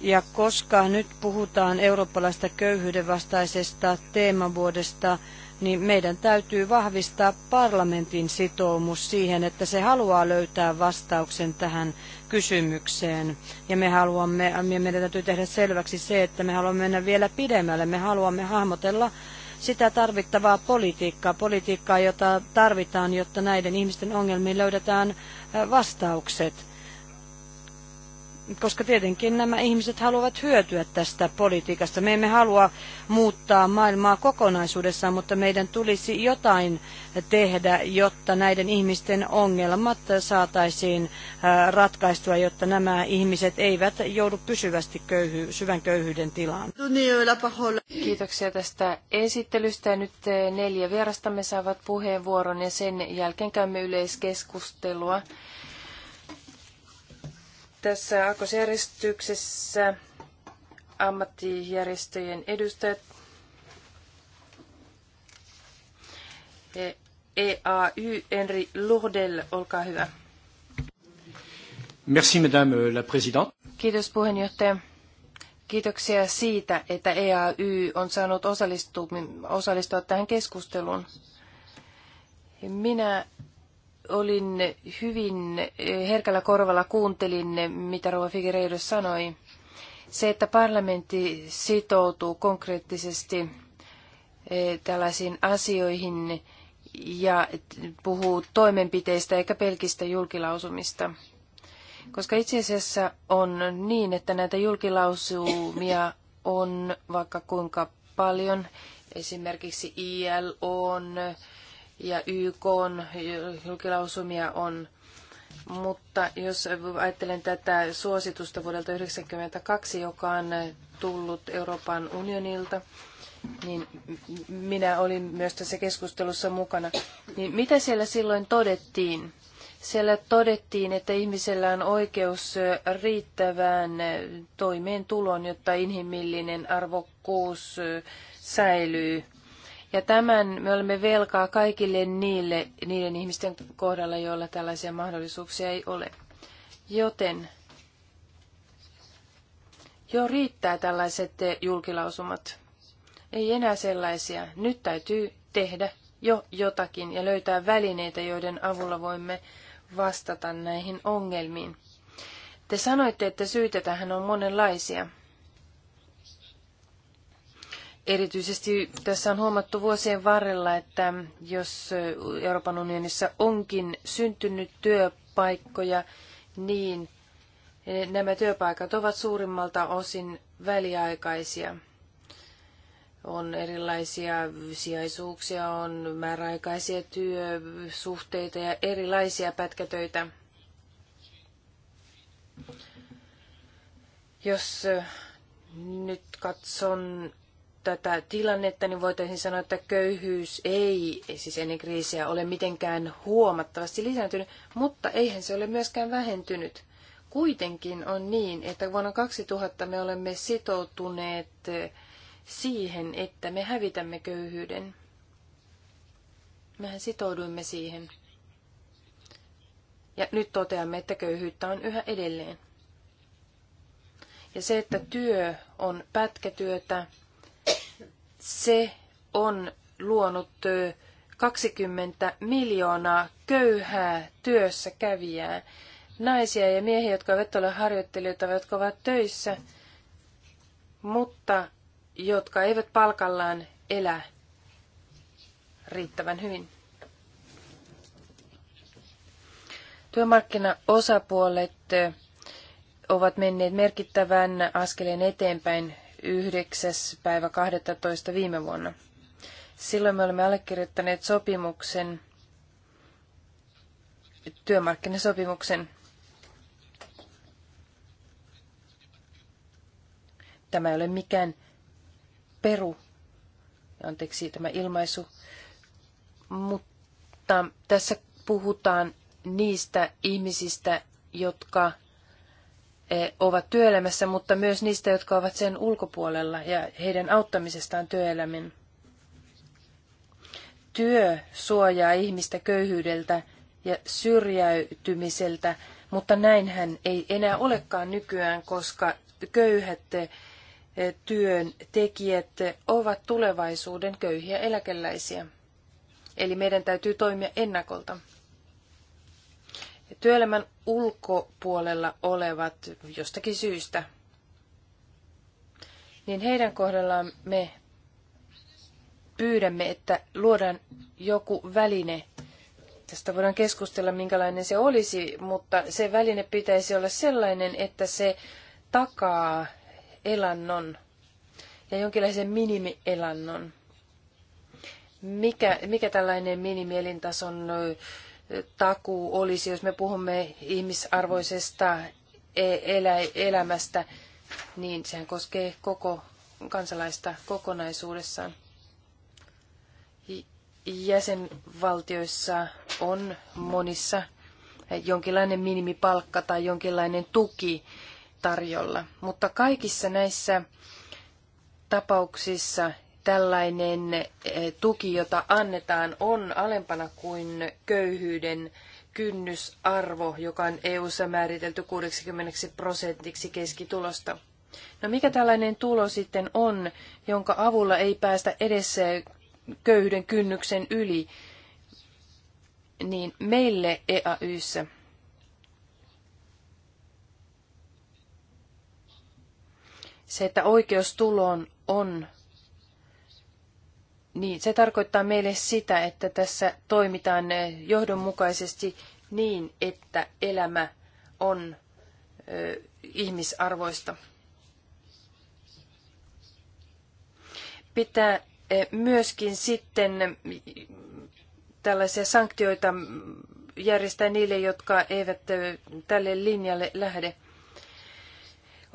Ja koska nyt puhutaan eurooppalaista köyhyyden vastaisesta teemavuodesta, niin meidän täytyy vahvistaa parlamentin sitoumus siihen, että se haluaa löytää vastauksen tähän kysymykseen. Ja me haluamme, ja meidän täytyy tehdä selväksi se, että me haluamme mennä vielä pidemmälle. Me haluamme hahmotella sitä tarvittavaa politiikkaa, politiikkaa, jota tarvitaan, jotta näiden ihmisten ongelmiin löydetään vastaukset koska tietenkin nämä ihmiset haluavat hyötyä tästä politiikasta. Me emme halua muuttaa maailmaa kokonaisuudessaan, mutta meidän tulisi jotain tehdä, jotta näiden ihmisten ongelmat saataisiin ratkaistua, jotta nämä ihmiset eivät joudu pysyvästi köyhy- syvän köyhyyden tilaan. Kiitoksia tästä esittelystä. Nyt neljä vierastamme saavat puheenvuoron ja sen jälkeen käymme yleiskeskustelua. Tässä aakkosjärjestyksessä ammattijärjestöjen edustajat EAY e Henri Lourdel, olkaa hyvä. Merci, madame la présidente. Kiitos puheenjohtaja. Kiitoksia siitä, että EAY on saanut osallistua, osallistua tähän keskusteluun. Minä olin hyvin herkällä korvalla kuuntelin, mitä Rova Figueiredo sanoi. Se, että parlamentti sitoutuu konkreettisesti eh, tällaisiin asioihin ja puhuu toimenpiteistä eikä pelkistä julkilausumista. Koska itse asiassa on niin, että näitä julkilausumia on vaikka kuinka paljon. Esimerkiksi ILO on ja YK on julkilausumia on. Mutta jos ajattelen tätä suositusta vuodelta 1992, joka on tullut Euroopan unionilta, niin minä olin myös tässä keskustelussa mukana. Niin mitä siellä silloin todettiin? Siellä todettiin, että ihmisellä on oikeus riittävään toimeentuloon, jotta inhimillinen arvokkuus säilyy. Ja tämän me olemme velkaa kaikille niille, niiden ihmisten kohdalla, joilla tällaisia mahdollisuuksia ei ole. Joten jo riittää tällaiset julkilausumat. Ei enää sellaisia. Nyt täytyy tehdä jo jotakin ja löytää välineitä, joiden avulla voimme vastata näihin ongelmiin. Te sanoitte, että syitä tähän on monenlaisia. Erityisesti tässä on huomattu vuosien varrella, että jos Euroopan unionissa onkin syntynyt työpaikkoja, niin nämä työpaikat ovat suurimmalta osin väliaikaisia. On erilaisia sijaisuuksia, on määräaikaisia työsuhteita ja erilaisia pätkätöitä. Jos nyt katson tätä tilannetta, niin voitaisiin sanoa, että köyhyys ei siis ennen kriisiä ole mitenkään huomattavasti lisääntynyt, mutta eihän se ole myöskään vähentynyt. Kuitenkin on niin, että vuonna 2000 me olemme sitoutuneet siihen, että me hävitämme köyhyyden. Mehän sitouduimme siihen. Ja nyt toteamme, että köyhyyttä on yhä edelleen. Ja se, että työ on pätkätyötä, se on luonut 20 miljoonaa köyhää työssä kävijää, naisia ja miehiä, jotka eivät ole harjoittelijoita, jotka ovat töissä, mutta jotka eivät palkallaan elä riittävän hyvin. Työmarkkinaosapuolet ovat menneet merkittävän askeleen eteenpäin 9. päivä 12. viime vuonna. Silloin me olemme allekirjoittaneet sopimuksen, työmarkkinasopimuksen. Tämä ei ole mikään peru, anteeksi tämä ilmaisu, mutta tässä puhutaan niistä ihmisistä, jotka E, ovat työelämässä, mutta myös niistä, jotka ovat sen ulkopuolella ja heidän auttamisestaan työelämän. Työ suojaa ihmistä köyhyydeltä ja syrjäytymiseltä, mutta näinhän ei enää olekaan nykyään, koska köyhät e, työn tekijät ovat tulevaisuuden köyhiä eläkeläisiä. Eli meidän täytyy toimia ennakolta työelämän ulkopuolella olevat jostakin syystä, niin heidän kohdallaan me pyydämme, että luodaan joku väline. Tästä voidaan keskustella, minkälainen se olisi, mutta se väline pitäisi olla sellainen, että se takaa elannon ja jonkinlaisen minimielannon. Mikä, mikä tällainen minimielintason takuu olisi, jos me puhumme ihmisarvoisesta e- elämästä, niin sehän koskee koko kansalaista kokonaisuudessaan. Jäsenvaltioissa on monissa jonkinlainen minimipalkka tai jonkinlainen tuki tarjolla, mutta kaikissa näissä tapauksissa tällainen eh, tuki, jota annetaan, on alempana kuin köyhyyden kynnysarvo, joka on EU-ssa määritelty 60 prosentiksi keskitulosta. No mikä tällainen tulo sitten on, jonka avulla ei päästä edes eh, köyhyyden kynnyksen yli, niin meille EAYssä se, että oikeus tuloon on niin se tarkoittaa meille sitä, että tässä toimitaan johdonmukaisesti niin, että elämä on ö, ihmisarvoista. Pitää myöskin sitten tällaisia sanktioita järjestää niille, jotka eivät tälle linjalle lähde.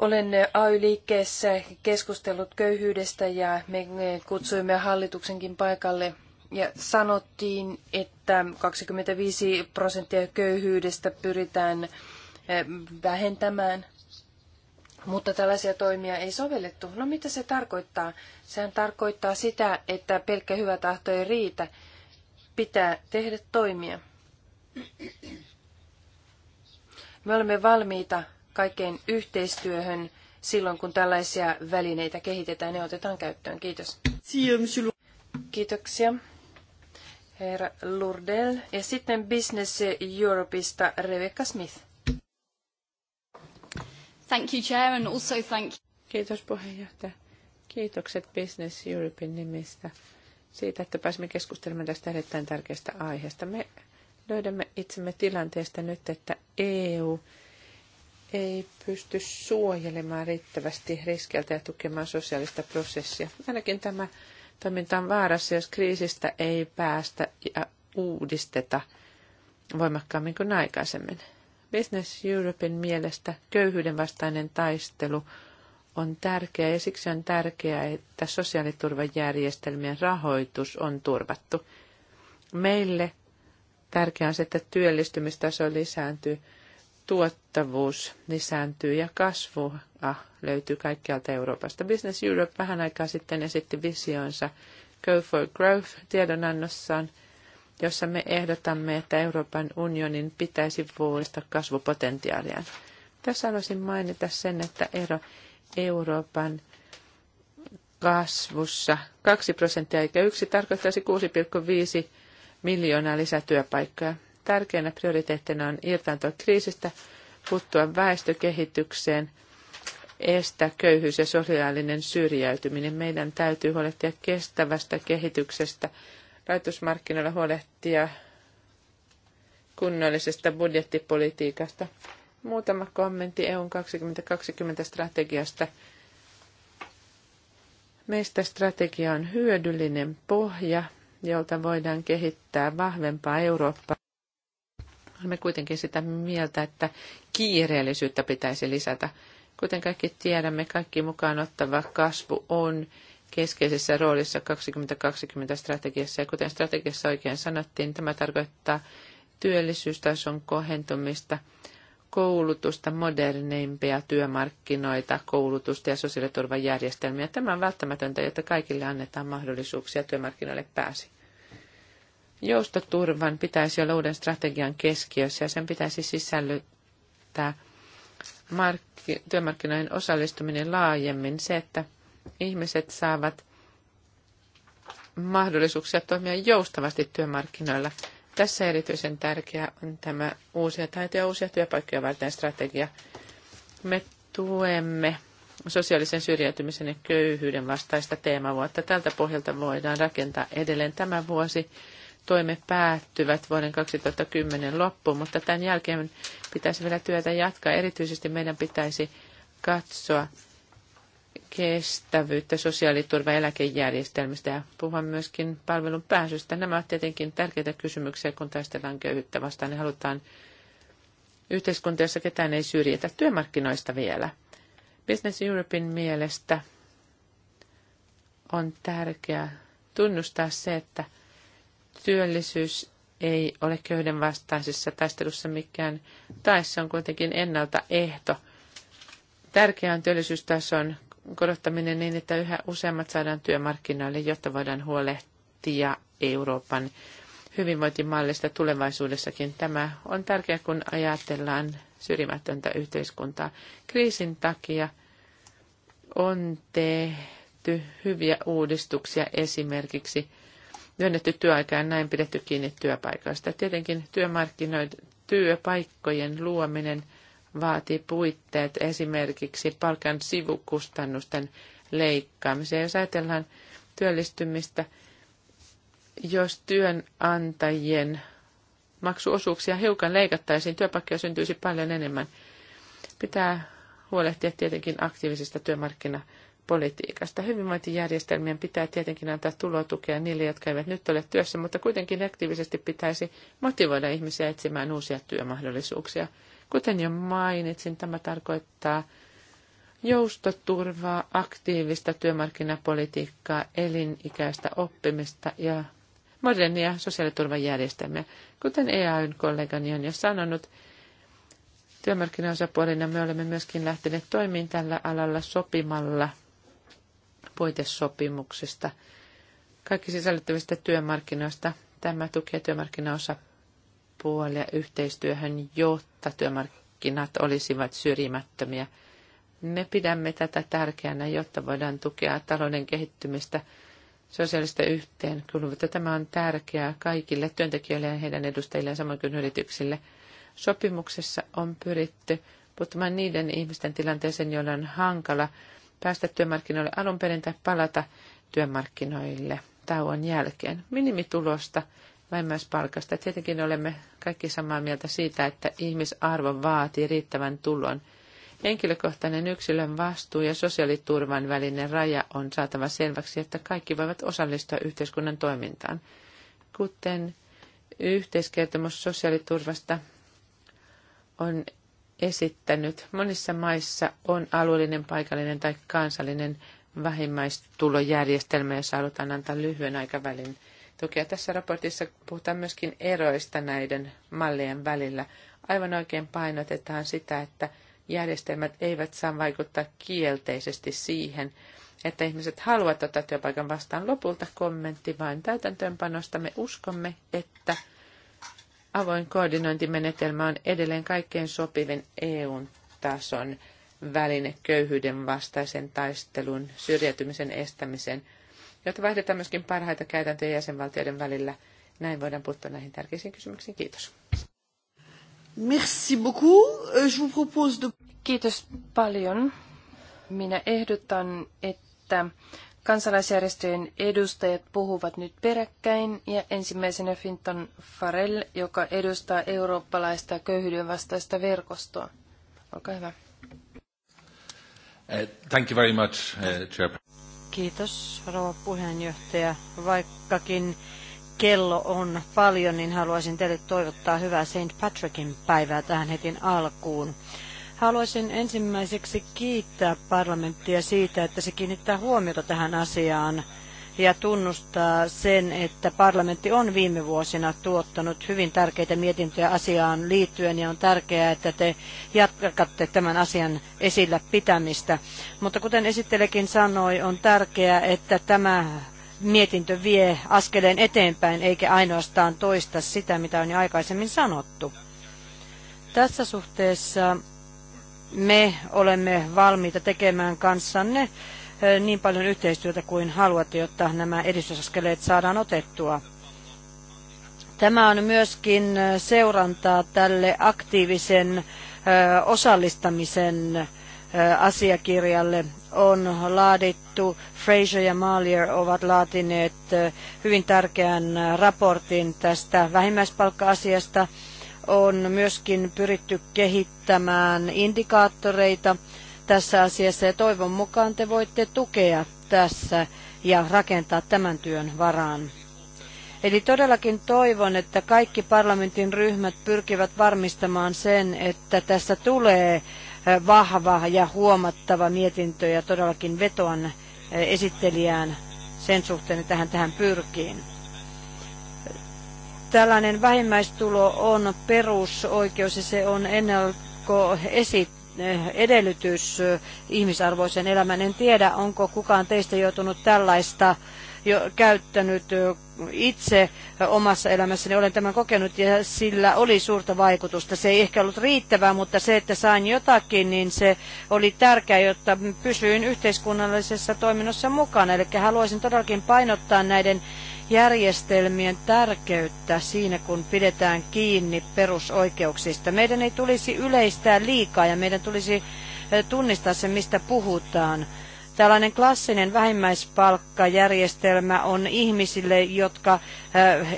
Olen AY-liikkeessä keskustellut köyhyydestä ja me kutsuimme hallituksenkin paikalle ja sanottiin, että 25 prosenttia köyhyydestä pyritään eh, vähentämään, mutta tällaisia toimia ei sovellettu. No mitä se tarkoittaa? Sehän tarkoittaa sitä, että pelkkä hyvä tahto ei riitä. Pitää tehdä toimia. Me olemme valmiita kaikkeen yhteistyöhön silloin, kun tällaisia välineitä kehitetään ja otetaan käyttöön. Kiitos. Kiitoksia. Herra Lurdel. Ja sitten Business Europeista Rebecca Smith. Thank you, Chair, and also thank you. Kiitos puheenjohtaja. Kiitokset Business Europein nimistä siitä, että pääsimme keskustelemaan tästä erittäin tärkeästä aiheesta. Me löydämme itsemme tilanteesta nyt, että EU ei pysty suojelemaan riittävästi riskeiltä ja tukemaan sosiaalista prosessia. Ainakin tämä toiminta on vaarassa, jos kriisistä ei päästä ja uudisteta voimakkaammin kuin aikaisemmin. Business Europein mielestä köyhyyden vastainen taistelu on tärkeää ja siksi on tärkeää, että sosiaaliturvajärjestelmien rahoitus on turvattu. Meille tärkeää on se, että työllistymistaso lisääntyy tuottavuus lisääntyy ja kasvu löytyy kaikkialta Euroopasta. Business Europe vähän aikaa sitten esitti visionsa Go for Growth tiedonannossaan, jossa me ehdotamme, että Euroopan unionin pitäisi vuodesta kasvupotentiaaliaan. Tässä haluaisin mainita sen, että ero Euroopan kasvussa 2 prosenttia eikä yksi tarkoittaisi 6,5 miljoonaa lisätyöpaikkaa tärkeänä prioriteettina on irtaantua kriisistä, puuttua väestökehitykseen, estää köyhyys ja sosiaalinen syrjäytyminen. Meidän täytyy huolehtia kestävästä kehityksestä, rahoitusmarkkinoilla huolehtia kunnollisesta budjettipolitiikasta. Muutama kommentti EUn 2020 strategiasta. Meistä strategia on hyödyllinen pohja, jolta voidaan kehittää vahvempaa Eurooppaa. Olemme kuitenkin sitä mieltä, että kiireellisyyttä pitäisi lisätä. Kuten kaikki tiedämme, kaikki mukaan ottava kasvu on keskeisessä roolissa 2020-strategiassa. Ja kuten strategiassa oikein sanottiin, tämä tarkoittaa työllisyystason kohentumista, koulutusta, moderneimpia työmarkkinoita, koulutusta ja sosiaaliturvajärjestelmiä. Tämä on välttämätöntä, jotta kaikille annetaan mahdollisuuksia työmarkkinoille pääsi. Joustoturvan pitäisi olla uuden strategian keskiössä ja sen pitäisi sisällyttää markki- työmarkkinoiden osallistuminen laajemmin. Se, että ihmiset saavat mahdollisuuksia toimia joustavasti työmarkkinoilla. Tässä erityisen tärkeä on tämä uusia taitoja ja uusia työpaikkoja varten strategia. Me tuemme sosiaalisen syrjäytymisen ja köyhyyden vastaista teemavuotta. Tältä pohjalta voidaan rakentaa edelleen tämä vuosi toimet päättyvät vuoden 2010 loppuun, mutta tämän jälkeen pitäisi vielä työtä jatkaa. Erityisesti meidän pitäisi katsoa kestävyyttä sosiaaliturva- ja eläkejärjestelmistä ja puhua myöskin palvelun pääsystä. Nämä ovat tietenkin tärkeitä kysymyksiä, kun taistellaan köyhyyttä vastaan. Ne halutaan yhteiskunta, jossa ketään ei syrjitä työmarkkinoista vielä. Business Europein mielestä on tärkeää tunnustaa se, että – Työllisyys ei ole köyden vastaisessa taistelussa mikään tai se on kuitenkin ennaltaehto. Tärkeää on työllisyystason korottaminen niin, että yhä useammat saadaan työmarkkinoille, jotta voidaan huolehtia Euroopan hyvinvointimallista tulevaisuudessakin. Tämä on tärkeää, kun ajatellaan syrjimätöntä yhteiskuntaa. Kriisin takia on tehty hyviä uudistuksia esimerkiksi myönnetty työaika ja näin pidetty kiinni työpaikoista. Tietenkin työpaikkojen luominen vaatii puitteet esimerkiksi palkan sivukustannusten leikkaamiseen. Jos ajatellaan työllistymistä, jos työnantajien maksuosuuksia hiukan leikattaisiin, työpaikkoja syntyisi paljon enemmän. Pitää huolehtia tietenkin aktiivisista työmarkkinoista politiikasta. Hyvinvointijärjestelmien pitää tietenkin antaa tulotukea niille, jotka eivät nyt ole työssä, mutta kuitenkin aktiivisesti pitäisi motivoida ihmisiä etsimään uusia työmahdollisuuksia. Kuten jo mainitsin, tämä tarkoittaa joustoturvaa, aktiivista työmarkkinapolitiikkaa, elinikäistä oppimista ja modernia sosiaaliturvajärjestelmiä. Kuten EAYn kollegani on jo sanonut, työmarkkinaosapuolina me olemme myöskin lähteneet toimiin tällä alalla sopimalla – puitesopimuksista, kaikki sisällyttävistä työmarkkinoista. Tämä tukee työmarkkinaosapuolia yhteistyöhön, jotta työmarkkinat olisivat syrjimättömiä. Me pidämme tätä tärkeänä, jotta voidaan tukea talouden kehittymistä sosiaalista yhteenkuuluvuutta. Tämä on tärkeää kaikille työntekijöille ja heidän edustajilleen samoin kuin yrityksille. Sopimuksessa on pyritty puuttumaan niiden ihmisten tilanteeseen, joilla on hankala päästä työmarkkinoille alun perin tai palata työmarkkinoille tauon jälkeen. Minimitulosta, vähimmäispalkasta. Tietenkin olemme kaikki samaa mieltä siitä, että ihmisarvo vaatii riittävän tulon. Henkilökohtainen yksilön vastuu ja sosiaaliturvan välinen raja on saatava selväksi, että kaikki voivat osallistua yhteiskunnan toimintaan. Kuten yhteiskertomus sosiaaliturvasta on esittänyt. Monissa maissa on alueellinen, paikallinen tai kansallinen vähimmäistulojärjestelmä, jossa halutaan antaa lyhyen aikavälin tukea. Tässä raportissa puhutaan myöskin eroista näiden mallien välillä. Aivan oikein painotetaan sitä, että järjestelmät eivät saa vaikuttaa kielteisesti siihen, että ihmiset haluavat ottaa työpaikan vastaan. Lopulta kommentti vain täytäntöönpanosta. Me uskomme, että avoin koordinointimenetelmä on edelleen kaikkein sopivin EUn tason väline köyhyyden vastaisen taistelun, syrjäytymisen estämisen, jotta vaihdetaan myöskin parhaita käytäntöjä jäsenvaltioiden välillä. Näin voidaan puuttua näihin tärkeisiin kysymyksiin. Kiitos. Merci beaucoup. Euh, je vous propose de... Kiitos paljon. Minä ehdotan, että Kansalaisjärjestöjen edustajat puhuvat nyt peräkkäin ja ensimmäisenä Finton Farell, joka edustaa eurooppalaista köyhyyden vastaista verkostoa. Olkaa hyvä. Eh, thank you very much, eh, Chair. Kiitos, rouva puheenjohtaja. Vaikkakin kello on paljon, niin haluaisin teille toivottaa hyvää St. Patrickin päivää tähän heti alkuun. Haluaisin ensimmäiseksi kiittää parlamenttia siitä, että se kiinnittää huomiota tähän asiaan ja tunnustaa sen, että parlamentti on viime vuosina tuottanut hyvin tärkeitä mietintöjä asiaan liittyen ja on tärkeää, että te jatkatte tämän asian esillä pitämistä. Mutta kuten esittelekin sanoi, on tärkeää, että tämä mietintö vie askeleen eteenpäin eikä ainoastaan toista sitä, mitä on jo aikaisemmin sanottu. Tässä suhteessa me olemme valmiita tekemään kanssanne niin paljon yhteistyötä kuin haluatte, jotta nämä edistysaskeleet saadaan otettua. Tämä on myöskin seurantaa tälle aktiivisen osallistamisen asiakirjalle on laadittu. Fraser ja Malier ovat laatineet hyvin tärkeän raportin tästä vähimmäispalkka-asiasta on myöskin pyritty kehittämään indikaattoreita tässä asiassa ja toivon mukaan te voitte tukea tässä ja rakentaa tämän työn varaan. Eli todellakin toivon, että kaikki parlamentin ryhmät pyrkivät varmistamaan sen, että tässä tulee eh, vahva ja huomattava mietintö ja todellakin vetoan eh, esittelijään sen suhteen, että hän tähän pyrkii. Tällainen vähimmäistulo on perusoikeus ja se on ennakkoesitys edellytys ihmisarvoisen elämän. En tiedä, onko kukaan teistä joutunut tällaista jo käyttänyt itse omassa elämässäni. Olen tämän kokenut ja sillä oli suurta vaikutusta. Se ei ehkä ollut riittävää, mutta se, että sain jotakin, niin se oli tärkeää, jotta pysyin yhteiskunnallisessa toiminnassa mukana. Eli haluaisin todellakin painottaa näiden järjestelmien tärkeyttä siinä, kun pidetään kiinni perusoikeuksista. Meidän ei tulisi yleistää liikaa ja meidän tulisi eh, tunnistaa se, mistä puhutaan Tällainen klassinen vähimmäispalkkajärjestelmä on ihmisille, jotka eh,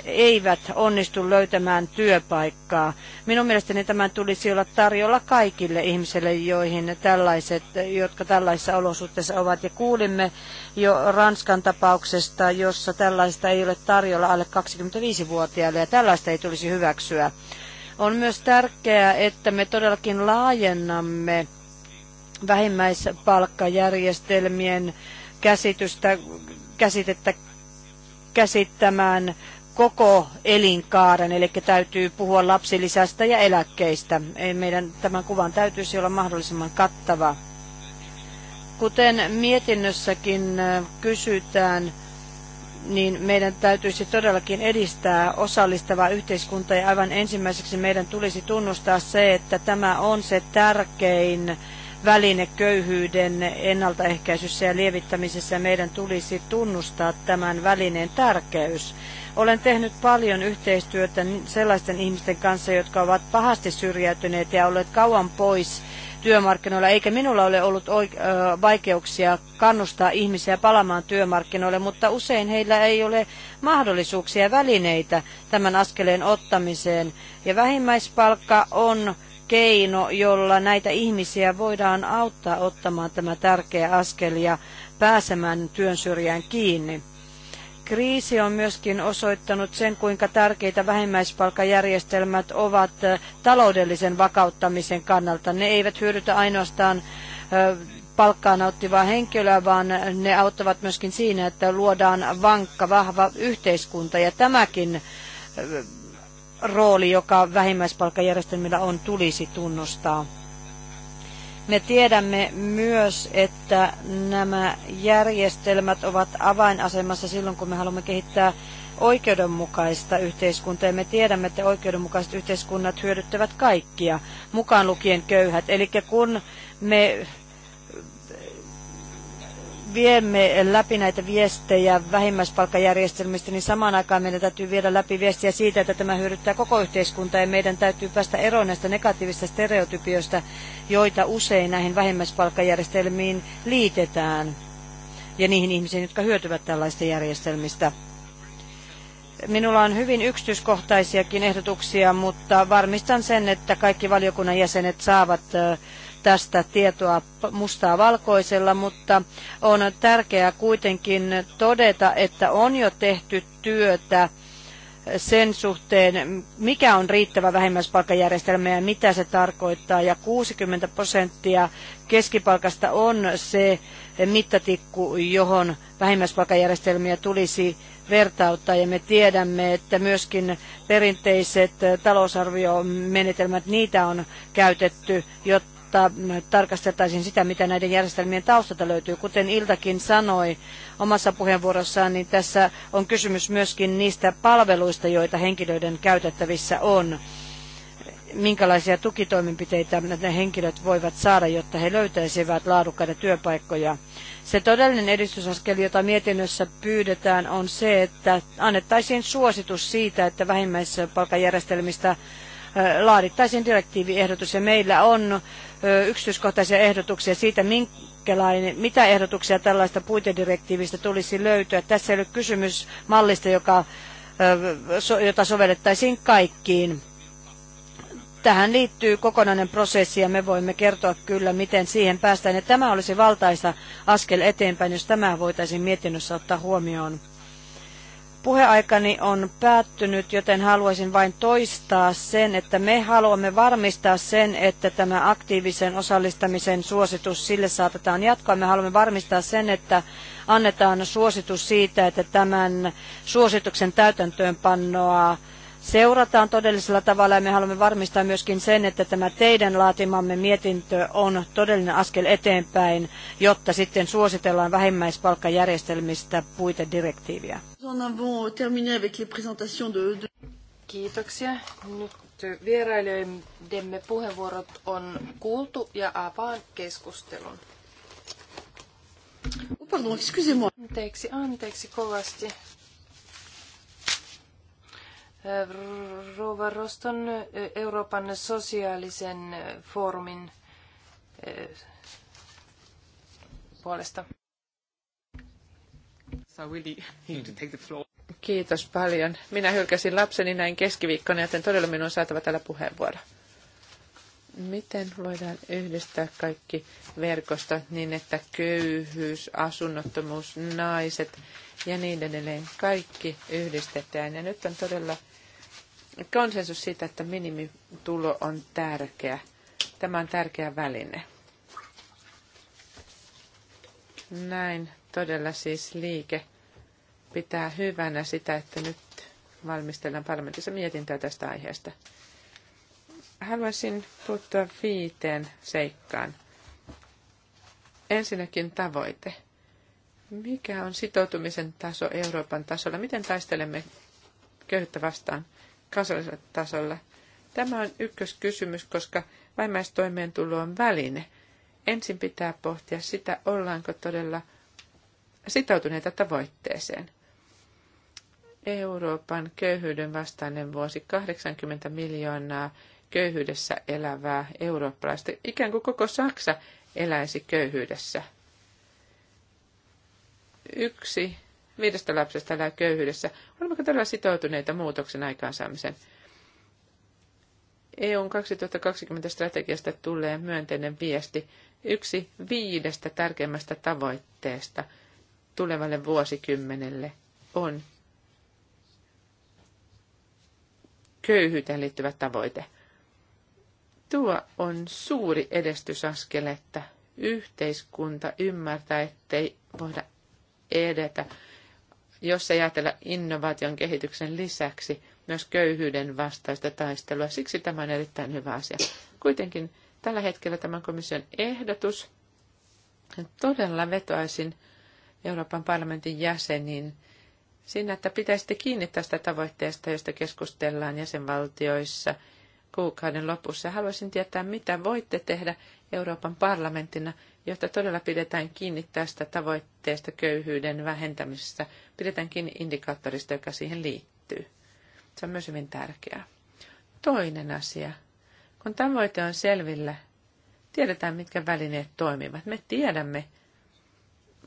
eivät onnistu löytämään työpaikkaa. Minun mielestäni tämän tulisi olla tarjolla kaikille ihmisille, joihin tällaiset, jotka tällaisissa olosuhteissa ovat. Ja kuulimme jo Ranskan tapauksesta, jossa tällaista ei ole tarjolla alle 25-vuotiaille ja tällaista ei tulisi hyväksyä. On myös tärkeää, että me todellakin laajennamme vähimmäispalkkajärjestelmien käsitystä, käsitettä käsittämään koko elinkaaren, eli täytyy puhua lapsilisästä ja eläkkeistä. Ei meidän tämän kuvan täytyisi olla mahdollisimman kattava. Kuten mietinnössäkin kysytään, niin meidän täytyisi todellakin edistää osallistavaa yhteiskuntaa ja aivan ensimmäiseksi meidän tulisi tunnustaa se, että tämä on se tärkein väline köyhyyden ennaltaehkäisyssä ja lievittämisessä. Meidän tulisi tunnustaa tämän välineen tärkeys. Olen tehnyt paljon yhteistyötä sellaisten ihmisten kanssa, jotka ovat pahasti syrjäytyneet ja olleet kauan pois työmarkkinoilla, eikä minulla ole ollut vaikeuksia kannustaa ihmisiä palaamaan työmarkkinoille, mutta usein heillä ei ole mahdollisuuksia ja välineitä tämän askeleen ottamiseen. Ja vähimmäispalkka on keino, jolla näitä ihmisiä voidaan auttaa ottamaan tämä tärkeä askel ja pääsemään työn syrjään kiinni. Kriisi on myöskin osoittanut sen, kuinka tärkeitä vähimmäispalkajärjestelmät ovat taloudellisen vakauttamisen kannalta. Ne eivät hyödytä ainoastaan palkkaa nauttivaa henkilöä, vaan ne auttavat myöskin siinä, että luodaan vankka, vahva yhteiskunta. Ja tämäkin rooli, joka vähimmäispalkkajärjestelmillä on, tulisi tunnustaa. Me tiedämme myös, että nämä järjestelmät ovat avainasemassa silloin, kun me haluamme kehittää oikeudenmukaista yhteiskuntaa. Ja me tiedämme, että oikeudenmukaiset yhteiskunnat hyödyttävät kaikkia, mukaan lukien köyhät. Eli kun me viemme läpi näitä viestejä vähimmäispalkkajärjestelmistä, niin samaan aikaan meidän täytyy viedä läpi viestiä siitä, että tämä hyödyttää koko yhteiskuntaa ja meidän täytyy päästä eroon näistä negatiivisista stereotypioista, joita usein näihin vähimmäispalkkajärjestelmiin liitetään ja niihin ihmisiin, jotka hyötyvät tällaista järjestelmistä. Minulla on hyvin yksityiskohtaisiakin ehdotuksia, mutta varmistan sen, että kaikki valiokunnan jäsenet saavat tästä tietoa mustaa valkoisella, mutta on tärkeää kuitenkin todeta, että on jo tehty työtä sen suhteen, mikä on riittävä vähimmäispalkkajärjestelmä ja mitä se tarkoittaa. Ja 60 prosenttia keskipalkasta on se mittatikku, johon vähimmäispalkkajärjestelmiä tulisi vertauttaa. Ja me tiedämme, että myöskin perinteiset talousarviomenetelmät, niitä on käytetty, jotta jotta tarkasteltaisiin sitä, mitä näiden järjestelmien taustalta löytyy. Kuten Iltakin sanoi omassa puheenvuorossaan, niin tässä on kysymys myöskin niistä palveluista, joita henkilöiden käytettävissä on minkälaisia tukitoimenpiteitä ne henkilöt voivat saada, jotta he löytäisivät laadukkaita työpaikkoja. Se todellinen edistysaskel, jota mietinnössä pyydetään, on se, että annettaisiin suositus siitä, että vähimmäispalkajärjestelmistä laadittaisiin direktiiviehdotus ja meillä on yksityiskohtaisia ehdotuksia siitä, minkälainen, mitä ehdotuksia tällaista puitedirektiivistä tulisi löytyä. Tässä ei ole kysymys mallista, joka, jota sovellettaisiin kaikkiin. Tähän liittyy kokonainen prosessi ja me voimme kertoa kyllä, miten siihen päästään. Ja tämä olisi valtaisa askel eteenpäin, jos tämä voitaisiin mietinnössä ottaa huomioon. Puheaikani on päättynyt, joten haluaisin vain toistaa sen, että me haluamme varmistaa sen, että tämä aktiivisen osallistamisen suositus sille saatetaan jatkoa. Me haluamme varmistaa sen, että annetaan suositus siitä, että tämän suosituksen täytäntöönpannoa seurataan todellisella tavalla ja me haluamme varmistaa myöskin sen, että tämä teidän laatimamme mietintö on todellinen askel eteenpäin, jotta sitten suositellaan vähimmäispalkkajärjestelmistä puitedirektiiviä. Kiitoksia. Nyt vierailijoidemme puheenvuorot on kuultu ja avaan keskustelun. Oh, pardon, excusez-moi. Anteeksi, anteeksi kovasti. Rouva Roston Euroopan sosiaalisen eh, foorumin eh, puolesta. (laughs) Kiitos paljon. Minä hylkäsin lapseni näin keskiviikkona, joten todella minun on saatava tällä puheenvuoro. Miten voidaan yhdistää kaikki verkosta niin, että köyhyys, asunnottomuus, naiset ja niin edelleen kaikki yhdistetään? Ja nyt on todella konsensus siitä, että minimitulo on tärkeä. Tämä on tärkeä väline. Näin todella siis liike pitää hyvänä sitä, että nyt valmistellaan parlamentissa mietintöä tästä aiheesta. Haluaisin puuttua viiteen seikkaan. Ensinnäkin tavoite. Mikä on sitoutumisen taso Euroopan tasolla? Miten taistelemme köyhyyttä vastaan? kansalliselle tasolle. Tämä on ykköskysymys, koska vähimmäistoimeentulo on väline. Ensin pitää pohtia sitä, ollaanko todella sitoutuneita tavoitteeseen. Euroopan köyhyyden vastainen vuosi 80 miljoonaa köyhyydessä elävää eurooppalaista. Ikään kuin koko Saksa eläisi köyhyydessä. Yksi viidestä lapsesta elää köyhyydessä. Olemmeko todella sitoutuneita muutoksen aikaansaamiseen? EUn 2020 strategiasta tulee myönteinen viesti. Yksi viidestä tärkeimmästä tavoitteesta tulevalle vuosikymmenelle on köyhyyteen liittyvä tavoite. Tuo on suuri edistysaskel, että yhteiskunta ymmärtää, ettei voida edetä jos ei ajatella innovaation kehityksen lisäksi myös köyhyyden vastaista taistelua. Siksi tämä on erittäin hyvä asia. Kuitenkin tällä hetkellä tämän komission ehdotus todella vetoaisin Euroopan parlamentin jäseniin siinä, että pitäisitte kiinni tästä tavoitteesta, josta keskustellaan jäsenvaltioissa kuukauden lopussa. Haluaisin tietää, mitä voitte tehdä Euroopan parlamenttina, jotta todella pidetään kiinni tästä tavoitteesta köyhyyden vähentämisessä, pidetään kiinni indikaattorista, joka siihen liittyy. Se on myös hyvin tärkeää. Toinen asia. Kun tavoite on selvillä, tiedetään, mitkä välineet toimivat. Me tiedämme,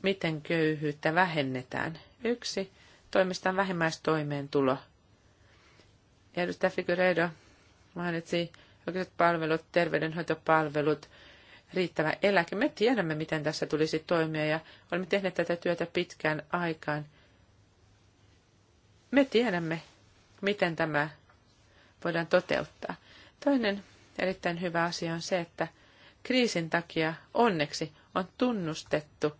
miten köyhyyttä vähennetään. Yksi toimista on vähimmäistoimeentulo. Ja edustaja Figueiredo mainitsi julkiset palvelut, terveydenhoitopalvelut, riittävä eläke. Me tiedämme, miten tässä tulisi toimia ja olemme tehneet tätä työtä pitkään aikaan. Me tiedämme, miten tämä voidaan toteuttaa. Toinen erittäin hyvä asia on se, että kriisin takia onneksi on tunnustettu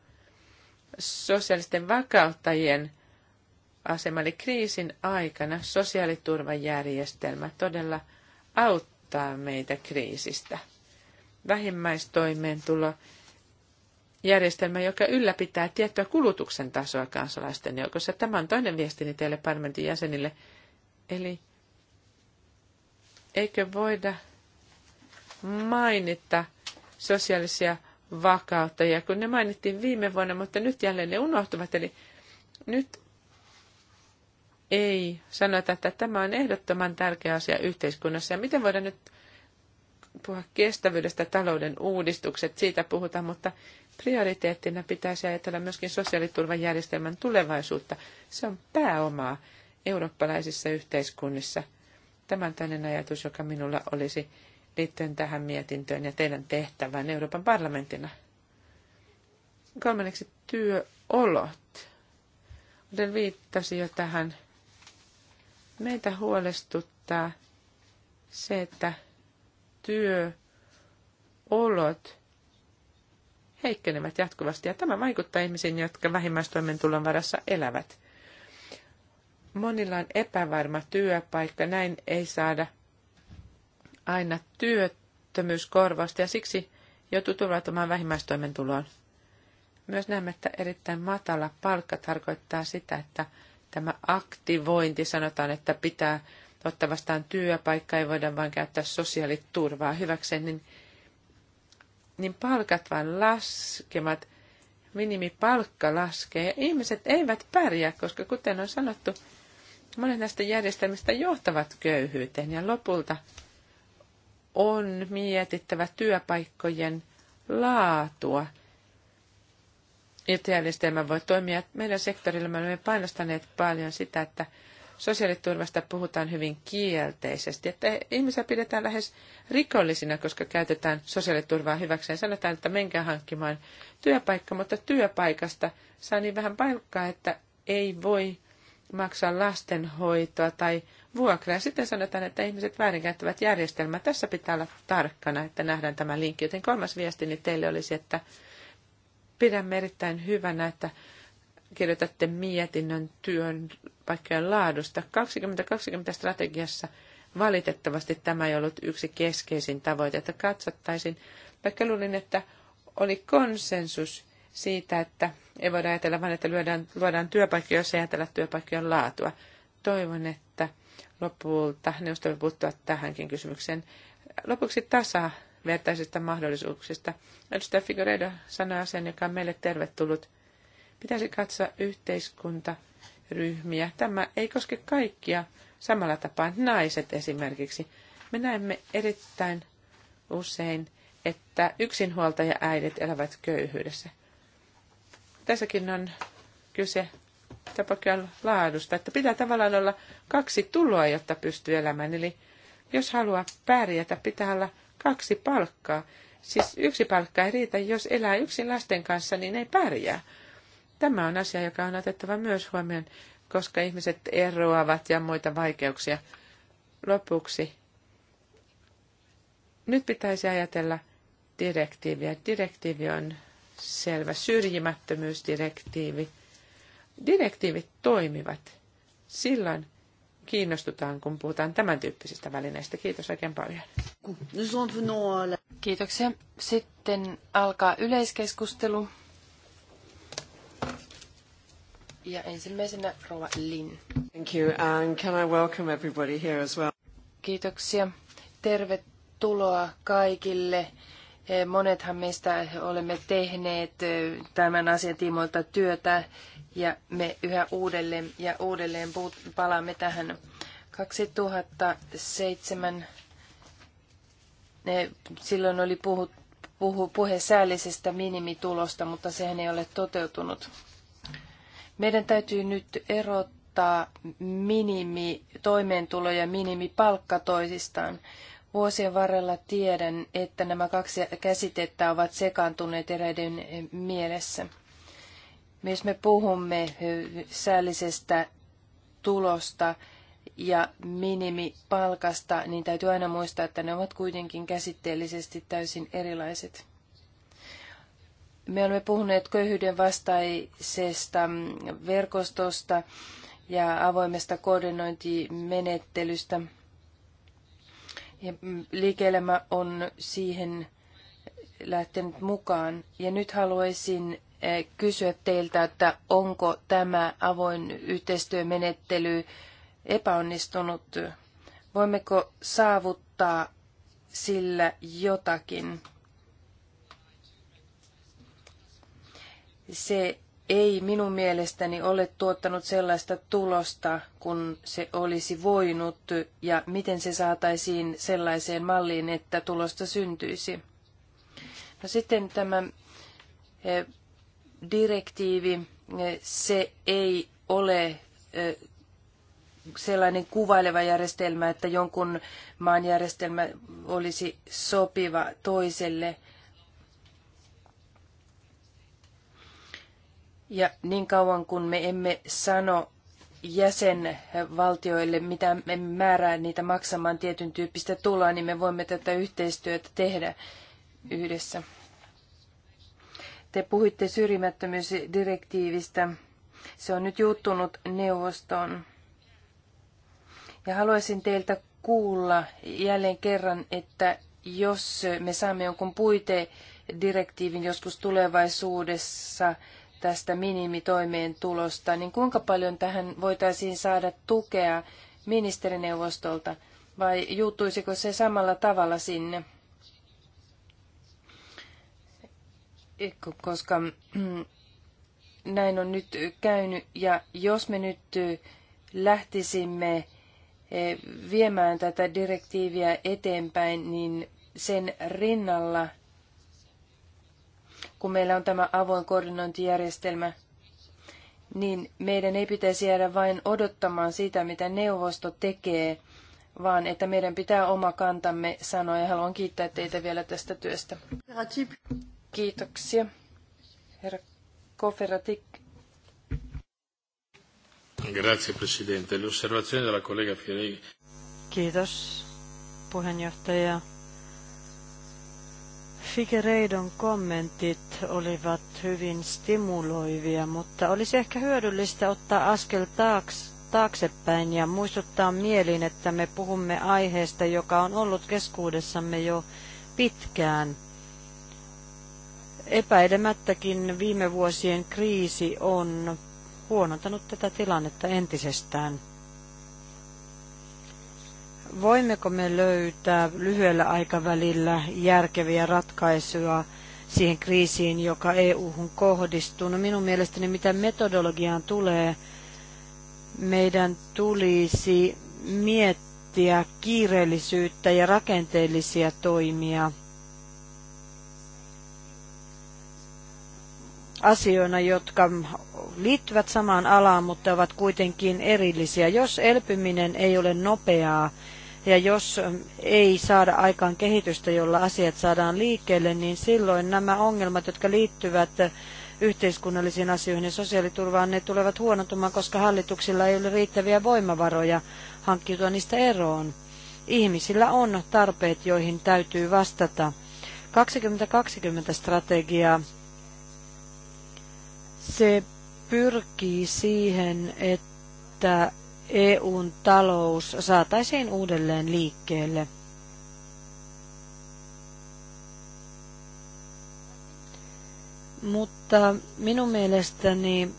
sosiaalisten vakauttajien asema, eli kriisin aikana sosiaaliturvajärjestelmä todella auttaa meitä kriisistä vähimmäistoimeentulo, järjestelmä, joka ylläpitää tiettyä kulutuksen tasoa kansalaisten joukossa. Tämä on toinen viestini teille parlamentin jäsenille. Eli eikö voida mainita sosiaalisia vakauttajia, kun ne mainittiin viime vuonna, mutta nyt jälleen ne unohtuvat. Eli nyt ei sanota, että tämä on ehdottoman tärkeä asia yhteiskunnassa. Ja miten voidaan nyt puhua kestävyydestä, talouden uudistukset, siitä puhutaan, mutta prioriteettina pitäisi ajatella myöskin sosiaaliturvajärjestelmän tulevaisuutta. Se on pääomaa eurooppalaisissa yhteiskunnissa. Tämän tämmöinen ajatus, joka minulla olisi liittyen tähän mietintöön ja teidän tehtävään Euroopan parlamentina. Kolmanneksi työolot. Olen viittasi jo tähän, meitä huolestuttaa se, että työolot heikkenevät jatkuvasti ja tämä vaikuttaa ihmisiin, jotka vähimmäistoimeentulon varassa elävät. Monilla on epävarma työpaikka, näin ei saada aina työttömyyskorvausta ja siksi joutuu turvautumaan vähimmäistoimeentuloon. Myös näemme, että erittäin matala palkka tarkoittaa sitä, että tämä aktivointi, sanotaan, että pitää ottaa vastaan työpaikkaa, ei voida vain käyttää sosiaaliturvaa hyväkseen, niin, niin palkat vain laskevat, minimipalkka laskee ja ihmiset eivät pärjää, koska kuten on sanottu, monet näistä järjestelmistä johtavat köyhyyteen ja lopulta on mietittävä työpaikkojen laatua, jotta järjestelmä voi toimia. Meidän sektorilla me olemme painostaneet paljon sitä, että sosiaaliturvasta puhutaan hyvin kielteisesti, että ihmisiä pidetään lähes rikollisina, koska käytetään sosiaaliturvaa hyväkseen. Sanotaan, että menkää hankkimaan työpaikka, mutta työpaikasta saa niin vähän palkkaa, että ei voi maksaa lastenhoitoa tai vuokraa. Sitten sanotaan, että ihmiset väärinkäyttävät järjestelmää. Tässä pitää olla tarkkana, että nähdään tämä linkki. Joten kolmas viestini teille olisi, että pidämme erittäin hyvänä, että kirjoitatte mietinnön työn työpaikkojen laadusta. 2020 strategiassa valitettavasti tämä ei ollut yksi keskeisin tavoite, että katsottaisiin, vaikka luulin, että oli konsensus siitä, että ei voida ajatella vain, että lyödään, luodaan työpaikkoja, jos ei ajatella työpaikkojen laatua. Toivon, että lopulta neuvosto voi puuttua tähänkin kysymykseen. Lopuksi tasavertaisista mahdollisuuksista. Edustaja Figueiredo sanoi asian, joka on meille tervetullut. Pitäisi katsoa yhteiskunta ryhmiä. Tämä ei koske kaikkia samalla tapaa. Naiset esimerkiksi. Me näemme erittäin usein, että yksinhuoltaja-äidit elävät köyhyydessä. Tässäkin on kyse tapakian laadusta, että pitää tavallaan olla kaksi tuloa, jotta pystyy elämään. Eli jos haluaa pärjätä, pitää olla kaksi palkkaa. Siis yksi palkka ei riitä, jos elää yksin lasten kanssa, niin ei pärjää. Tämä on asia, joka on otettava myös huomioon, koska ihmiset eroavat ja muita vaikeuksia. Lopuksi nyt pitäisi ajatella direktiiviä. Direktiivi on selvä syrjimättömyysdirektiivi. Direktiivit toimivat. Silloin kiinnostutaan, kun puhutaan tämän tyyppisistä välineistä. Kiitos oikein paljon. Kiitoksia. Sitten alkaa yleiskeskustelu. Ja ensimmäisenä Rova Lin. Thank you, and can I welcome everybody here as well? Kiitoksia. Tervetuloa kaikille. Eh, monethan meistä olemme tehneet eh, tämän asian tiimoilta työtä ja me yhä uudelleen ja uudelleen palaamme tähän 2007 eh, silloin oli puhu, puhu, puhe säällisestä minimitulosta, mutta sehän ei ole toteutunut. Meidän täytyy nyt erottaa minimitoimeentulo ja minimipalkka toisistaan. Vuosien varrella tiedän, että nämä kaksi käsitettä ovat sekaantuneet eräiden mielessä. Myös me puhumme säällisestä tulosta ja minimipalkasta, niin täytyy aina muistaa, että ne ovat kuitenkin käsitteellisesti täysin erilaiset. Me olemme puhuneet köyhyyden vastaisesta verkostosta ja avoimesta koordinointimenettelystä. Ja liike-elämä on siihen lähtenyt mukaan. Ja nyt haluaisin eh, kysyä teiltä, että onko tämä avoin yhteistyömenettely epäonnistunut? Voimmeko saavuttaa sillä jotakin? se ei minun mielestäni ole tuottanut sellaista tulosta, kun se olisi voinut, ja miten se saataisiin sellaiseen malliin, että tulosta syntyisi. No sitten tämä eh, direktiivi, eh, se ei ole eh, sellainen kuvaileva järjestelmä, että jonkun maan järjestelmä olisi sopiva toiselle. Ja niin kauan kun me emme sano jäsenvaltioille, mitä me määrää niitä maksamaan tietyn tyyppistä tuloa, niin me voimme tätä yhteistyötä tehdä yhdessä. Te puhuitte syrjimättömyysdirektiivistä. Se on nyt juuttunut neuvostoon. Ja haluaisin teiltä kuulla jälleen kerran, että jos me saamme jonkun puitedirektiivin joskus tulevaisuudessa, tästä minimitoimeentulosta, niin kuinka paljon tähän voitaisiin saada tukea ministerineuvostolta vai juuttuisiko se samalla tavalla sinne? Koska mm, näin on nyt käynyt ja jos me nyt lähtisimme e, viemään tätä direktiiviä eteenpäin, niin sen rinnalla – kun meillä on tämä avoin koordinointijärjestelmä, niin meidän ei pitäisi jäädä vain odottamaan sitä, mitä neuvosto tekee, vaan että meidän pitää oma kantamme sanoa ja haluan kiittää teitä vielä tästä työstä. Kiitoksia. Herra Koferatik. Grazie Presidente. L'osservazione della collega Fiorelli. Kiitos puheenjohtaja. Fikereidon kommentit olivat hyvin stimuloivia, mutta olisi ehkä hyödyllistä ottaa askel taakse, taaksepäin ja muistuttaa mieliin, että me puhumme aiheesta, joka on ollut keskuudessamme jo pitkään. Epäilemättäkin viime vuosien kriisi on huonontanut tätä tilannetta entisestään voimmeko me löytää lyhyellä aikavälillä järkeviä ratkaisuja siihen kriisiin, joka EU-hun kohdistuu. No minun mielestäni mitä metodologiaan tulee, meidän tulisi miettiä kiireellisyyttä ja rakenteellisia toimia asioina, jotka liittyvät samaan alaan, mutta ovat kuitenkin erillisiä. Jos elpyminen ei ole nopeaa, ja jos ei saada aikaan kehitystä, jolla asiat saadaan liikkeelle, niin silloin nämä ongelmat, jotka liittyvät yhteiskunnallisiin asioihin ja sosiaaliturvaan, ne tulevat huonontumaan, koska hallituksilla ei ole riittäviä voimavaroja hankkiutua niistä eroon. Ihmisillä on tarpeet, joihin täytyy vastata. 2020-strategia, se pyrkii siihen, että EUn talous saataisiin uudelleen liikkeelle. Mutta minun mielestäni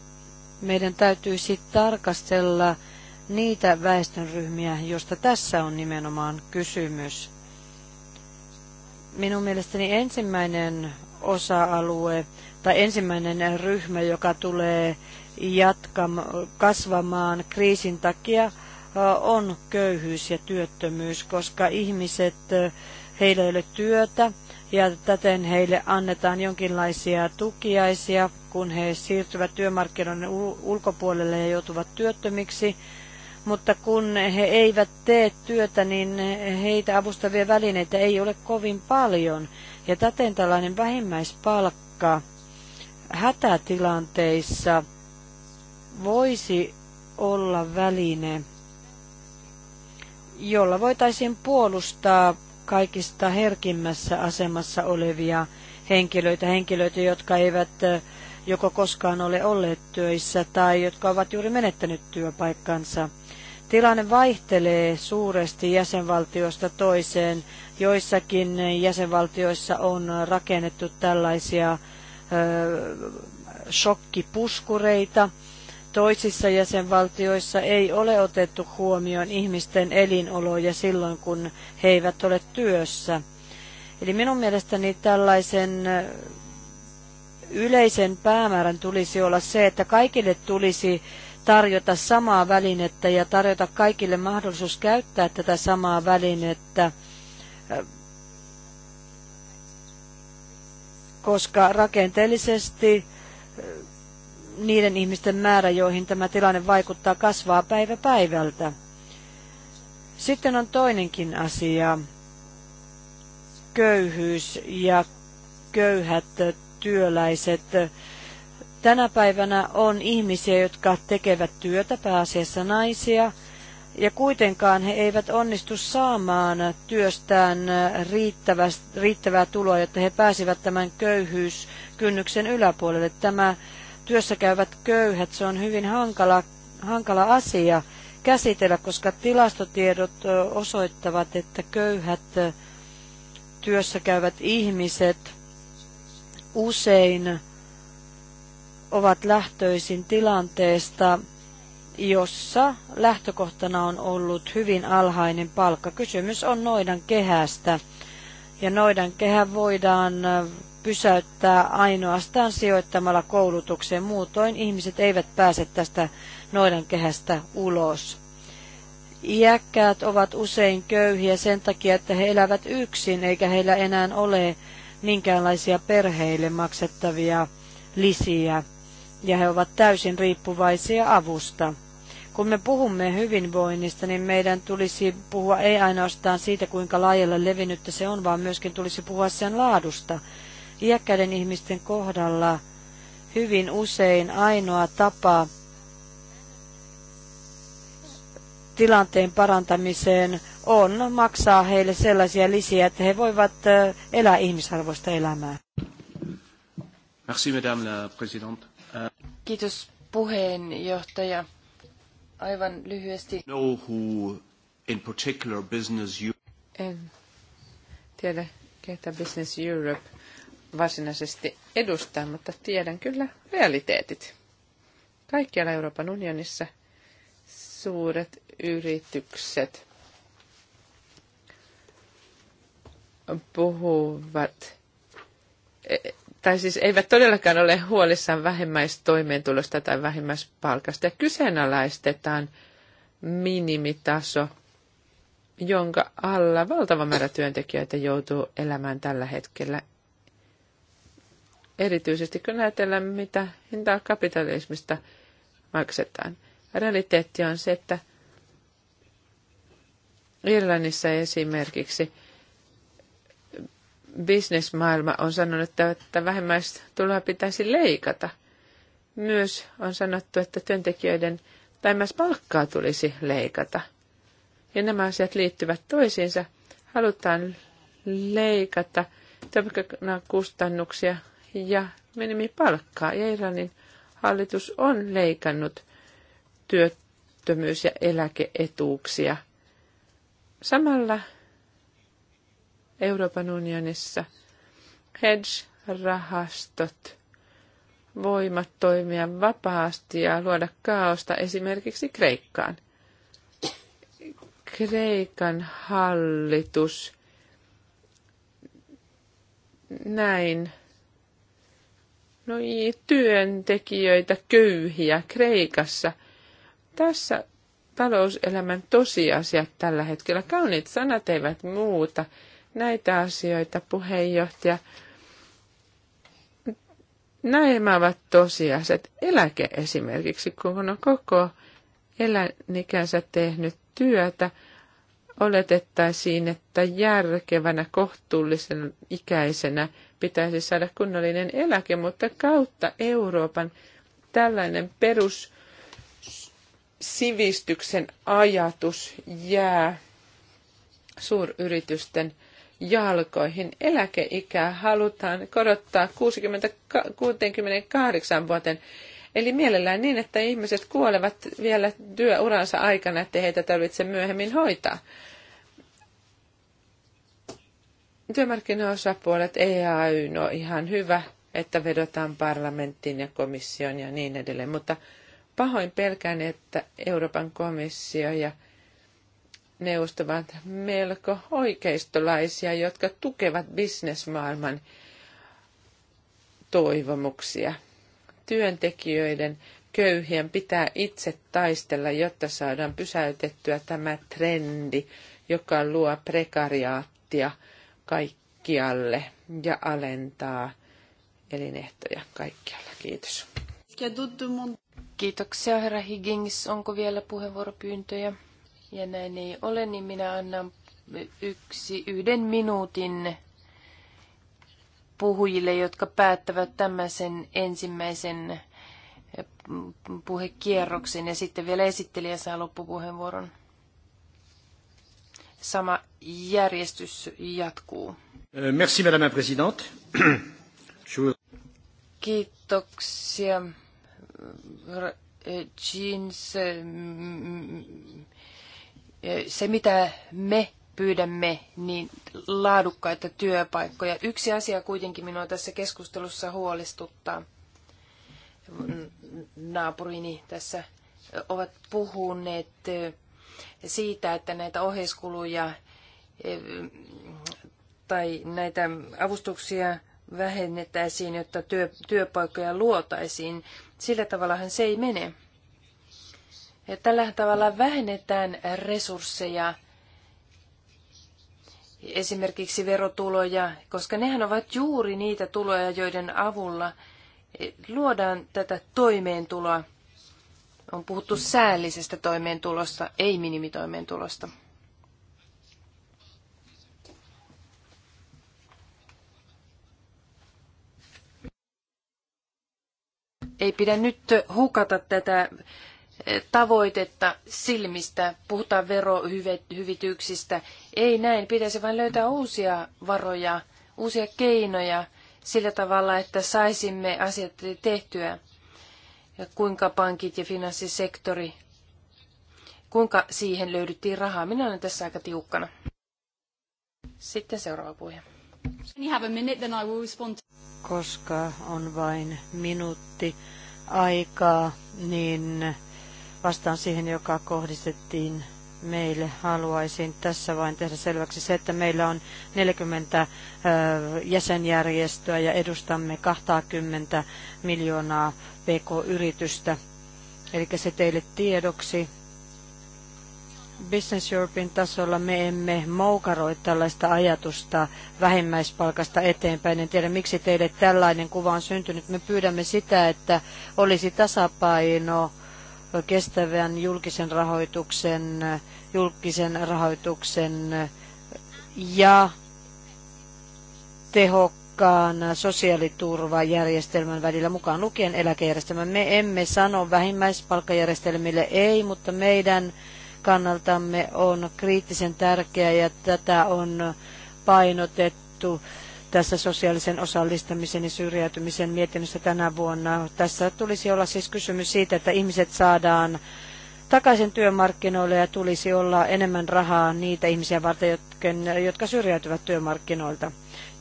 meidän täytyisi tarkastella niitä väestönryhmiä, joista tässä on nimenomaan kysymys. Minun mielestäni ensimmäinen osa-alue tai ensimmäinen ryhmä, joka tulee jatkam, kasvamaan kriisin takia, on köyhyys ja työttömyys, koska ihmiset, heillä ei ole työtä ja täten heille annetaan jonkinlaisia tukiaisia, kun he siirtyvät työmarkkinoiden ulkopuolelle ja joutuvat työttömiksi. Mutta kun he eivät tee työtä, niin heitä avustavia välineitä ei ole kovin paljon. Ja täten tällainen vähimmäispalkka hätätilanteissa – voisi olla väline, jolla voitaisiin puolustaa kaikista herkimmässä asemassa olevia henkilöitä, henkilöitä, jotka eivät joko koskaan ole olleet työissä tai jotka ovat juuri menettänyt työpaikkansa. Tilanne vaihtelee suuresti jäsenvaltiosta toiseen. Joissakin jäsenvaltioissa on rakennettu tällaisia ö, shokkipuskureita, toisissa jäsenvaltioissa ei ole otettu huomioon ihmisten elinoloja silloin, kun he eivät ole työssä. Eli minun mielestäni tällaisen yleisen päämäärän tulisi olla se, että kaikille tulisi tarjota samaa välinettä ja tarjota kaikille mahdollisuus käyttää tätä samaa välinettä, koska rakenteellisesti niiden ihmisten määrä, joihin tämä tilanne vaikuttaa, kasvaa päivä päivältä. Sitten on toinenkin asia, köyhyys ja köyhät työläiset. Tänä päivänä on ihmisiä, jotka tekevät työtä, pääasiassa naisia, ja kuitenkaan he eivät onnistu saamaan työstään riittävää tuloa, jotta he pääsivät tämän köyhyyskynnyksen yläpuolelle. Tämä käyvät köyhät. Se on hyvin hankala, hankala asia käsitellä, koska tilastotiedot osoittavat, että köyhät käyvät ihmiset usein ovat lähtöisin tilanteesta, jossa lähtökohtana on ollut hyvin alhainen palkka. Kysymys on noidan kehästä. Ja noidan kehä voidaan pysäyttää ainoastaan sijoittamalla koulutukseen. Muutoin ihmiset eivät pääse tästä noidankehästä ulos. Iäkkäät ovat usein köyhiä sen takia, että he elävät yksin eikä heillä enää ole minkäänlaisia perheille maksettavia lisiä ja he ovat täysin riippuvaisia avusta. Kun me puhumme hyvinvoinnista, niin meidän tulisi puhua ei ainoastaan siitä, kuinka laajalle levinnyttä se on, vaan myöskin tulisi puhua sen laadusta. Iäkkäiden ihmisten kohdalla hyvin usein ainoa tapa tilanteen parantamiseen on maksaa heille sellaisia lisiä, että he voivat elää ihmisarvoista elämää. Merci, madame la présidente. Euh, Kiitos puheenjohtaja. Aivan lyhyesti. Know who in particular business you... En tiedä, ketä Business Europe varsinaisesti edustaa, mutta tiedän kyllä realiteetit. Kaikkialla Euroopan unionissa suuret yritykset puhuvat, e, tai siis eivät todellakaan ole huolissaan vähimmäistoimeentulosta tai vähimmäispalkasta. Ja kyseenalaistetaan minimitaso, jonka alla valtava määrä työntekijöitä joutuu elämään tällä hetkellä erityisesti kun ajatellaan, mitä hintaa kapitalismista maksetaan. Realiteetti on se, että Irlannissa esimerkiksi bisnesmaailma on sanonut, että vähemmäistuloa pitäisi leikata. Myös on sanottu, että työntekijöiden vähemmäispalkkaa tulisi leikata. Ja nämä asiat liittyvät toisiinsa. Halutaan leikata työpaikan kustannuksia ja minimipalkkaa. Ja Iranin hallitus on leikannut työttömyys- ja eläkeetuuksia. Samalla Euroopan unionissa hedge-rahastot voimat toimia vapaasti ja luoda kaaosta esimerkiksi Kreikkaan. Kreikan hallitus näin no työntekijöitä köyhiä Kreikassa. Tässä talouselämän tosiasiat tällä hetkellä. Kauniit sanat eivät muuta näitä asioita, puheenjohtaja. Nämä ovat tosiasiat. Eläke esimerkiksi, kun on koko elänikänsä tehnyt työtä, oletettaisiin, että järkevänä, kohtuullisen ikäisenä – pitäisi saada kunnollinen eläke, mutta kautta Euroopan tällainen perus sivistyksen ajatus jää suuryritysten jalkoihin. Eläkeikää halutaan korottaa 60-68 vuoteen. Eli mielellään niin, että ihmiset kuolevat vielä työuransa aikana, ettei heitä tarvitse myöhemmin hoitaa työmarkkinaosapuolet, EAY, no ihan hyvä, että vedotaan parlamenttiin ja komissioon ja niin edelleen, mutta pahoin pelkään, että Euroopan komissio ja neuvosto ovat melko oikeistolaisia, jotka tukevat bisnesmaailman toivomuksia. Työntekijöiden köyhien pitää itse taistella, jotta saadaan pysäytettyä tämä trendi, joka luo prekariaattia – kaikkialle ja alentaa elinehtoja kaikkialla. Kiitos. Kiitoksia, herra Higgins. Onko vielä puheenvuoropyyntöjä? Ja näin ei ole, niin minä annan yksi, yhden minuutin puhujille, jotka päättävät tämmöisen ensimmäisen eh, puhekierroksen ja sitten vielä esittelijä saa loppupuheenvuoron sama järjestys jatkuu. Euh, merci, madame la présidente. (clears throat) Kiitoksia. Äh, Jeans, äh, se mitä me pyydämme, niin laadukkaita työpaikkoja. Yksi asia kuitenkin minua tässä keskustelussa huolestuttaa. Naapurini tässä ovat puhuneet siitä, että näitä ohjeiskuluja e, tai näitä avustuksia vähennettäisiin, jotta työ, työpaikkoja luotaisiin. Sillä tavallahan se ei mene. Ja tällä tavalla vähennetään resursseja, esimerkiksi verotuloja, koska nehän ovat juuri niitä tuloja, joiden avulla e, luodaan tätä toimeentuloa on puhuttu säällisestä toimeentulosta, ei minimitoimeentulosta. Ei pidä nyt hukata tätä eh, tavoitetta silmistä, puhutaan verohyvityksistä. Ei näin, pitäisi vain löytää uusia varoja, uusia keinoja sillä tavalla, että saisimme asiat tehtyä ja kuinka pankit ja finanssisektori, kuinka siihen löydettiin rahaa. Minä olen tässä aika tiukkana. Sitten seuraava puhuja. Koska on vain minuutti aikaa, niin vastaan siihen, joka kohdistettiin meille. Haluaisin tässä vain tehdä selväksi se, että meillä on 40 jäsenjärjestöä ja edustamme 20 miljoonaa pk-yritystä. Eli se teille tiedoksi. Business Europein tasolla me emme moukaroi tällaista ajatusta vähimmäispalkasta eteenpäin. En tiedä, miksi teille tällainen kuva on syntynyt. Me pyydämme sitä, että olisi tasapaino kestävän julkisen rahoituksen, julkisen rahoituksen ja tehokkaan sosiaaliturvajärjestelmän välillä mukaan lukien eläkejärjestelmä. Me emme sano vähimmäispalkkajärjestelmille ei, mutta meidän kannaltamme on kriittisen tärkeää ja tätä on painotettu tässä sosiaalisen osallistamisen ja syrjäytymisen mietinnössä tänä vuonna. Tässä tulisi olla siis kysymys siitä, että ihmiset saadaan takaisin työmarkkinoille ja tulisi olla enemmän rahaa niitä ihmisiä varten, jotka syrjäytyvät työmarkkinoilta.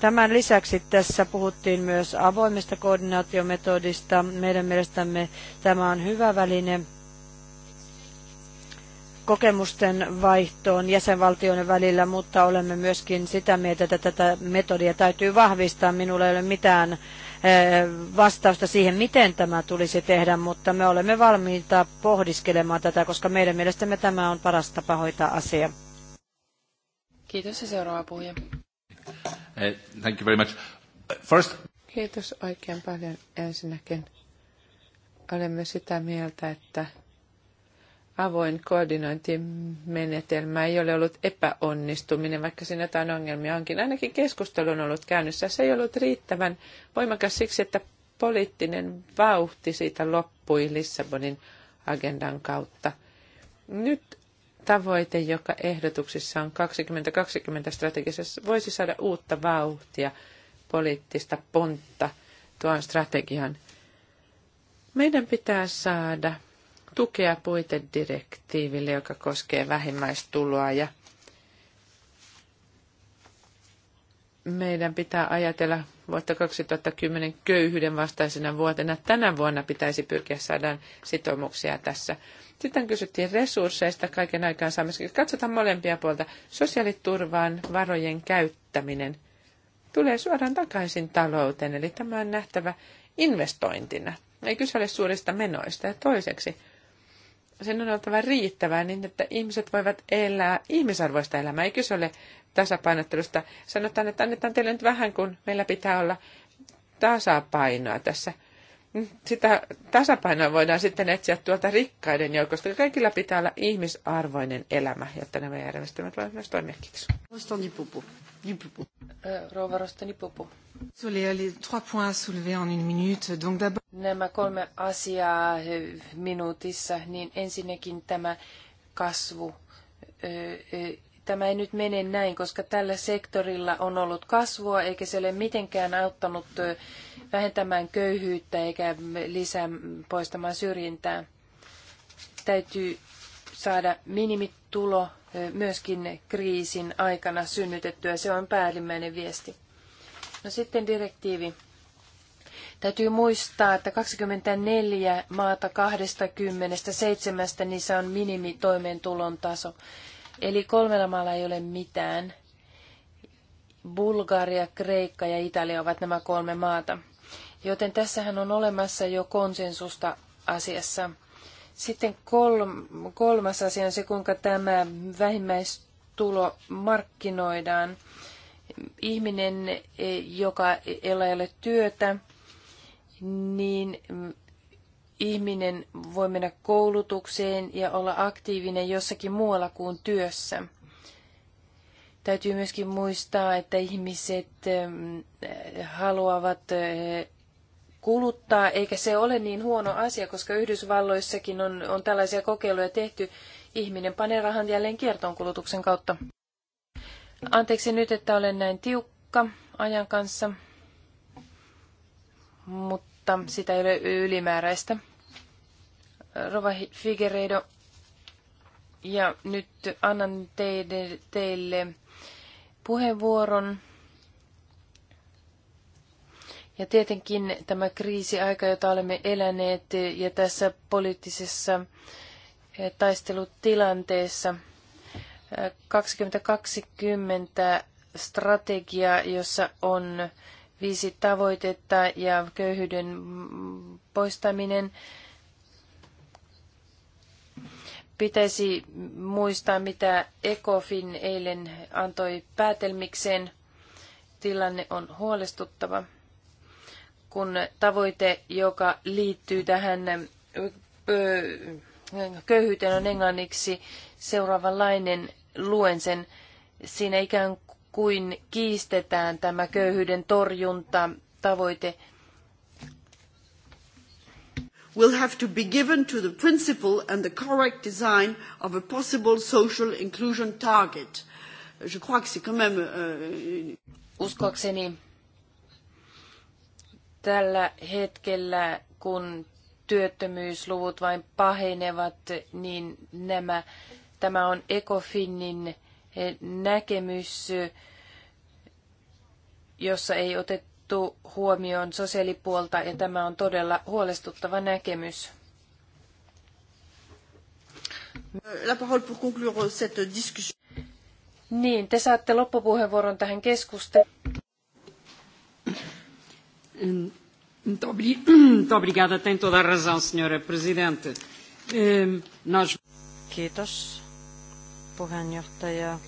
Tämän lisäksi tässä puhuttiin myös avoimesta koordinaatiometodista. Meidän mielestämme tämä on hyvä väline kokemusten vaihtoon jäsenvaltioiden välillä, mutta olemme myöskin sitä mieltä, että tätä metodia täytyy vahvistaa. Minulla ei ole mitään eh, vastausta siihen, miten tämä tulisi tehdä, mutta me olemme valmiita pohdiskelemaan tätä, koska meidän mielestämme tämä on paras tapa hoitaa asia. Kiitos ja seuraava puhuja. Eh, thank you very much. First... Kiitos oikein paljon ensinnäkin. Olemme sitä mieltä, että avoin koordinointimenetelmä ei ole ollut epäonnistuminen, vaikka siinä jotain ongelmia onkin. Ainakin keskustelu on ollut käynnissä. Se ei ollut riittävän voimakas siksi, että poliittinen vauhti siitä loppui Lissabonin agendan kautta. Nyt tavoite, joka ehdotuksissa on 2020 strategisessa, voisi saada uutta vauhtia, poliittista pontta tuon strategian. Meidän pitää saada – tukea puitedirektiiville, joka koskee vähimmäistuloa ja meidän pitää ajatella vuotta 2010 köyhyyden vastaisena vuotena. Tänä vuonna pitäisi pyrkiä saada sitoumuksia tässä. Sitten kysyttiin resursseista kaiken aikaan saamiseksi. Katsotaan molempia puolta. Sosiaaliturvaan varojen käyttäminen tulee suoraan takaisin talouteen, eli tämä on nähtävä investointina. Ei kyse ole suurista menoista. Ja toiseksi sen on oltava riittävää niin, että ihmiset voivat elää ihmisarvoista elämää. Eikö se ole tasapainottelusta? Sanotaan, että annetaan teille nyt vähän, kun meillä pitää olla tasapainoa tässä. Sitä tasapainoa voidaan sitten etsiä tuolta rikkaiden joukosta. Kaikilla pitää olla ihmisarvoinen elämä, jotta nämä järjestelmät voivat myös toimia. Kiitos. Rouva Rostanipupu. Nämä kolme asiaa minuutissa, niin ensinnäkin tämä kasvu. Tämä ei nyt mene näin, koska tällä sektorilla on ollut kasvua, eikä se ole mitenkään auttanut vähentämään köyhyyttä eikä lisää poistamaan syrjintää. Täytyy saada minimitulo myöskin kriisin aikana synnytettyä. Se on päällimmäinen viesti. No sitten direktiivi. Täytyy muistaa, että 24 maata 27, niin se on minimitoimeentulon taso. Eli kolmella maalla ei ole mitään. Bulgaria, Kreikka ja Italia ovat nämä kolme maata. Joten tässähän on olemassa jo konsensusta asiassa. Sitten kolmas asia on se, kuinka tämä vähimmäistulo markkinoidaan. Ihminen, e, joka e, ei ole työtä, niin mm, ihminen voi mennä koulutukseen ja olla aktiivinen jossakin muualla kuin työssä. Täytyy myöskin muistaa, että ihmiset mm, haluavat e, kuluttaa, eikä se ole niin huono asia, koska Yhdysvalloissakin on, on tällaisia kokeiluja tehty. Ihminen panee rahan jälleen kiertoon kulutuksen kautta. Anteeksi nyt, että olen näin tiukka ajan kanssa, mutta sitä ei ole ylimääräistä. Rova Figueiredo, ja nyt annan teille, teille puheenvuoron ja tietenkin tämä kriisiaika, jota olemme eläneet ja tässä poliittisessa eh, taistelutilanteessa, 2020 eh, strategia, jossa on viisi tavoitetta ja köyhyyden poistaminen. Pitäisi muistaa, mitä ECOFIN eilen antoi päätelmikseen. Tilanne on huolestuttava kun tavoite, joka liittyy tähän köyhyyteen on englanniksi seuraavanlainen, luen sen, siinä ikään kuin kiistetään tämä köyhyyden torjunta tavoite will have to be given to the principle and the correct design of a possible social inclusion target. Je crois que c'est quand même... Euh... Uskoakseni Tällä hetkellä, kun työttömyysluvut vain pahenevat, niin nämä, tämä on Ecofinin eh, näkemys, jossa ei otettu huomioon sosiaalipuolta, ja tämä on todella huolestuttava näkemys. La parole pour conclure cette discussion. Niin, te saatte loppupuheenvuoron tähän keskusteluun. (clears throat) Muito, obrigada, tem toda a razão, senhora Presidente. Ehm, nós... Kiitos, puheenjohtaja.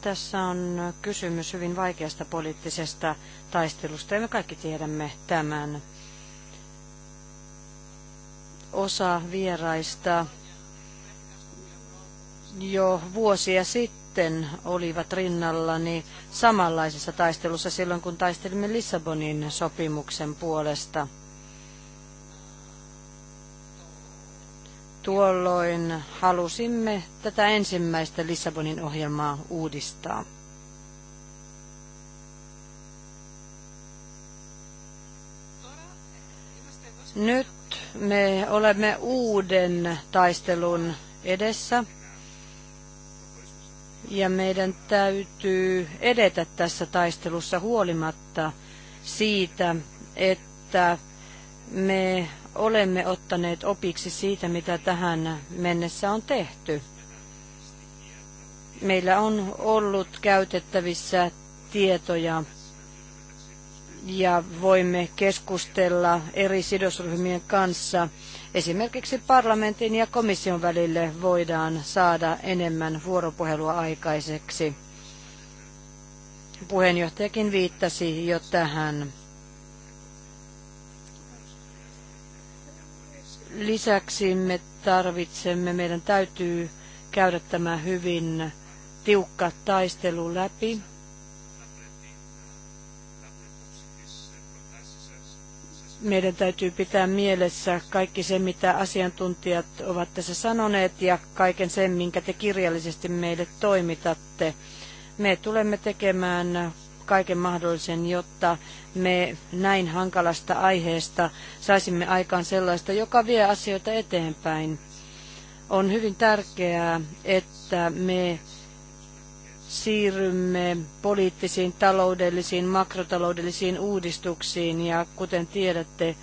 Tässä on kysymys hyvin vaikeasta poliittisesta taistelusta, ja me kaikki tiedämme tämän. Osa vieraista jo vuosia sitten sitten olivat rinnallani samanlaisessa taistelussa silloin, kun taistelimme Lissabonin sopimuksen puolesta. Tuolloin halusimme tätä ensimmäistä Lissabonin ohjelmaa uudistaa. Nyt me olemme uuden taistelun edessä ja meidän täytyy edetä tässä taistelussa huolimatta siitä, että me olemme ottaneet opiksi siitä, mitä tähän mennessä on tehty. Meillä on ollut käytettävissä tietoja ja voimme keskustella eri sidosryhmien kanssa. Esimerkiksi parlamentin ja komission välille voidaan saada enemmän vuoropuhelua aikaiseksi. Puheenjohtajakin viittasi jo tähän. Lisäksi me tarvitsemme, meidän täytyy käydä tämä hyvin tiukka taistelu läpi meidän täytyy pitää mielessä kaikki se, mitä asiantuntijat ovat tässä sanoneet ja kaiken sen, minkä te kirjallisesti meille toimitatte. Me tulemme tekemään kaiken mahdollisen, jotta me näin hankalasta aiheesta saisimme aikaan sellaista, joka vie asioita eteenpäin. On hyvin tärkeää, että me siirrymme poliittisiin, taloudellisiin, makrotaloudellisiin uudistuksiin ja kuten tiedätte,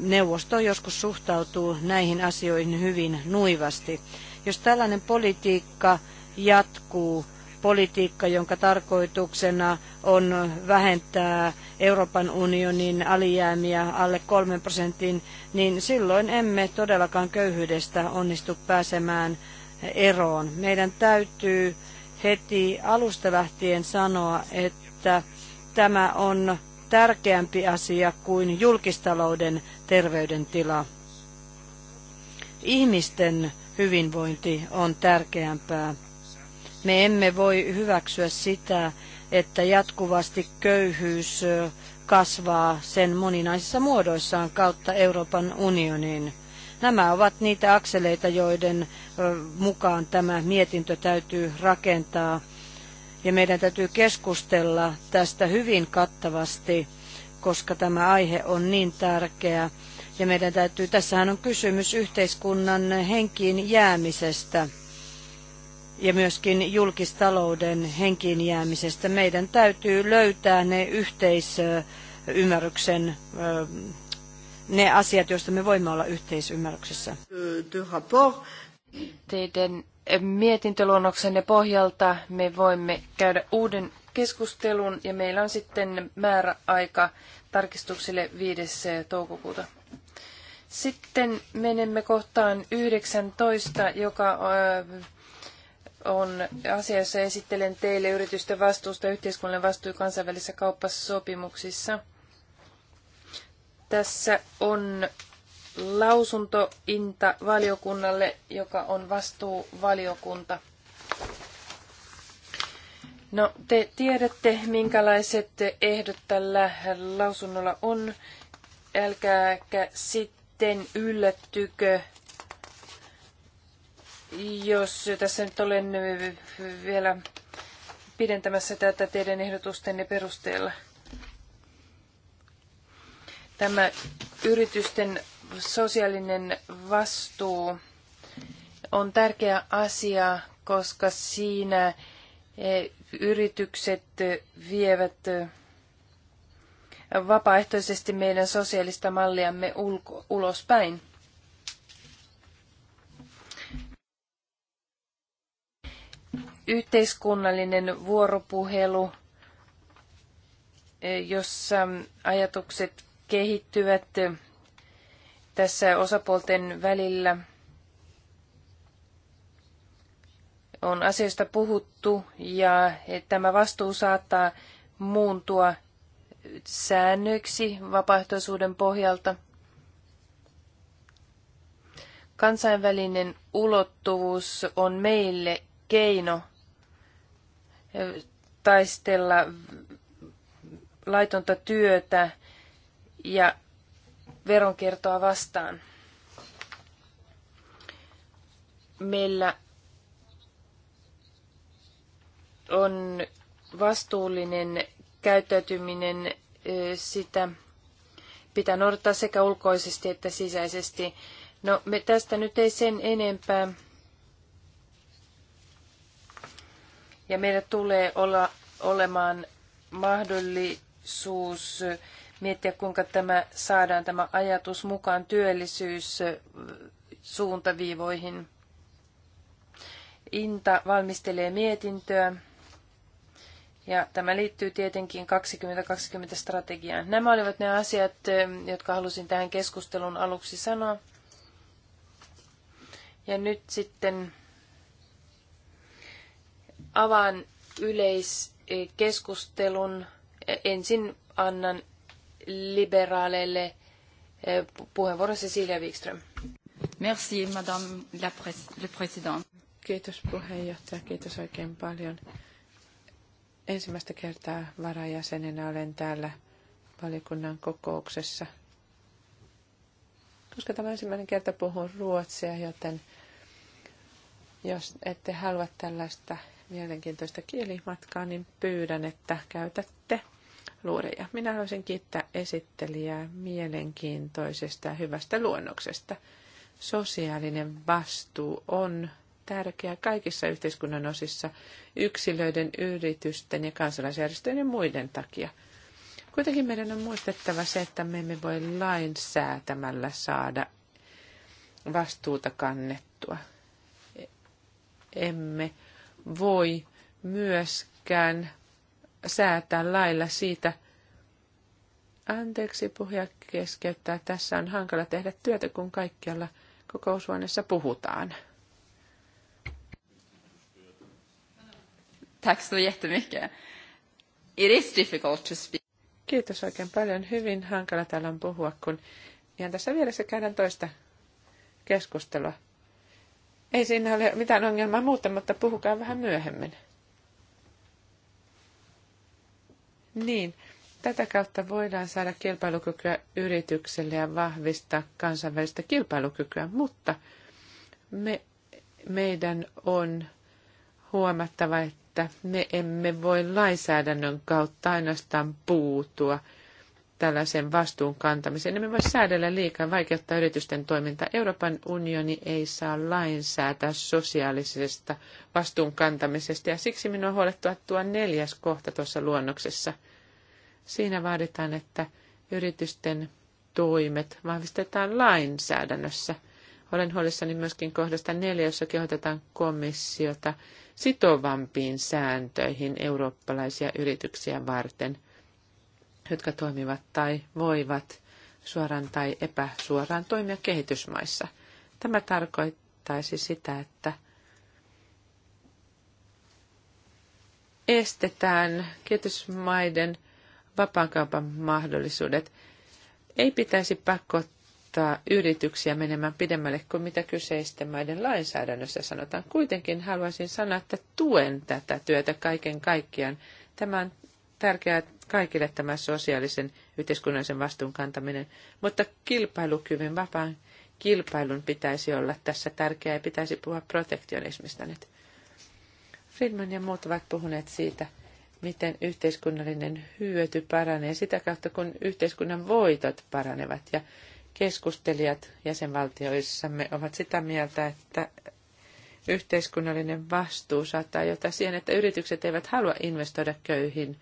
neuvosto joskus suhtautuu näihin asioihin hyvin nuivasti. Jos tällainen politiikka jatkuu, politiikka, jonka tarkoituksena on vähentää Euroopan unionin alijäämiä alle 3 prosentin, niin silloin emme todellakaan köyhyydestä onnistu pääsemään eroon. Meidän täytyy heti alusta lähtien sanoa, että tämä on tärkeämpi asia kuin julkistalouden terveydentila. Ihmisten hyvinvointi on tärkeämpää. Me emme voi hyväksyä sitä, että jatkuvasti köyhyys kasvaa sen moninaisissa muodoissaan kautta Euroopan unionin. Nämä ovat niitä akseleita, joiden mukaan tämä mietintö täytyy rakentaa. Ja meidän täytyy keskustella tästä hyvin kattavasti, koska tämä aihe on niin tärkeä. Ja meidän täytyy, tässähän on kysymys yhteiskunnan henkiin jäämisestä ja myöskin julkistalouden henkiin jäämisestä. Meidän täytyy löytää ne yhteisymmärryksen ne asiat, joista me voimme olla yhteisymmärryksessä. Teidän mietintöluonnoksenne pohjalta me voimme käydä uuden keskustelun ja meillä on sitten määräaika tarkistuksille 5. toukokuuta. Sitten menemme kohtaan 19, joka on asiassa esittelen teille yritysten vastuusta yhteiskunnan vastuu kansainvälisissä kauppasopimuksissa – tässä on lausunto Inta valiokunnalle, joka on vastuuvaliokunta. No, te tiedätte, minkälaiset ehdot tällä lausunnolla on. Älkääkä sitten yllättykö, jos tässä nyt olen vielä pidentämässä tätä teidän ehdotustenne perusteella. Tämä yritysten sosiaalinen vastuu on tärkeä asia, koska siinä e, yritykset vievät e, vapaaehtoisesti meidän sosiaalista malliamme ulko, ulospäin. Yhteiskunnallinen vuoropuhelu, e, jossa ajatukset kehittyvät tässä osapuolten välillä. On asioista puhuttu ja tämä vastuu saattaa muuntua säännöksi vapaaehtoisuuden pohjalta. Kansainvälinen ulottuvuus on meille keino taistella laitonta työtä ja veronkertoa vastaan. Meillä on vastuullinen käyttäytyminen sitä pitää noudattaa sekä ulkoisesti että sisäisesti. No me tästä nyt ei sen enempää. Ja meillä tulee olla, olemaan mahdollisuus miettiä, kuinka tämä saadaan tämä ajatus mukaan työllisyyssuuntaviivoihin. Inta valmistelee mietintöä ja tämä liittyy tietenkin 2020-strategiaan. Nämä olivat ne asiat, ähm, jotka halusin tähän keskustelun aluksi sanoa. Ja nyt sitten avaan yleiskeskustelun. Ensin annan liberaaleille eh, puheenvuoro Cecilia Wikström. Merci, madame la présidente. Kiitos puheenjohtaja, kiitos oikein paljon. Ensimmäistä kertaa varajäsenenä olen täällä valiokunnan kokouksessa. Koska tämä ensimmäinen kerta puhun ruotsia, joten jos ette halua tällaista mielenkiintoista kielimatkaa, niin pyydän, että käytätte luureja. Minä haluaisin kiittää esittelijää mielenkiintoisesta ja hyvästä luonnoksesta. Sosiaalinen vastuu on tärkeä kaikissa yhteiskunnan osissa yksilöiden, yritysten ja kansalaisjärjestöjen ja muiden takia. Kuitenkin meidän on muistettava se, että me emme voi lainsäätämällä saada vastuuta kannettua. Emme voi myöskään säätää lailla siitä. Anteeksi, puhuja keskeyttää. Tässä on hankala tehdä työtä, kun kaikkialla kokoushuoneessa puhutaan. Tack så jättemycket. It is difficult to speak. Kiitos oikein paljon. Hyvin hankala täällä on puhua, kun ihan tässä vieressä käydään toista keskustelua. Ei siinä ole mitään ongelmaa muuten, mutta puhukaa vähän myöhemmin. Niin, tätä kautta voidaan saada kilpailukykyä yritykselle ja vahvistaa kansainvälistä kilpailukykyä, mutta me, meidän on huomattava, että me emme voi lainsäädännön kautta ainoastaan puutua – tällaisen vastuun kantamiseen. Emme voi säädellä liikaa vaikeuttaa yritysten toimintaa. Euroopan unioni ei saa lainsäätää sosiaalisesta vastuun kantamisesta ja siksi minua huolettua tuo neljäs kohta tuossa luonnoksessa. Siinä vaaditaan, että yritysten toimet vahvistetaan lainsäädännössä. Olen huolissani myöskin kohdasta neljä, jossa kehotetaan komissiota sitovampiin sääntöihin eurooppalaisia yrityksiä varten – jotka toimivat tai voivat suoraan tai epäsuoraan toimia kehitysmaissa. Tämä tarkoittaisi sitä, että estetään kehitysmaiden vapaankaupan mahdollisuudet. Ei pitäisi pakottaa yrityksiä menemään pidemmälle kuin mitä kyseisten maiden lainsäädännössä sanotaan. Kuitenkin haluaisin sanoa, että tuen tätä työtä kaiken kaikkiaan. Tämä on tärkeää kaikille tämä sosiaalisen yhteiskunnallisen vastuun kantaminen, mutta kilpailukyvyn vapaan kilpailun pitäisi olla tässä tärkeää ja pitäisi puhua protektionismista nyt. Friedman ja muut ovat puhuneet siitä, miten yhteiskunnallinen hyöty paranee sitä kautta, kun yhteiskunnan voitot paranevat. Ja keskustelijat jäsenvaltioissamme ovat sitä mieltä, että yhteiskunnallinen vastuu saattaa johtaa siihen, että yritykset eivät halua investoida köyhiin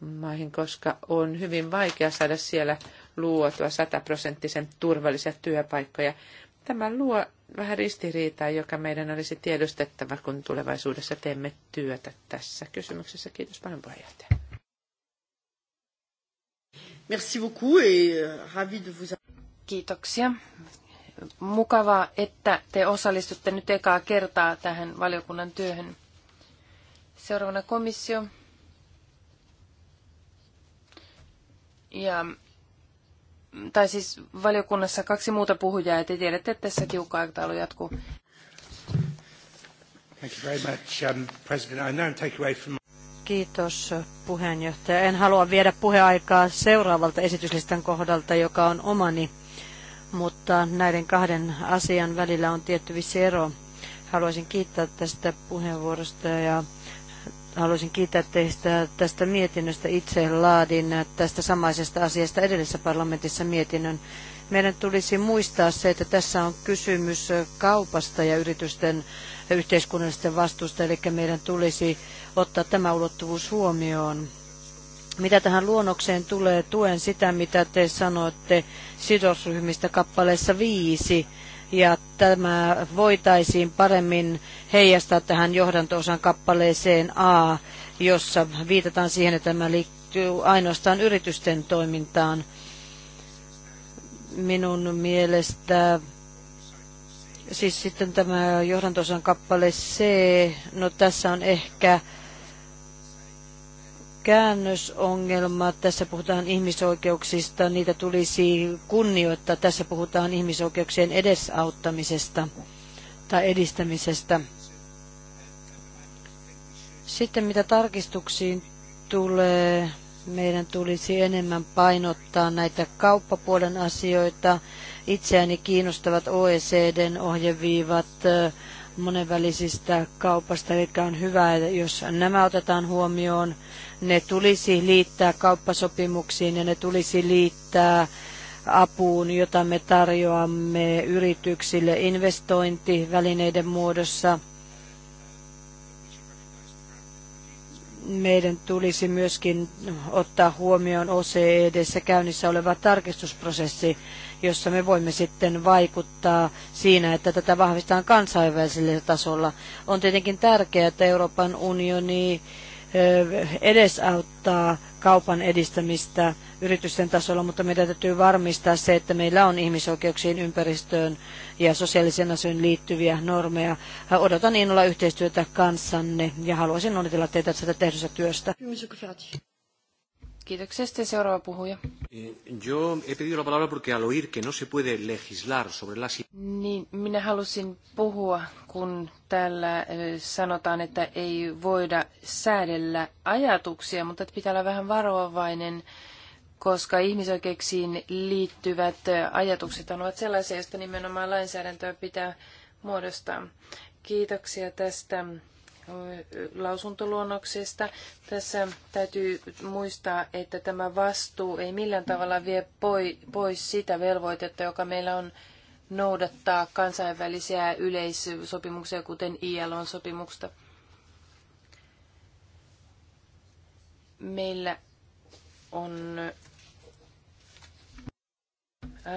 maihin, koska on hyvin vaikea saada siellä luotua sataprosenttisen turvallisia työpaikkoja. Tämä luo vähän ristiriitaa, joka meidän olisi tiedostettava, kun tulevaisuudessa teemme työtä tässä kysymyksessä. Kiitos paljon puheenjohtaja. Merci beaucoup et euh, ravi de vous... Kiitoksia. Mukavaa, että te osallistutte nyt ekaa kertaa tähän valiokunnan työhön. Seuraavana komissio. Ja, tai siis valiokunnassa kaksi muuta puhujaa, ja te tiedätte, että tässä tiukka aikataulu jatkuu. Um, Kiitos puheenjohtaja. En halua viedä puheaikaa seuraavalta esityslistan kohdalta, joka on omani, mutta näiden kahden asian välillä on tietty vissi ero. Haluaisin kiittää tästä puheenvuorosta ja haluaisin kiittää teistä tästä mietinnöstä. Itse laadin tästä samaisesta asiasta edellisessä parlamentissa mietinnön. Meidän tulisi muistaa se, että tässä on kysymys kaupasta ja yritysten yhteiskunnallisten vastuusta, eli meidän tulisi ottaa tämä ulottuvuus huomioon. Mitä tähän luonnokseen tulee, tuen sitä, mitä te sanoitte sidosryhmistä kappaleessa viisi ja tämä voitaisiin paremmin heijastaa tähän johdantoosan kappaleeseen A, jossa viitataan siihen, että tämä liittyy ainoastaan yritysten toimintaan. Minun mielestä siis sitten tämä johdantoosan kappale C, no tässä on ehkä käännösongelma. Tässä puhutaan ihmisoikeuksista, niitä tulisi kunnioittaa. Tässä puhutaan ihmisoikeuksien edesauttamisesta tai edistämisestä. Sitten mitä tarkistuksiin tulee, meidän tulisi enemmän painottaa näitä kauppapuolen asioita. Itseäni kiinnostavat OECDn ohjeviivat, monenvälisestä kaupasta, eli on hyvä, jos nämä otetaan huomioon. Ne tulisi liittää kauppasopimuksiin ja ne tulisi liittää apuun, jota me tarjoamme yrityksille investointivälineiden muodossa. Meidän tulisi myöskin ottaa huomioon OCEDssä käynnissä oleva tarkistusprosessi jossa me voimme sitten vaikuttaa siinä, että tätä vahvistetaan kansainvälisellä tasolla. On tietenkin tärkeää, että Euroopan unioni edesauttaa kaupan edistämistä yritysten tasolla, mutta meidän täytyy varmistaa se, että meillä on ihmisoikeuksiin, ympäristöön ja sosiaalisen asioihin liittyviä normeja. Odotan innolla yhteistyötä kanssanne ja haluaisin onnitella teitä tästä tehdystä työstä. Kiitoksia. Sitten seuraava puhuja. Eh, yo he pedido la palabra porque al oír que no se puede legislar sobre Niin, minä halusin puhua, kun täällä eh, sanotaan, että ei voida säädellä ajatuksia, mutta pitää olla vähän varovainen, koska ihmisoikeuksiin liittyvät eh, ajatukset ovat sellaisia, joista nimenomaan lainsäädäntöä pitää muodostaa. Kiitoksia tästä lausuntoluonnoksesta. Tässä täytyy muistaa, että tämä vastuu ei millään tavalla vie pois sitä velvoitetta, joka meillä on noudattaa kansainvälisiä yleissopimuksia, kuten ILO-sopimusta. Meillä on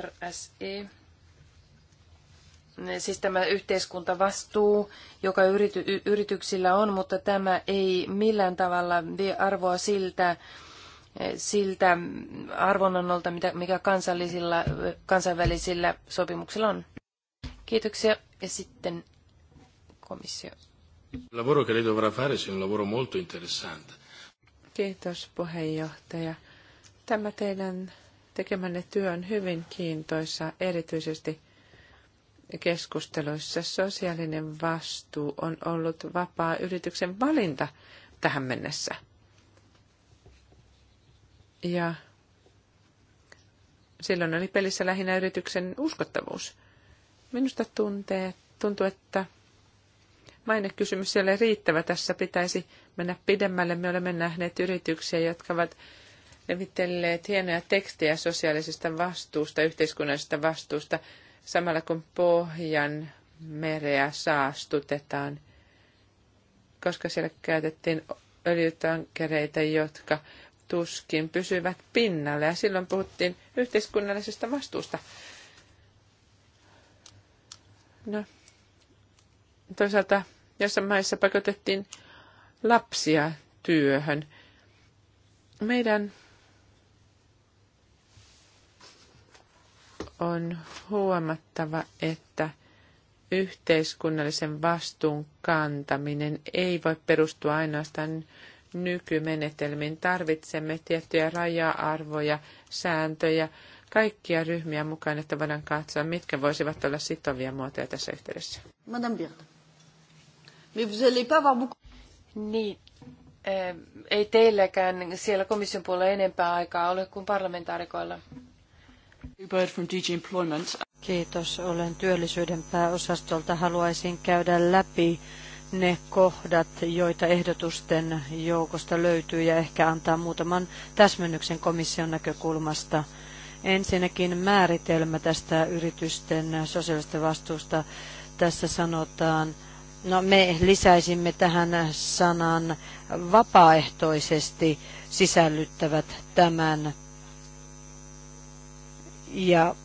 RSE siis tämä yhteiskuntavastuu, joka yrity, yrityksillä on, mutta tämä ei millään tavalla vie arvoa siltä, siltä arvonannolta, mitä, mikä kansallisilla, kansainvälisillä sopimuksilla on. Kiitoksia. Ja sitten komissio. Il lavoro che lei dovrà fare sia un lavoro molto interessante. Kiitos puheenjohtaja. Tämä teidän tekemänne työ on hyvin kiintoisa, erityisesti keskusteluissa sosiaalinen vastuu on ollut vapaa yrityksen valinta tähän mennessä. Ja silloin oli pelissä lähinnä yrityksen uskottavuus. Minusta tuntee, tuntuu, että mainekysymys ei ole riittävä. Tässä pitäisi mennä pidemmälle. Me olemme nähneet yrityksiä, jotka ovat levitelleet hienoja tekstejä sosiaalisesta vastuusta, yhteiskunnallisesta vastuusta – samalla kun pohjan mereä saastutetaan, koska siellä käytettiin öljytankereita, jotka tuskin pysyvät pinnalla. Ja silloin puhuttiin yhteiskunnallisesta vastuusta. No, toisaalta jossain maissa pakotettiin lapsia työhön. Meidän on huomattava, että yhteiskunnallisen vastuun kantaminen ei voi perustua ainoastaan nykymenetelmiin. Tarvitsemme tiettyjä raja-arvoja, sääntöjä, kaikkia ryhmiä mukaan, että voidaan katsoa, mitkä voisivat olla sitovia muotoja tässä yhteydessä. Madame vous allez pas avoir beaucoup... Niin, eh, ei teilläkään siellä komission puolella enempää aikaa ole kuin parlamentaarikoilla. Kiitos, olen työllisyyden pääosastolta. Haluaisin käydä läpi ne kohdat, joita ehdotusten joukosta löytyy ja ehkä antaa muutaman täsmennyksen komission näkökulmasta. Ensinnäkin määritelmä tästä yritysten sosiaalista vastuusta. Tässä sanotaan, no me lisäisimme tähän sanan vapaaehtoisesti sisällyttävät tämän ja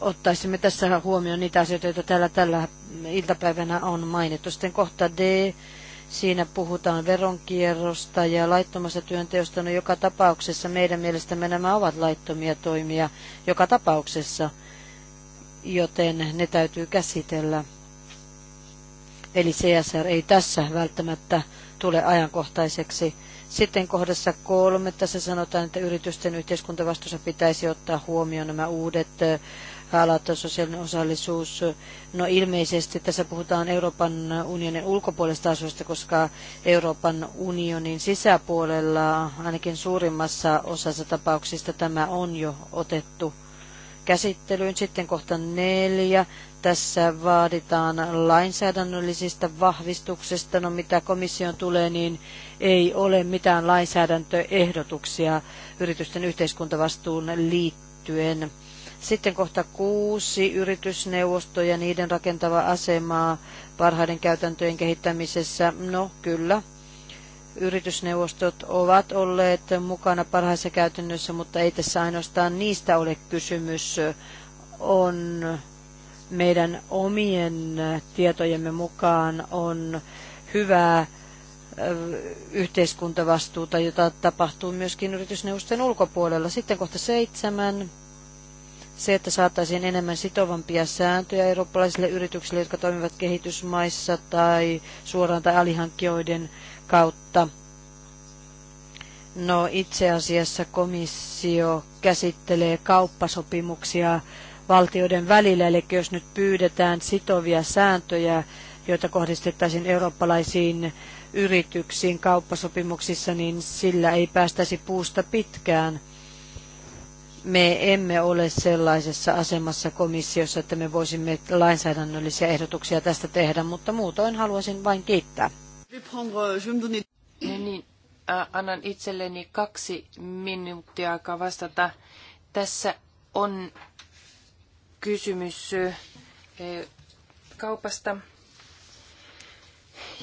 ottaisimme tässä huomioon niitä asioita, joita täällä tällä iltapäivänä on mainittu. Sitten kohta D, siinä puhutaan veronkierrosta ja laittomasta työnteosta. No joka tapauksessa meidän mielestämme nämä ovat laittomia toimia joka tapauksessa, joten ne täytyy käsitellä. Eli CSR ei tässä välttämättä tule ajankohtaiseksi. Sitten kohdassa kolme, tässä sanotaan, että yritysten yhteiskuntavastuussa pitäisi ottaa huomioon nämä uudet alat, sosiaalinen osallisuus. No ilmeisesti tässä puhutaan Euroopan unionin ulkopuolesta asioista, koska Euroopan unionin sisäpuolella ainakin suurimmassa osassa tapauksista tämä on jo otettu käsittelyyn. Sitten kohta neljä. Tässä vaaditaan lainsäädännöllisistä vahvistuksista, No mitä komission tulee, niin ei ole mitään lainsäädäntöehdotuksia yritysten yhteiskuntavastuun liittyen. Sitten kohta kuusi, yritysneuvosto ja niiden rakentava asemaa parhaiden käytäntöjen kehittämisessä. No kyllä, yritysneuvostot ovat olleet mukana parhaissa käytännöissä, mutta ei tässä ainoastaan niistä ole kysymys. On meidän omien äh, tietojemme mukaan on hyvää äh, yhteiskuntavastuuta, jota tapahtuu myöskin yritysneuvosten ulkopuolella. Sitten kohta seitsemän. Se, että saataisiin enemmän sitovampia sääntöjä eurooppalaisille yrityksille, jotka toimivat kehitysmaissa tai suoraan tai alihankkijoiden kautta. No itse asiassa komissio käsittelee kauppasopimuksia valtioiden välillä. Eli jos nyt pyydetään sitovia sääntöjä, joita kohdistettaisiin eurooppalaisiin yrityksiin kauppasopimuksissa, niin sillä ei päästäisi puusta pitkään. Me emme ole sellaisessa asemassa komissiossa, että me voisimme lainsäädännöllisiä ehdotuksia tästä tehdä, mutta muutoin haluaisin vain kiittää. No niin, annan itselleni kaksi minuuttia aikaa vastata. Tässä on kysymys kaupasta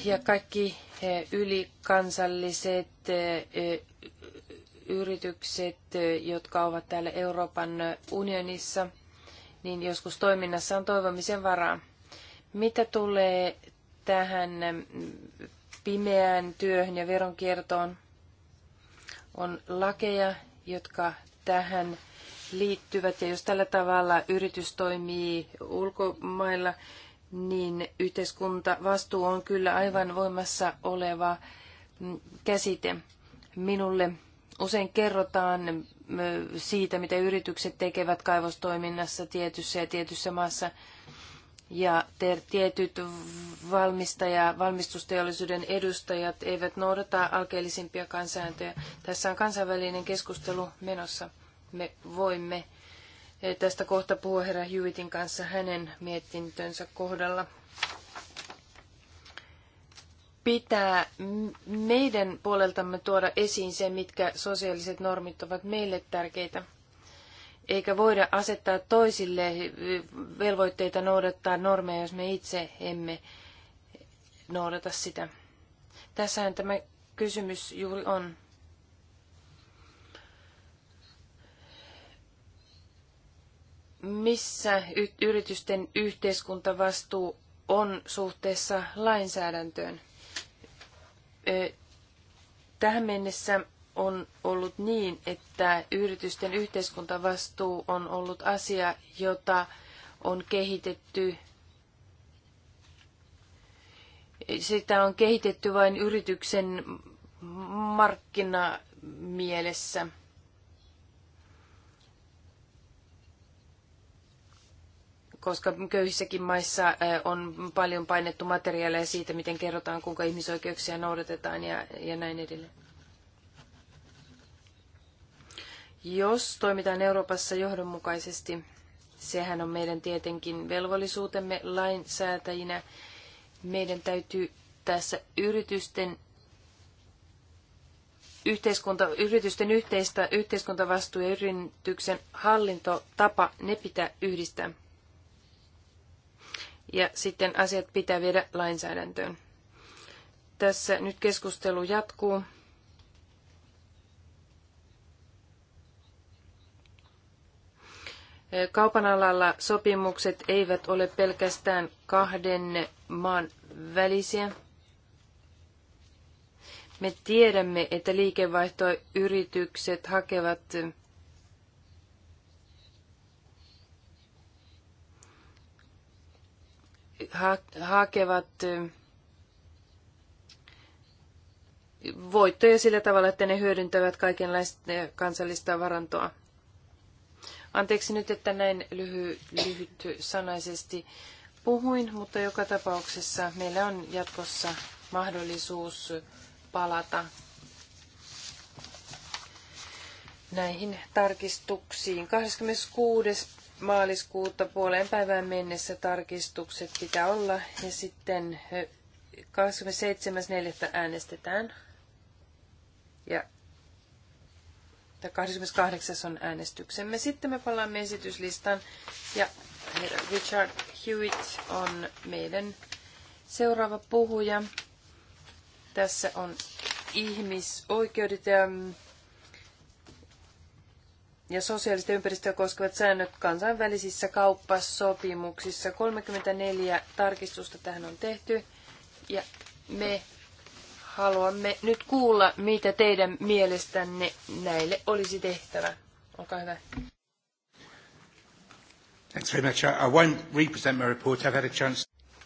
ja kaikki ylikansalliset yritykset, jotka ovat täällä Euroopan unionissa, niin joskus toiminnassa on toivomisen varaa. Mitä tulee tähän pimeään työhön ja veronkiertoon? On lakeja, jotka tähän liittyvät. Ja jos tällä tavalla yritys toimii ulkomailla, niin yhteiskunta vastuu on kyllä aivan voimassa oleva mm, käsite. Minulle usein kerrotaan mm, siitä, mitä yritykset tekevät kaivostoiminnassa tietyssä ja tietyssä maassa. Ja tietyt valmistaja, valmistusteollisuuden edustajat eivät noudata alkeellisimpia kansääntöjä. Tässä on kansainvälinen keskustelu menossa me voimme eh, tästä kohta puhua herra Hewittin kanssa hänen mietintönsä kohdalla. Pitää meidän puoleltamme tuoda esiin se, mitkä sosiaaliset normit ovat meille tärkeitä. Eikä voida asettaa toisille eh, velvoitteita noudattaa normeja, jos me itse emme noudata sitä. Tässähän tämä kysymys juuri on. missä yritysten yhteiskuntavastuu on suhteessa lainsäädäntöön. Tähän mennessä on ollut niin, että yritysten yhteiskuntavastuu on ollut asia, jota on kehitetty sitä on kehitetty vain yrityksen markkinamielessä – koska köyhissäkin maissa on paljon painettu materiaaleja siitä, miten kerrotaan, kuinka ihmisoikeuksia noudatetaan ja, ja näin edelleen. Jos toimitaan Euroopassa johdonmukaisesti, sehän on meidän tietenkin velvollisuutemme lainsäätäjinä. Meidän täytyy tässä yritysten yhteiskunta, yritysten yhteistä yhteiskuntavastuu ja yrityksen hallintotapa, ne pitää yhdistää ja sitten asiat pitää viedä lainsäädäntöön. Tässä nyt keskustelu jatkuu. Kaupan alalla sopimukset eivät ole pelkästään kahden maan välisiä. Me tiedämme, että liikevaihtoyritykset hakevat hakevat voittoja sillä tavalla, että ne hyödyntävät kaikenlaista kansallista varantoa. Anteeksi nyt, että näin lyhy, lyhyt sanaisesti puhuin, mutta joka tapauksessa meillä on jatkossa mahdollisuus palata näihin tarkistuksiin. 26 maaliskuuta puoleen päivään mennessä tarkistukset pitää olla ja sitten 27.4. äänestetään ja 28. on äänestyksemme. Sitten me palaamme esityslistan ja Richard Hewitt on meidän seuraava puhuja. Tässä on ihmisoikeudet ja mm, ja sosiaalista ympäristöä koskevat säännöt kansainvälisissä kauppasopimuksissa. 34 tarkistusta tähän on tehty ja me haluamme nyt kuulla, mitä teidän mielestänne näille olisi tehtävä. Olkaa hyvä.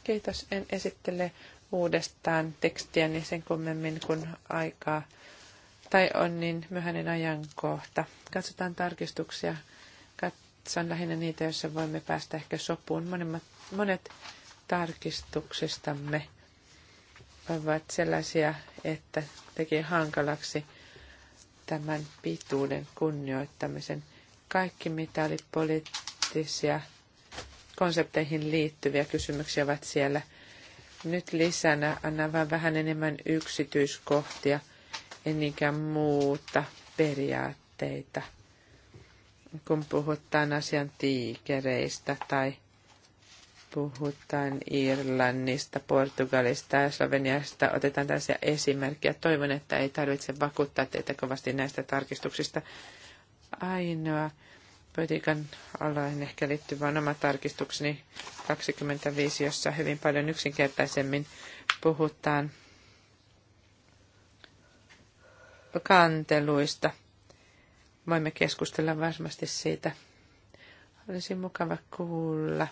Kiitos. En esittele uudestaan tekstiäni niin sen kummemmin, kun aikaa tai on niin myöhäinen ajankohta. Katsotaan tarkistuksia. Katson lähinnä niitä, joissa voimme päästä ehkä sopuun. Monet, monet tarkistuksistamme ovat sellaisia, että teki hankalaksi tämän pituuden kunnioittamisen. Kaikki, mitä oli poliittisia konsepteihin liittyviä kysymyksiä, ovat siellä. Nyt lisänä annan vain vähän enemmän yksityiskohtia – en niinkään muuta periaatteita, kun puhutaan asian tiikereistä tai puhutaan Irlannista, Portugalista ja Sloveniasta. Otetaan tällaisia esimerkkejä. Toivon, että ei tarvitse vakuuttaa teitä kovasti näistä tarkistuksista. Ainoa politiikan alain ehkä liittyy vain oma tarkistukseni 25, jossa hyvin paljon yksinkertaisemmin puhutaan kanteluista. Voimme keskustella varmasti siitä. Olisi mukava kuulla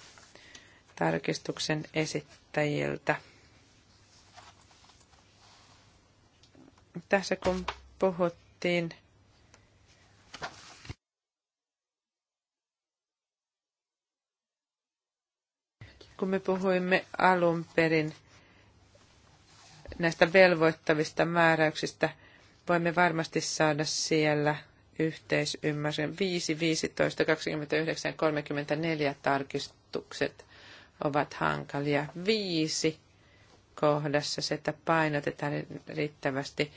tarkistuksen esittäjiltä. Tässä kun puhuttiin kun me puhuimme alun perin näistä velvoittavista määräyksistä – voimme varmasti saada siellä yhteisymmärryksen. 5, 15, 29, 34 tarkistukset ovat hankalia. Viisi kohdassa se, että painotetaan riittävästi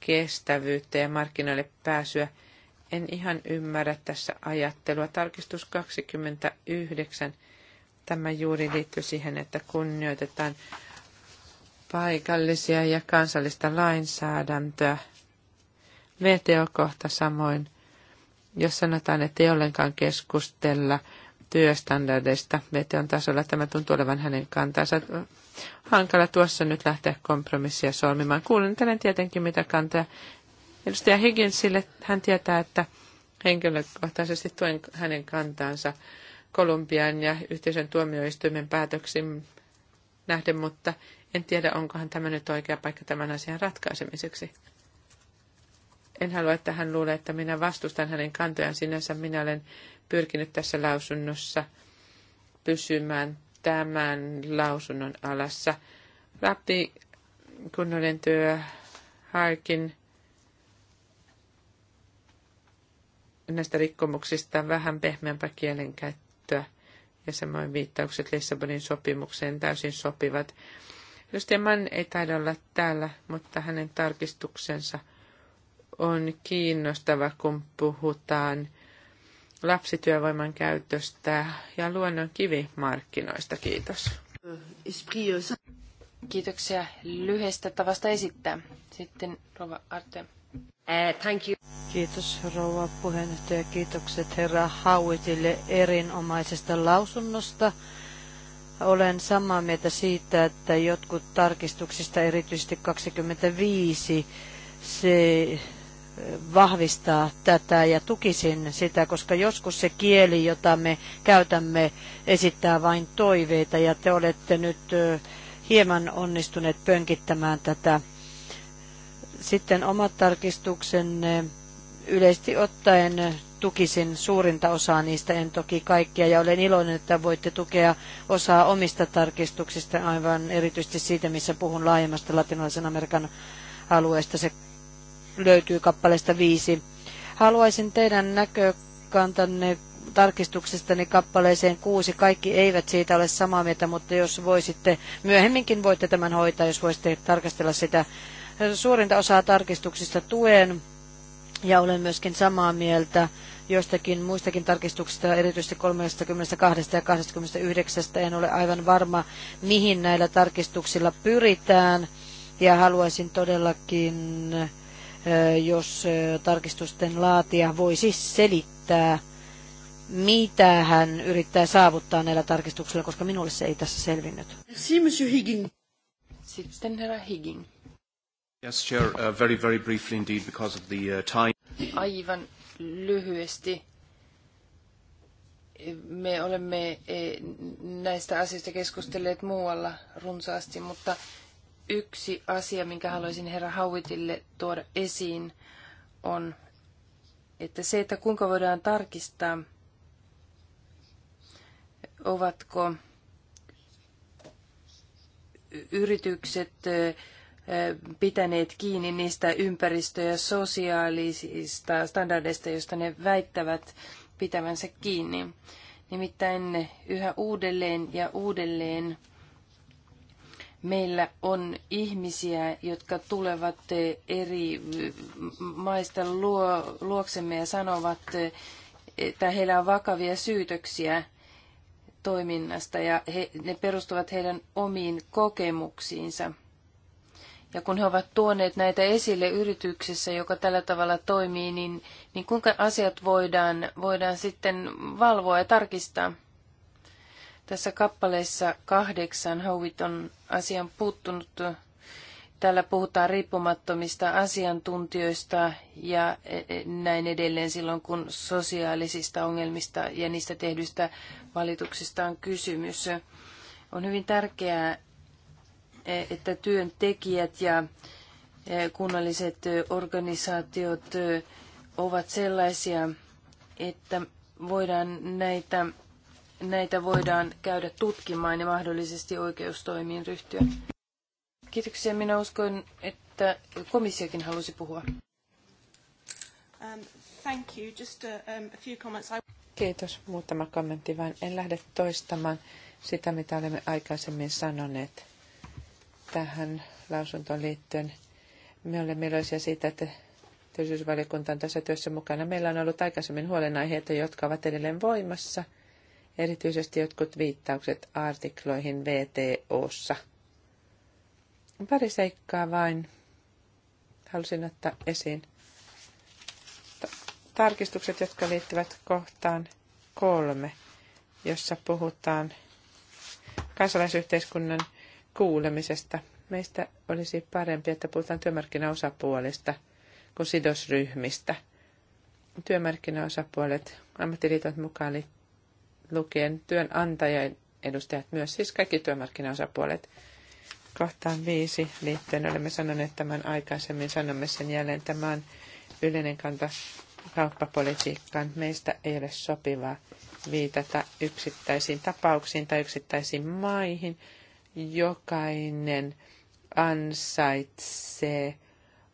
kestävyyttä ja markkinoille pääsyä. En ihan ymmärrä tässä ajattelua. Tarkistus 29. Tämä juuri liittyy siihen, että kunnioitetaan paikallisia ja kansallista lainsäädäntöä. VTO-kohta samoin, jos sanotaan, että ei ollenkaan keskustella työstandardeista VTOn tasolla, tämä tuntuu olevan hänen kantansa. Hankala tuossa nyt lähteä kompromissia solmimaan. tänne tietenkin, mitä kantaa edustaja Higginsille. Hän tietää, että henkilökohtaisesti tuen hänen kantaansa Kolumbian ja yhteisen tuomioistuimen päätöksiin nähden, mutta en tiedä, onkohan tämä nyt oikea paikka tämän asian ratkaisemiseksi. En halua, että hän luulee, että minä vastustan hänen kantojaan. Sinänsä minä olen pyrkinyt tässä lausunnossa pysymään tämän lausunnon alassa. Rappi, kunnollinen työ, Harkin näistä rikkomuksista vähän pehmeämpää kielenkäyttöä ja samoin viittaukset Lissabonin sopimukseen täysin sopivat. Edustaja Mann ei taida olla täällä, mutta hänen tarkistuksensa on kiinnostava, kun puhutaan lapsityövoiman käytöstä ja luonnon kivimarkkinoista. Kiitos. Kiitoksia lyhyestä tavasta esittää. Sitten Rova Arte. Eh, thank you. Kiitos rouva puheenjohtaja. Kiitokset herra Hauitille erinomaisesta lausunnosta olen samaa mieltä siitä, että jotkut tarkistuksista, erityisesti 25, se eh, vahvistaa tätä ja tukisin sitä, koska joskus se kieli, jota me käytämme, esittää vain toiveita ja te olette nyt eh, hieman onnistuneet pönkittämään tätä. Sitten omat tarkistuksenne yleisesti ottaen tukisin suurinta osaa niistä, en toki kaikkia, ja olen iloinen, että voitte tukea osaa omista tarkistuksista, aivan erityisesti siitä, missä puhun laajemmasta latinalaisen Amerikan alueesta. Se löytyy kappaleesta viisi. Haluaisin teidän näkökantanne tarkistuksestani kappaleeseen kuusi. Kaikki eivät siitä ole samaa mieltä, mutta jos voisitte, myöhemminkin voitte tämän hoitaa, jos voisitte tarkastella sitä. Suurinta osaa tarkistuksista tuen ja olen myöskin samaa mieltä joistakin muistakin tarkistuksista, erityisesti 32 ja 29. En ole aivan varma, mihin näillä tarkistuksilla pyritään. Ja haluaisin todellakin, eh, jos eh, tarkistusten laatija voisi selittää, mitä hän yrittää saavuttaa näillä tarkistuksilla, koska minulle se ei tässä selvinnyt. Higgin. Sitten herra Higgin. Yes, Chair, uh, very, very briefly indeed because of the uh, time. Aivan lyhyesti. Me olemme eh, näistä asioista keskustelleet muualla runsaasti, mutta yksi asia, minkä haluaisin herra Hauitille tuoda esiin, on, että se, että kuinka voidaan tarkistaa, ovatko yritykset eh, pitäneet kiinni niistä ympäristö- ja sosiaalisista standardeista, joista ne väittävät pitävänsä kiinni. Nimittäin yhä uudelleen ja uudelleen meillä on ihmisiä, jotka tulevat eri maista luo, luoksemme ja sanovat, että heillä on vakavia syytöksiä toiminnasta ja he, ne perustuvat heidän omiin kokemuksiinsa. Ja kun he ovat tuoneet näitä esille yrityksessä, joka tällä tavalla toimii, niin, niin kuinka asiat voidaan, voidaan sitten valvoa ja tarkistaa? Tässä kappaleessa kahdeksan Howitt on asian puuttunut. Täällä puhutaan riippumattomista asiantuntijoista ja e, e, näin edelleen silloin, kun sosiaalisista ongelmista ja niistä tehdyistä valituksista on kysymys. On hyvin tärkeää, että työntekijät ja e, kunnalliset e, organisaatiot e, ovat sellaisia, että voidaan näitä, näitä voidaan käydä tutkimaan ja mahdollisesti oikeustoimiin ryhtyä. Kiitoksia. Minä uskon, että komissiokin halusi puhua. Um, um, Kiitos. Muutama kommentti vain. En lähde toistamaan sitä, mitä olemme aikaisemmin sanoneet tähän lausuntoon liittyen. Me olemme iloisia siitä, että työllisyysvaliokunta on tässä työssä mukana. Meillä on ollut aikaisemmin huolenaiheita, jotka ovat edelleen voimassa, erityisesti jotkut viittaukset artikloihin VTOssa. Pari seikkaa vain halusin ottaa esiin. Tarkistukset, jotka liittyvät kohtaan kolme, jossa puhutaan kansalaisyhteiskunnan kuulemisesta. Meistä olisi parempi, että puhutaan työmarkkinaosapuolista kuin sidosryhmistä. Työmarkkinaosapuolet, ammattiliitot mukaan lukien työnantajien edustajat myös, siis kaikki työmarkkinaosapuolet. Kohtaan viisi liittyen olemme sanoneet tämän aikaisemmin, sanomme sen jälleen. Tämä on yleinen kanta kauppapolitiikkaan. Meistä ei ole sopivaa viitata yksittäisiin tapauksiin tai yksittäisiin maihin – jokainen ansaitsee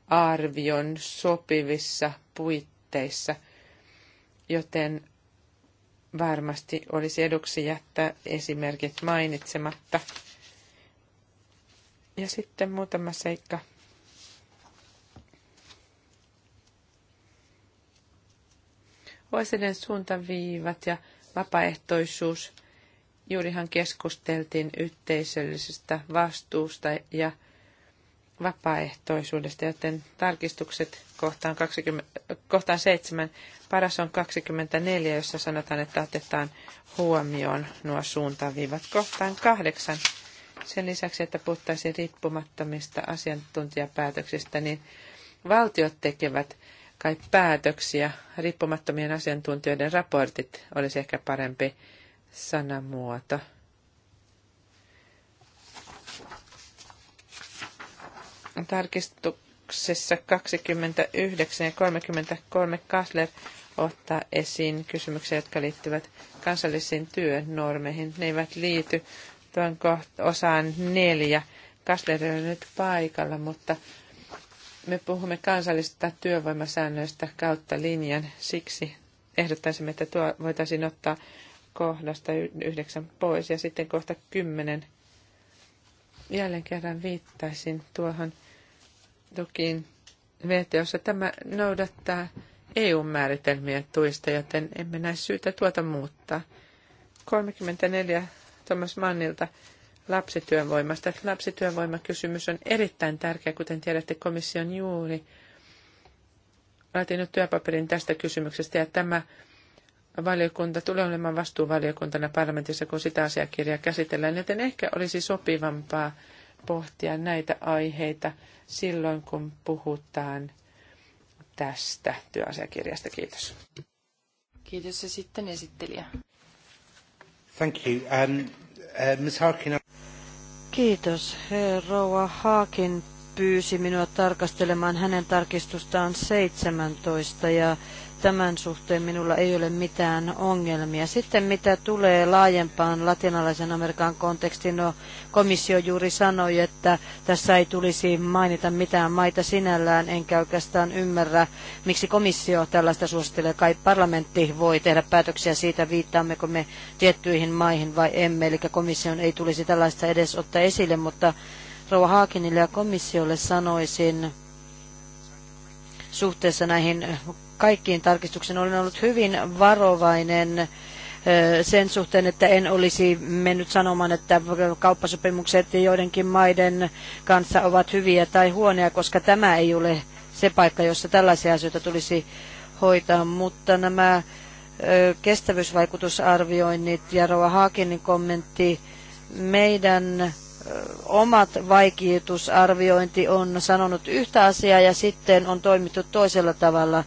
arvion sopivissa puitteissa, joten varmasti olisi eduksi jättää esimerkit mainitsematta. Ja sitten muutama seikka. OECDn suuntaviivat ja vapaaehtoisuus – Juurihan keskusteltiin yhteisöllisestä vastuusta ja vapaaehtoisuudesta, joten tarkistukset kohtaan, 20, kohtaan 7, paras on 24, jossa sanotaan, että otetaan huomioon nuo suuntaviivat. Kohtaan 8, sen lisäksi, että puhuttaisiin riippumattomista asiantuntijapäätöksistä, niin valtiot tekevät kai päätöksiä, riippumattomien asiantuntijoiden raportit olisi ehkä parempi sanamuoto. Tarkistuksessa 29 ja 33 Kasler ottaa esiin kysymyksiä, jotka liittyvät kansallisiin työnormeihin. Ne eivät liity tuon koht- osaan neljä. Kasler on nyt paikalla, mutta me puhumme kansallisista työvoimasäännöistä kautta linjan. Siksi ehdottaisimme, että tuo voitaisiin ottaa kohdasta yhdeksän pois ja sitten kohta kymmenen. Jälleen kerran viittaisin tuohon tukiin VTOssa. Tämä noudattaa EU-määritelmiä tuista, joten emme näe syytä tuota muuttaa. 34 Thomas Mannilta lapsityövoimasta. Lapsityövoimakysymys on erittäin tärkeä, kuten tiedätte, komission juuri laatinut työpaperin tästä kysymyksestä, ja tämä valiokunta tulee olemaan vastuuvaliokuntana parlamentissa, kun sitä asiakirjaa käsitellään, joten ehkä olisi sopivampaa pohtia näitä aiheita silloin, kun puhutaan tästä työasiakirjasta. Kiitos. Kiitos ja sitten esittelijä. Thank you. Um, uh, Ms. Harkin... Kiitos. Rouva Haakin pyysi minua tarkastelemaan hänen tarkistustaan 17 ja tämän suhteen minulla ei ole mitään ongelmia. Sitten mitä tulee laajempaan latinalaisen Amerikan kontekstiin, no komissio juuri sanoi, että tässä ei tulisi mainita mitään maita sinällään, enkä oikeastaan ymmärrä, miksi komissio tällaista suosittelee. Kai parlamentti voi tehdä päätöksiä siitä, viittaammeko me tiettyihin maihin vai emme, eli komission ei tulisi tällaista edes ottaa esille, mutta Rouva Haakinille ja komissiolle sanoisin, suhteessa näihin kaikkiin tarkistuksiin. Olen ollut hyvin varovainen sen suhteen, että en olisi mennyt sanomaan, että kauppasopimukset joidenkin maiden kanssa ovat hyviä tai huonoja, koska tämä ei ole se paikka, jossa tällaisia asioita tulisi hoitaa, mutta nämä kestävyysvaikutusarvioinnit ja Roa Haakinin kommentti, meidän omat vaikutusarviointi on sanonut yhtä asiaa ja sitten on toimittu toisella tavalla.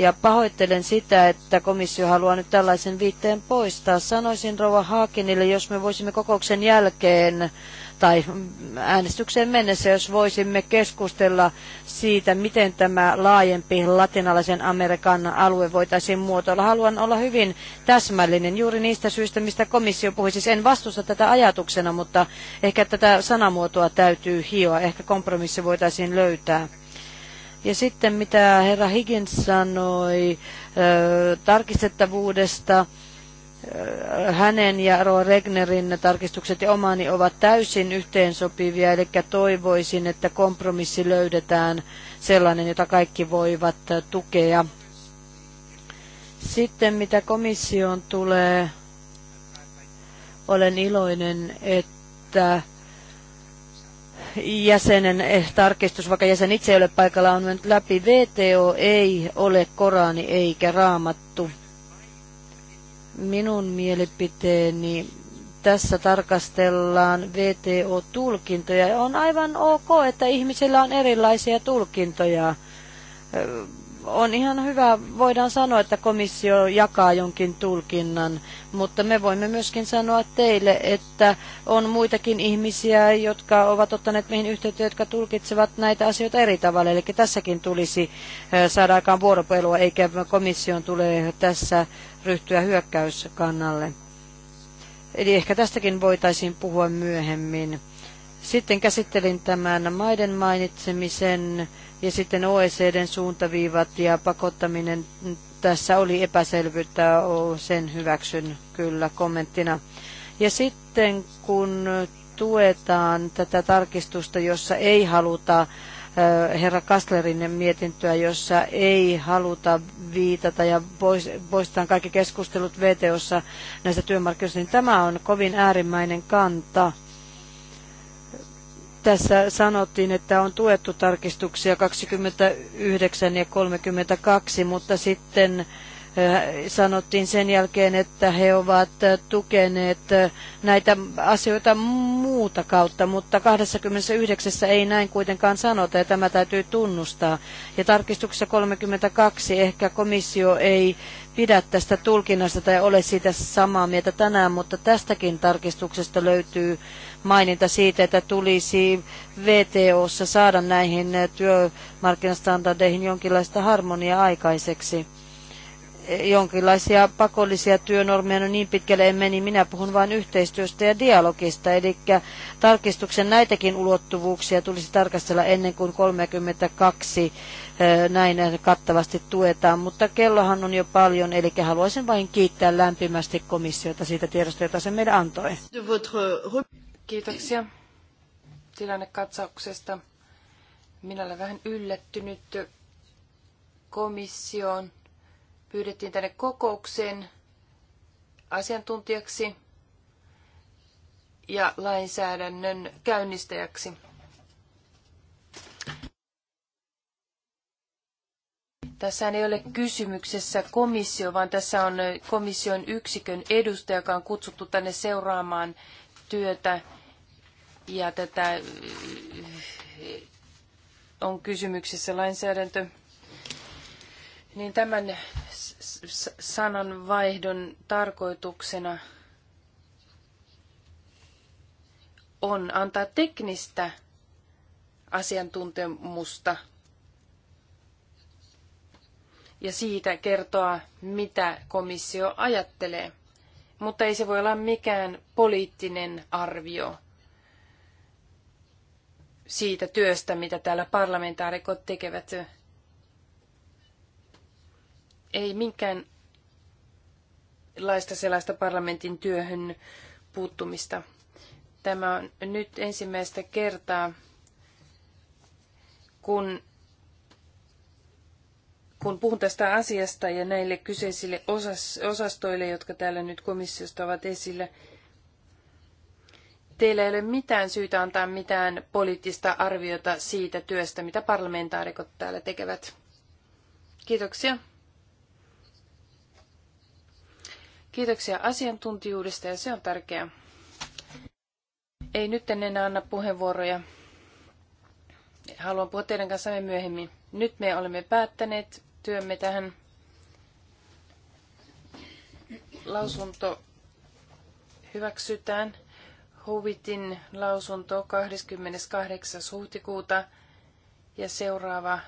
Ja pahoittelen sitä, että komissio haluaa nyt tällaisen viitteen poistaa. Sanoisin Rova Haakinille, jos me voisimme kokouksen jälkeen tai äänestykseen mennessä, jos voisimme keskustella siitä, miten tämä laajempi latinalaisen Amerikan alue voitaisiin muotoilla. Haluan olla hyvin täsmällinen juuri niistä syistä, mistä komissio puhui. Siis en vastusta tätä ajatuksena, mutta ehkä tätä sanamuotoa täytyy hioa. Ehkä kompromissi voitaisiin löytää. Ja sitten mitä herra Higgins sanoi tarkistettavuudesta, hänen ja Roa Regnerin tarkistukset ja omani ovat täysin yhteensopivia, eli toivoisin, että kompromissi löydetään sellainen, jota kaikki voivat tukea. Sitten mitä komissioon tulee, olen iloinen, että jäsenen eh, tarkistus, vaikka jäsen itse ei ole paikalla, on mennyt läpi. VTO ei ole Korani eikä raamattu. Minun mielipiteeni tässä tarkastellaan VTO-tulkintoja. On aivan ok, että ihmisillä on erilaisia tulkintoja on ihan hyvä, voidaan sanoa, että komissio jakaa jonkin tulkinnan, mutta me voimme myöskin sanoa teille, että on muitakin ihmisiä, jotka ovat ottaneet meihin yhteyttä, jotka tulkitsevat näitä asioita eri tavalla. Eli tässäkin tulisi saada aikaan vuoropelua, eikä komission tule tässä ryhtyä hyökkäyskannalle. Eli ehkä tästäkin voitaisiin puhua myöhemmin. Sitten käsittelin tämän maiden mainitsemisen ja sitten OECDn suuntaviivat ja pakottaminen. Mm, tässä oli epäselvyyttä, sen hyväksyn kyllä kommenttina. Ja sitten kun tuetaan tätä tarkistusta, jossa ei haluta herra Kastlerin mietintöä, jossa ei haluta viitata ja poistetaan kaikki keskustelut VTOssa näistä työmarkkinoista, niin tämä on kovin äärimmäinen kanta. Tässä sanottiin, että on tuettu tarkistuksia 29 ja 32, mutta sitten eh, sanottiin sen jälkeen, että he ovat tukeneet näitä asioita muuta kautta, mutta 29 ei näin kuitenkaan sanota ja tämä täytyy tunnustaa. Ja tarkistuksessa 32 ehkä komissio ei pidä tästä tulkinnasta tai ole siitä samaa mieltä tänään, mutta tästäkin tarkistuksesta löytyy maininta siitä, että tulisi VTOssa saada näihin työmarkkinastandardeihin jonkinlaista harmoniaa aikaiseksi. Jonkinlaisia pakollisia työnormeja, no niin pitkälle en meni, minä puhun vain yhteistyöstä ja dialogista, eli tarkistuksen näitäkin ulottuvuuksia tulisi tarkastella ennen kuin 32 näin kattavasti tuetaan, mutta kellohan on jo paljon, eli haluaisin vain kiittää lämpimästi komissiota siitä tiedosta, jota se meille antoi. Kiitoksia tilannekatsauksesta. Minä olen vähän yllättynyt komissioon. Pyydettiin tänne kokoukseen asiantuntijaksi ja lainsäädännön käynnistäjäksi. Tässä ei ole kysymyksessä komissio, vaan tässä on komission yksikön edustaja, joka on kutsuttu tänne seuraamaan työtä ja tätä on kysymyksessä lainsäädäntö. Niin tämän sananvaihdon tarkoituksena on antaa teknistä asiantuntemusta – ja siitä kertoa, mitä komissio ajattelee. Mutta ei se voi olla mikään poliittinen arvio siitä työstä, mitä täällä parlamentaarikot tekevät. Ei minkäänlaista sellaista parlamentin työhön puuttumista. Tämä on nyt ensimmäistä kertaa, kun kun puhun tästä asiasta ja näille kyseisille osas, osastoille, jotka täällä nyt komissiosta ovat esillä, teillä ei ole mitään syytä antaa mitään poliittista arviota siitä työstä, mitä parlamentaarikot täällä tekevät. Kiitoksia. Kiitoksia asiantuntijuudesta ja se on tärkeää. Ei nyt en enää anna puheenvuoroja. Haluan puhua teidän kanssamme myöhemmin. Nyt me olemme päättäneet työmme tähän lausunto hyväksytään. Huvitin lausunto 28. huhtikuuta ja seuraava